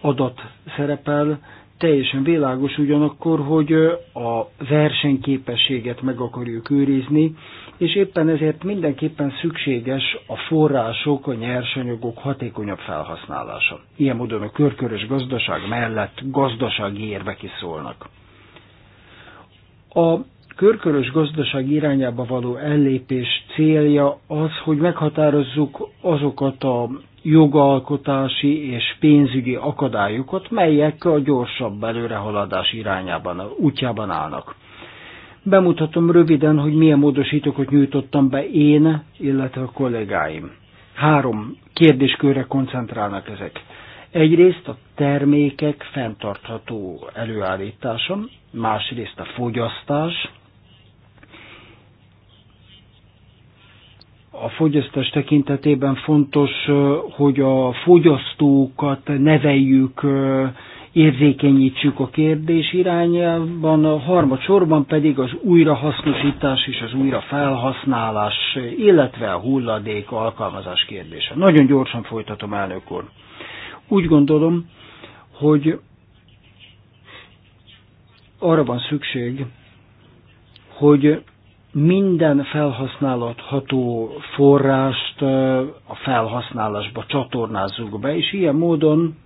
adat szerepel, teljesen világos ugyanakkor, hogy a versenyképességet meg akarjuk őrizni, és éppen ezért mindenképpen szükséges a források, a nyersanyagok hatékonyabb felhasználása. Ilyen módon a körkörös gazdaság mellett gazdasági érvek is szólnak. A körkörös gazdaság irányába való ellépés célja az, hogy meghatározzuk azokat a jogalkotási és pénzügyi akadályokat, melyek a gyorsabb előrehaladás irányában, útjában állnak. Bemutatom röviden, hogy milyen módosítókat nyújtottam be én, illetve a kollégáim. Három kérdéskörre koncentrálnak ezek. Egyrészt a termékek fenntartható előállítása, másrészt a fogyasztás, a fogyasztás tekintetében fontos, hogy a fogyasztókat neveljük érzékenyítsük a kérdés irányában, a harmadsorban pedig az újrahasznosítás és az újrafelhasználás, illetve a hulladék alkalmazás kérdése. Nagyon gyorsan folytatom, elnök úr. Úgy gondolom, hogy arra van szükség, hogy minden felhasználható forrást eh, a felhasználásba csatornázzuk be, és ilyen módon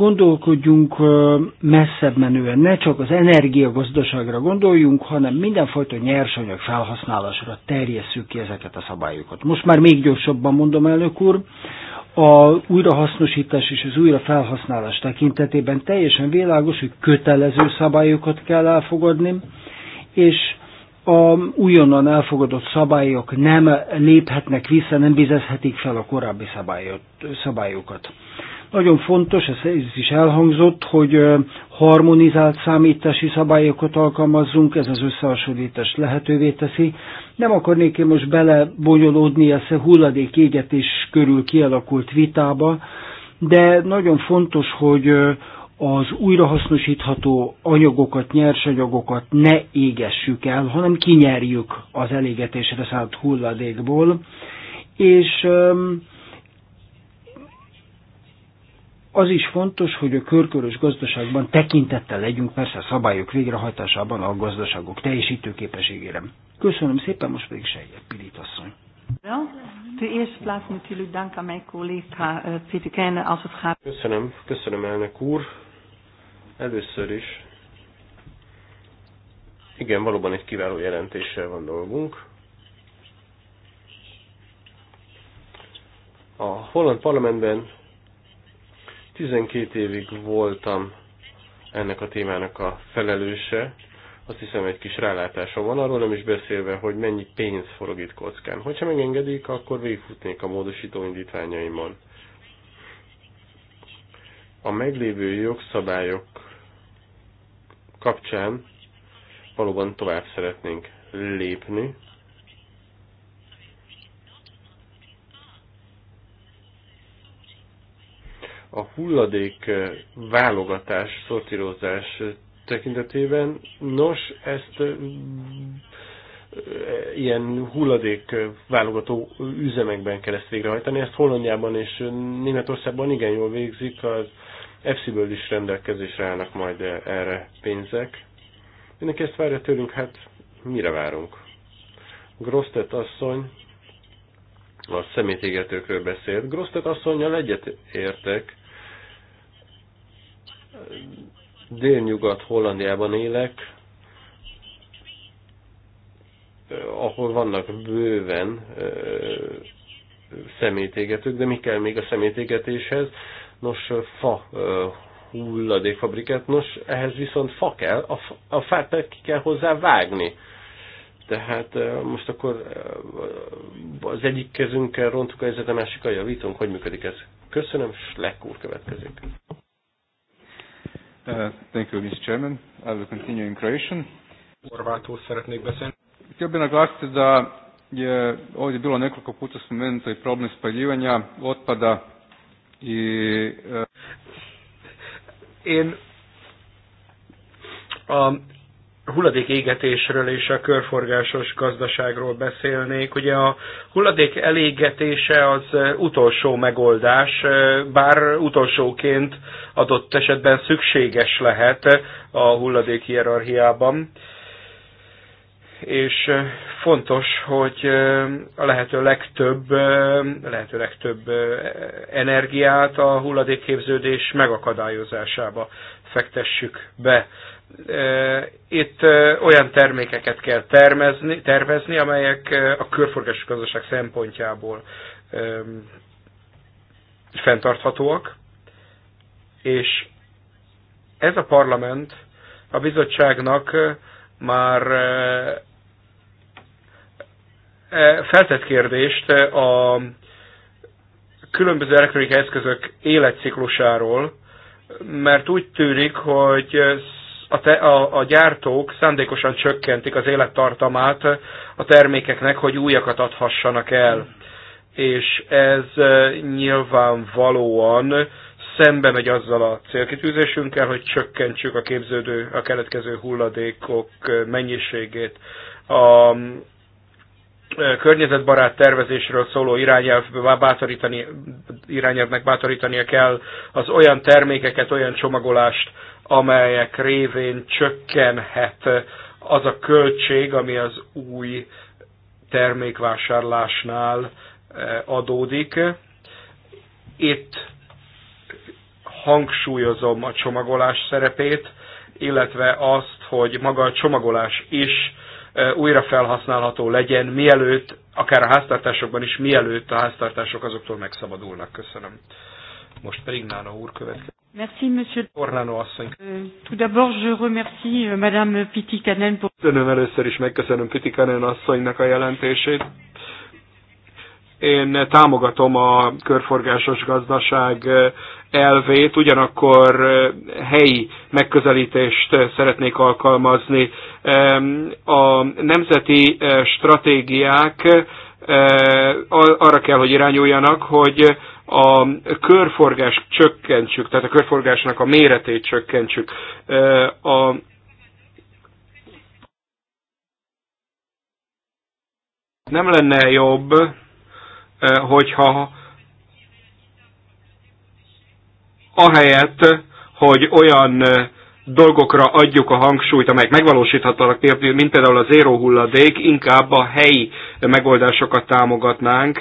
Gondolkodjunk messzebb menően, ne csak az energiagazdaságra gondoljunk, hanem mindenfajta nyersanyag felhasználásra terjesszük ki ezeket a szabályokat. Most már még gyorsabban mondom, elnök úr, a újrahasznosítás és az újrafelhasználás tekintetében teljesen világos, hogy kötelező szabályokat kell elfogadni, és a újonnan elfogadott szabályok nem léphetnek vissza, nem vizezhetik fel a korábbi szabályokat. Nagyon fontos, ez, ez is elhangzott, hogy harmonizált számítási szabályokat alkalmazzunk, ez az összehasonlítás lehetővé teszi. Nem akarnék én most belebonyolódni ezt a hulladék égetés körül kialakult vitába, de nagyon fontos, hogy az újrahasznosítható anyagokat, nyersanyagokat ne égessük el, hanem kinyerjük az elégetésre szállt hulladékból, és az is fontos, hogy a körkörös gazdaságban tekintettel legyünk persze a szabályok végrehajtásában a gazdaságok teljesítőképességére. Köszönöm szépen, most pedig Sejjel Pilit asszony. Eh, köszönöm, köszönöm elnök úr. Először is igen, valóban egy kiváló jelentéssel van dolgunk. A holland parlamentben 12 évig voltam ennek a témának a felelőse, azt hiszem egy kis rálátása van, arról nem is beszélve, hogy mennyi pénz forog itt kockán. Hogyha megengedik, akkor végigfutnék a módosító indítványaimon. A meglévő jogszabályok kapcsán valóban tovább szeretnénk lépni, a hulladék eh, válogatás, szortírozás eh, tekintetében. Nos, ezt eh, ilyen hulladék válogató üzemekben kell ezt végrehajtani. Ezt Hollandiában és Németországban igen jól végzik, az EFSI-ből is rendelkezésre állnak majd erre pénzek. Mindenki ezt várja tőlünk, hát mire várunk? Grosztet asszony a szemétégetőkről beszélt. Grosztet asszonynal egyet értek, délnyugat Hollandiában élek, eh, ahol vannak bőven eh, szemétégetők, de mi kell még a szemétégetéshez? Nos, eh, fa hulladékfabrikát, nos, ehhez viszont fa kell, a, fát meg ki kell hozzá vágni. Tehát most akkor az egyik kezünkkel rontuk a helyzet, a másikkal javítunk, hogy működik ez. Köszönöm, és következik. Uh, thank you, Mr. Chairman. I will continue in Croatian. Horvátul szeretnék beszélni. Htio bih naglasiti da je ovdje bilo nekoliko puta spomenuto i problem spaljivanja otpada i... Uh... Én a um, hulladék égetésről és a körforgásos gazdaságról beszélnék. Ugye a hulladék elégetése az utolsó megoldás, bár utolsóként adott esetben szükséges lehet a hulladék hierarchiában. És fontos, hogy a lehető legtöbb, lehető legtöbb energiát a hulladékképződés megakadályozásába fektessük be. Itt olyan termékeket kell termezni, tervezni, amelyek a körforgásos gazdaság szempontjából fenntarthatóak, és ez a parlament a bizottságnak már feltett kérdést a különböző elektronikai eszközök életciklusáról, mert úgy tűnik, hogy a, te, a, a gyártók szándékosan csökkentik az élettartamát a termékeknek, hogy újakat adhassanak el. És ez nyilvánvalóan szembe megy azzal a célkitűzésünkkel, hogy csökkentsük a képződő, a keletkező hulladékok mennyiségét. A környezetbarát tervezésről szóló bátorítani, irányelvnek bátorítania kell az olyan termékeket, olyan csomagolást, amelyek révén csökkenhet az a költség, ami az új termékvásárlásnál eh, adódik. Itt hangsúlyozom a csomagolás szerepét, illetve azt, hogy maga a csomagolás is eh, újra felhasználható legyen, mielőtt, akár a háztartásokban is, mielőtt a háztartások azoktól megszabadulnak. Köszönöm. Most pedig Nána úr következik. Merci, monsieur. Orlano asszony. Euh, tout d'abord, je remercie euh, madame Pitikanen pour... Köszönöm először is, megköszönöm Pitikanen asszonynak a jelentését. Én támogatom a körforgásos gazdaság elvét, ugyanakkor helyi megközelítést szeretnék alkalmazni. A nemzeti stratégiák arra kell, hogy irányuljanak, hogy a körforgás csökkentsük, tehát a körforgásnak a méretét csökkentsük. A, nem lenne jobb, hogyha ahelyett, hogy olyan dolgokra adjuk a hangsúlyt, amelyek megvalósíthatóak, mint például a zéró hulladék, inkább a helyi megoldásokat támogatnánk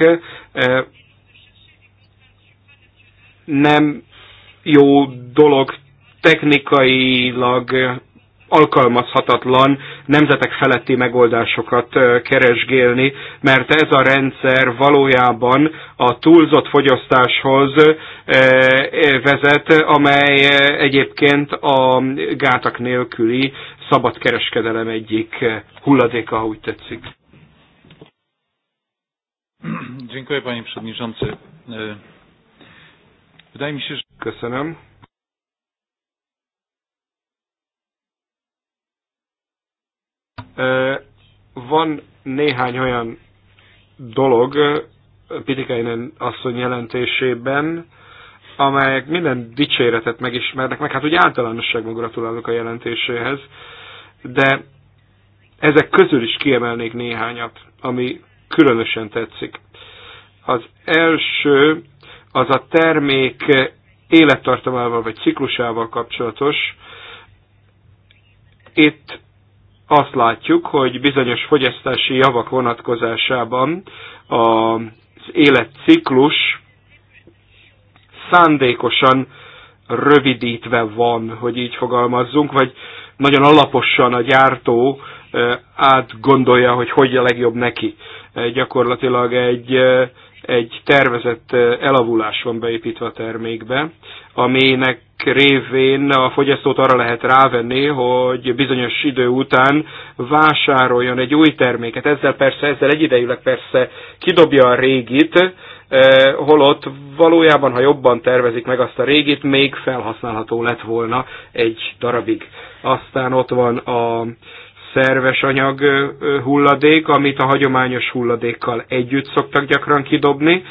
nem jó dolog technikailag alkalmazhatatlan nemzetek feletti megoldásokat keresgélni, mert ez a rendszer valójában a túlzott fogyasztáshoz vezet, amely egyébként a gátak nélküli szabadkereskedelem egyik hulladéka, ahogy tetszik. Dziękuję panie przewodniczący. Wydaje mi się, że... Köszönöm. Van néhány olyan dolog Pitikainen asszony jelentésében, amelyek minden dicséretet megismernek, meg hát úgy általánosságban gratulálok a jelentéséhez, de ezek közül is kiemelnék néhányat, ami különösen tetszik. Az első az a termék élettartamával vagy ciklusával kapcsolatos. Itt azt látjuk, hogy bizonyos fogyasztási javak vonatkozásában az életciklus szándékosan rövidítve van, hogy így fogalmazzunk, vagy nagyon alaposan a gyártó átgondolja, hogy hogy a legjobb neki. Gyakorlatilag egy egy tervezett elavulás van beépítve a termékbe, aminek révén a fogyasztót arra lehet rávenni, hogy bizonyos idő után vásároljon egy új terméket. Ezzel persze, ezzel egyidejűleg persze kidobja a régit, holott valójában, ha jobban tervezik meg azt a régit, még felhasználható lett volna egy darabig. Aztán ott van a szerves anyag hulladék, amit a hagyományos hulladékkal együtt szoktak gyakran kidobni.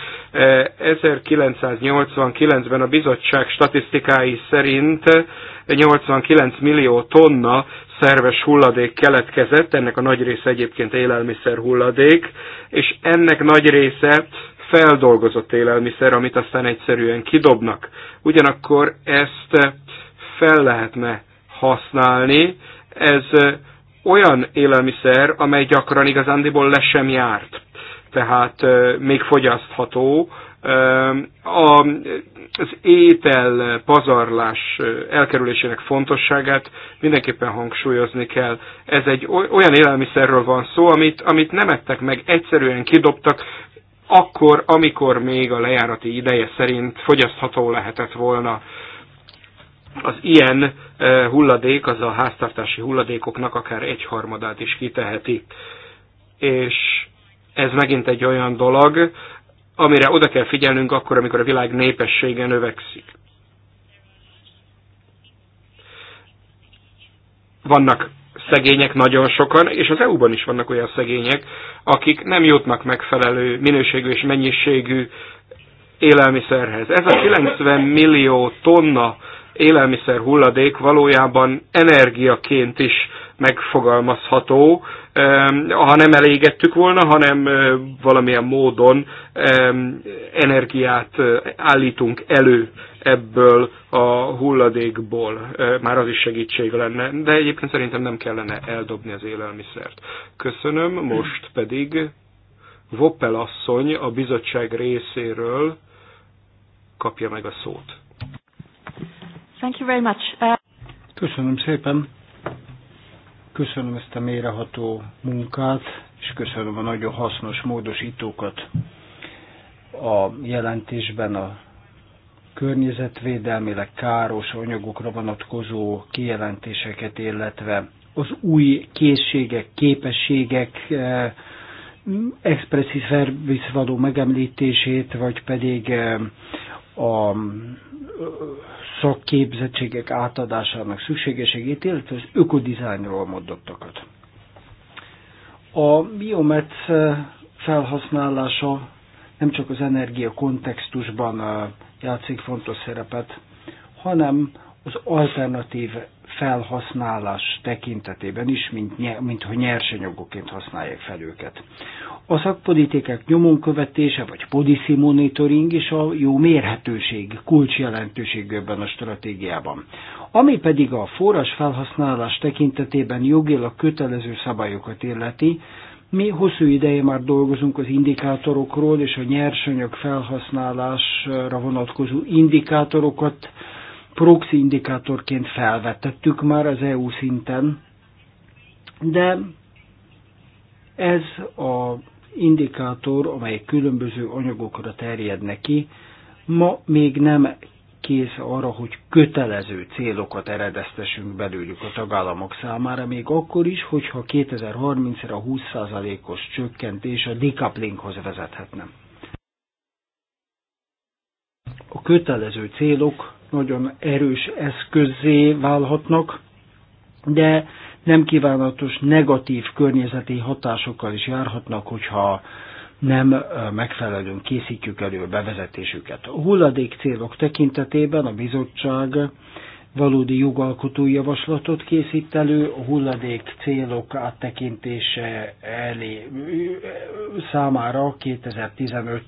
1989-ben a bizottság statisztikái szerint 89 millió tonna szerves hulladék keletkezett, ennek a nagy része egyébként élelmiszer hulladék, és ennek nagy része feldolgozott élelmiszer, amit aztán egyszerűen kidobnak. Ugyanakkor ezt fel lehetne használni, ez olyan élelmiszer, amely gyakran igazándiból le sem járt, tehát még fogyasztható. Az étel pazarlás elkerülésének fontosságát mindenképpen hangsúlyozni kell. Ez egy olyan élelmiszerről van szó, amit, amit nem ettek meg, egyszerűen kidobtak, akkor, amikor még a lejárati ideje szerint fogyasztható lehetett volna az ilyen eh, hulladék, az a háztartási hulladékoknak akár egyharmadát is kiteheti. És ez megint egy olyan dolog, amire oda kell figyelnünk akkor, amikor a világ népessége növekszik. Vannak szegények nagyon sokan, és az EU-ban is vannak olyan szegények, akik nem jutnak megfelelő minőségű és mennyiségű élelmiszerhez. Ez a 90 millió tonna élelmiszer hulladék valójában energiaként is megfogalmazható, ha nem elégettük volna, hanem valamilyen módon energiát állítunk elő ebből a hulladékból. Már az is segítség lenne, de egyébként szerintem nem kellene eldobni az élelmiszert. Köszönöm, most pedig Voppel asszony a bizottság részéről kapja meg a szót. Thank you very much. Uh... Köszönöm szépen. Köszönöm ezt a méreható munkát, és köszönöm a nagyon hasznos módosítókat a jelentésben a környezetvédelmileg káros anyagokra vonatkozó kijelentéseket, illetve az új készségek, képességek eh, expresszív service való megemlítését, vagy pedig eh, a szakképzettségek átadásának szükségességét, illetve az ökodizájnról mondottakat. A biomet felhasználása nem csak az energia kontextusban játszik fontos szerepet, hanem az alternatív felhasználás tekintetében is, mint, mint hogy nyersanyagoként használják fel őket a szakpolitikák nyomon követése, vagy policy monitoring is a jó mérhetőség, kulcsjelentőség ebben a stratégiában. Ami pedig a forrás felhasználás tekintetében jogilag kötelező szabályokat illeti, mi hosszú ideje már dolgozunk az indikátorokról és a nyersanyag felhasználásra vonatkozó indikátorokat proxy indikátorként felvetettük már az EU szinten, de ez a indikátor, amely különböző anyagokra terjednek ki, ma még nem kész arra, hogy kötelező célokat eredeztessünk belőlük a tagállamok számára, még akkor is, hogyha 2030-ra 20%-os csökkentés a decouplinghoz vezethetne. A kötelező célok nagyon erős eszközzé válhatnak, de nem kívánatos negatív környezeti hatásokkal is járhatnak, hogyha nem megfelelően készítjük elő a bevezetésüket. A hulladék célok tekintetében a bizottság valódi jogalkotói javaslatot készít elő, a hulladék célok áttekintése elé számára 2015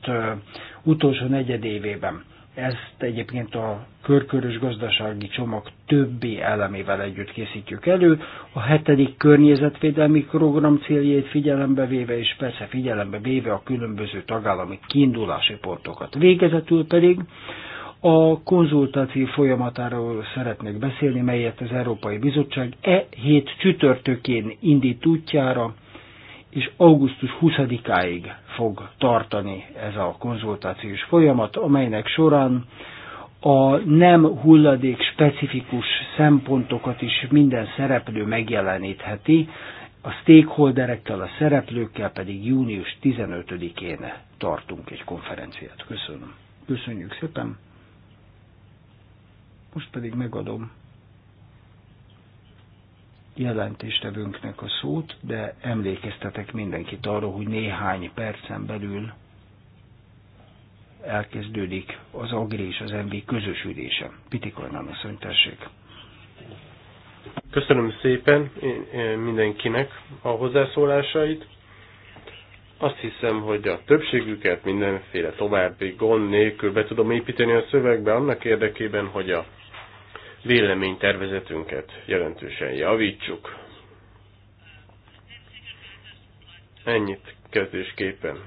utolsó negyedévében. Ezt egyébként a körkörös gazdasági csomag többi elemével együtt készítjük elő. A hetedik környezetvédelmi program céljait figyelembe véve, és persze figyelembe véve a különböző tagállami kiindulási pontokat. Végezetül pedig a konzultáció folyamatáról szeretnék beszélni, melyet az Európai Bizottság e hét csütörtökén indít útjára, és augusztus 20-áig fog tartani ez a konzultációs folyamat, amelynek során a nem hulladék specifikus szempontokat is minden szereplő megjelenítheti, a stakeholderekkel, a szereplőkkel pedig június 15-én tartunk egy konferenciát. Köszönöm. Köszönjük szépen. Most pedig megadom jelentéstevőnknek a szót, de emlékeztetek mindenkit arra, hogy néhány percen belül elkezdődik az Agri és az MV közös ülése. Pitikajnán a tessék. Köszönöm szépen mindenkinek a hozzászólásait. Azt hiszem, hogy a többségüket mindenféle további gond nélkül be tudom építeni a szövegbe annak érdekében, hogy a véleménytervezetünket jelentősen javítsuk. Ennyit kezdésképpen.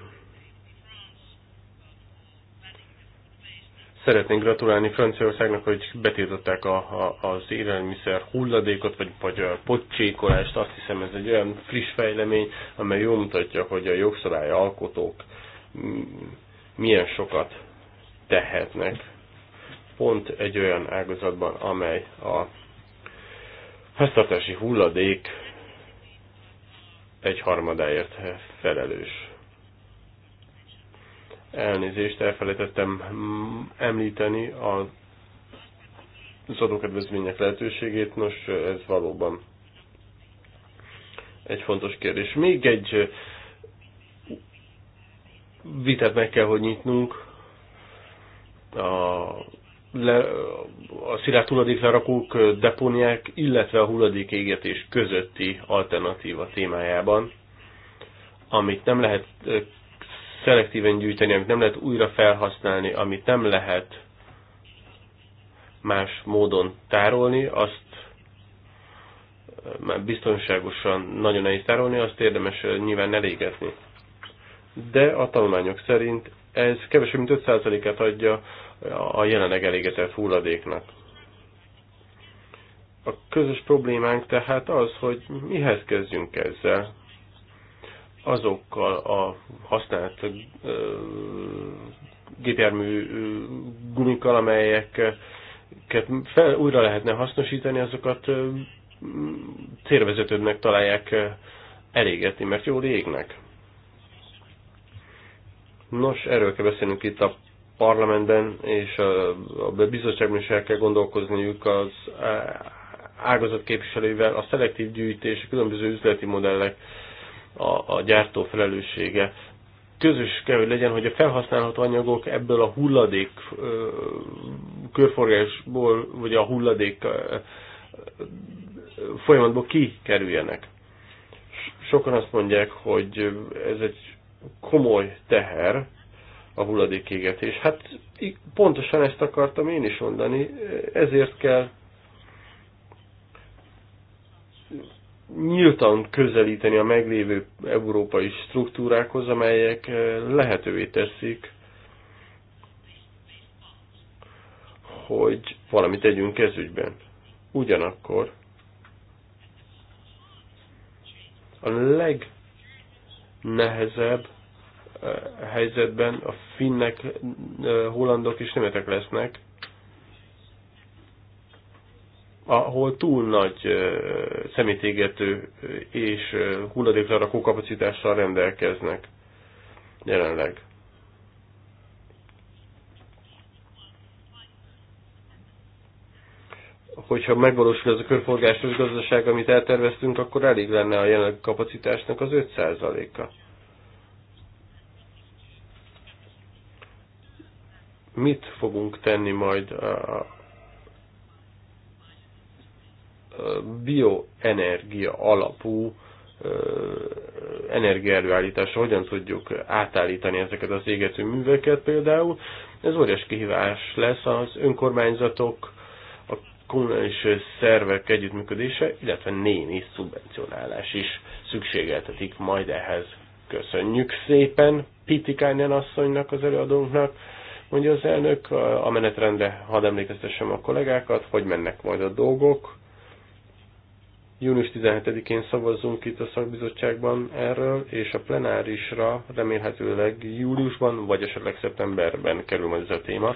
Szeretnénk gratulálni Franciaországnak, hogy betiltották a, a, az élelmiszer hulladékot, vagy, vagy a pocsékolást. Azt hiszem ez egy olyan friss fejlemény, amely jól mutatja, hogy a jogszabály alkotók milyen sokat tehetnek pont egy olyan ágazatban, amely a háztartási hulladék egy harmadáért felelős. Elnézést, elfelejtettem említeni a az adókedvezmények lehetőségét, nos, ez valóban egy fontos kérdés. Még egy vitát meg kell, hogy nyitnunk a le, a szilárd hulladéklerakók depóniák, illetve a hulladékégetés közötti alternatíva témájában, amit nem lehet szelektíven gyűjteni, amit nem lehet újra felhasználni, amit nem lehet más módon tárolni, azt már biztonságosan nagyon nehéz tárolni, azt érdemes nyilván elégetni. De a tanulmányok szerint ez kevesebb, mint 5%-át adja a jelenleg elégetett hulladéknak. A közös problémánk tehát az, hogy mihez kezdjünk ezzel, azokkal a használt gépjármű gumikkal, amelyeket fel, újra lehetne hasznosítani, azokat célvezetőbbnek találják elégetni, mert jól égnek. Nos, erről kell beszélnünk itt a parlamentben és a bizottságban is el kell gondolkozniuk az ágazat képviselőivel, a szelektív gyűjtés, a különböző üzleti modellek, a, a gyártó felelőssége. Közös kell, hogy legyen, hogy a felhasználható anyagok ebből a hulladék ö, körforgásból, vagy a hulladék ö, folyamatból kikerüljenek. Sokan azt mondják, hogy ez egy komoly teher, a égetés. Hát pontosan ezt akartam én is mondani, ezért kell nyíltan közelíteni a meglévő európai struktúrákhoz, amelyek eh, lehetővé teszik, hogy valamit tegyünk kezügyben. Ugyanakkor a legnehezebb helyzetben a finnek, hollandok és németek lesznek, ahol túl nagy szemétégető és hulladéklarakó kapacitással rendelkeznek jelenleg. Hogyha megvalósul ez a körforgásos gazdaság, amit elterveztünk, akkor elég lenne a jelenleg kapacitásnak az 5%-a. mit fogunk tenni majd a bioenergia alapú energiaelőállításra, hogyan tudjuk átállítani ezeket az égető műveket például. Ez óriás kihívás lesz az önkormányzatok, a kommunális szervek együttműködése, illetve némi szubvencionálás is szükségeltetik majd ehhez. Köszönjük szépen Pitikányan asszonynak, az előadónknak mondja az elnök, a menetrendre hadd emlékeztessem a kollégákat, hogy mennek majd a dolgok. Június 17-én szavazzunk itt a szakbizottságban erről, és a plenárisra remélhetőleg júliusban, vagy esetleg szeptemberben kerül majd ez a téma.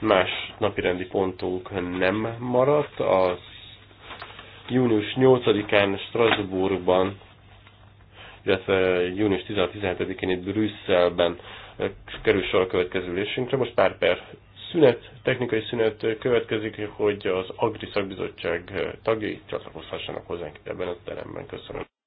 Más napirendi pontunk nem maradt. Az június 8-án Strasbourgban illetve június 16-17-én itt Brüsszelben kerül sor a következő ülésünkre. Most pár per szünet, technikai szünet következik, hogy az Agri Szakbizottság tagjai csatlakozhassanak hozzánk ebben a teremben. Köszönöm.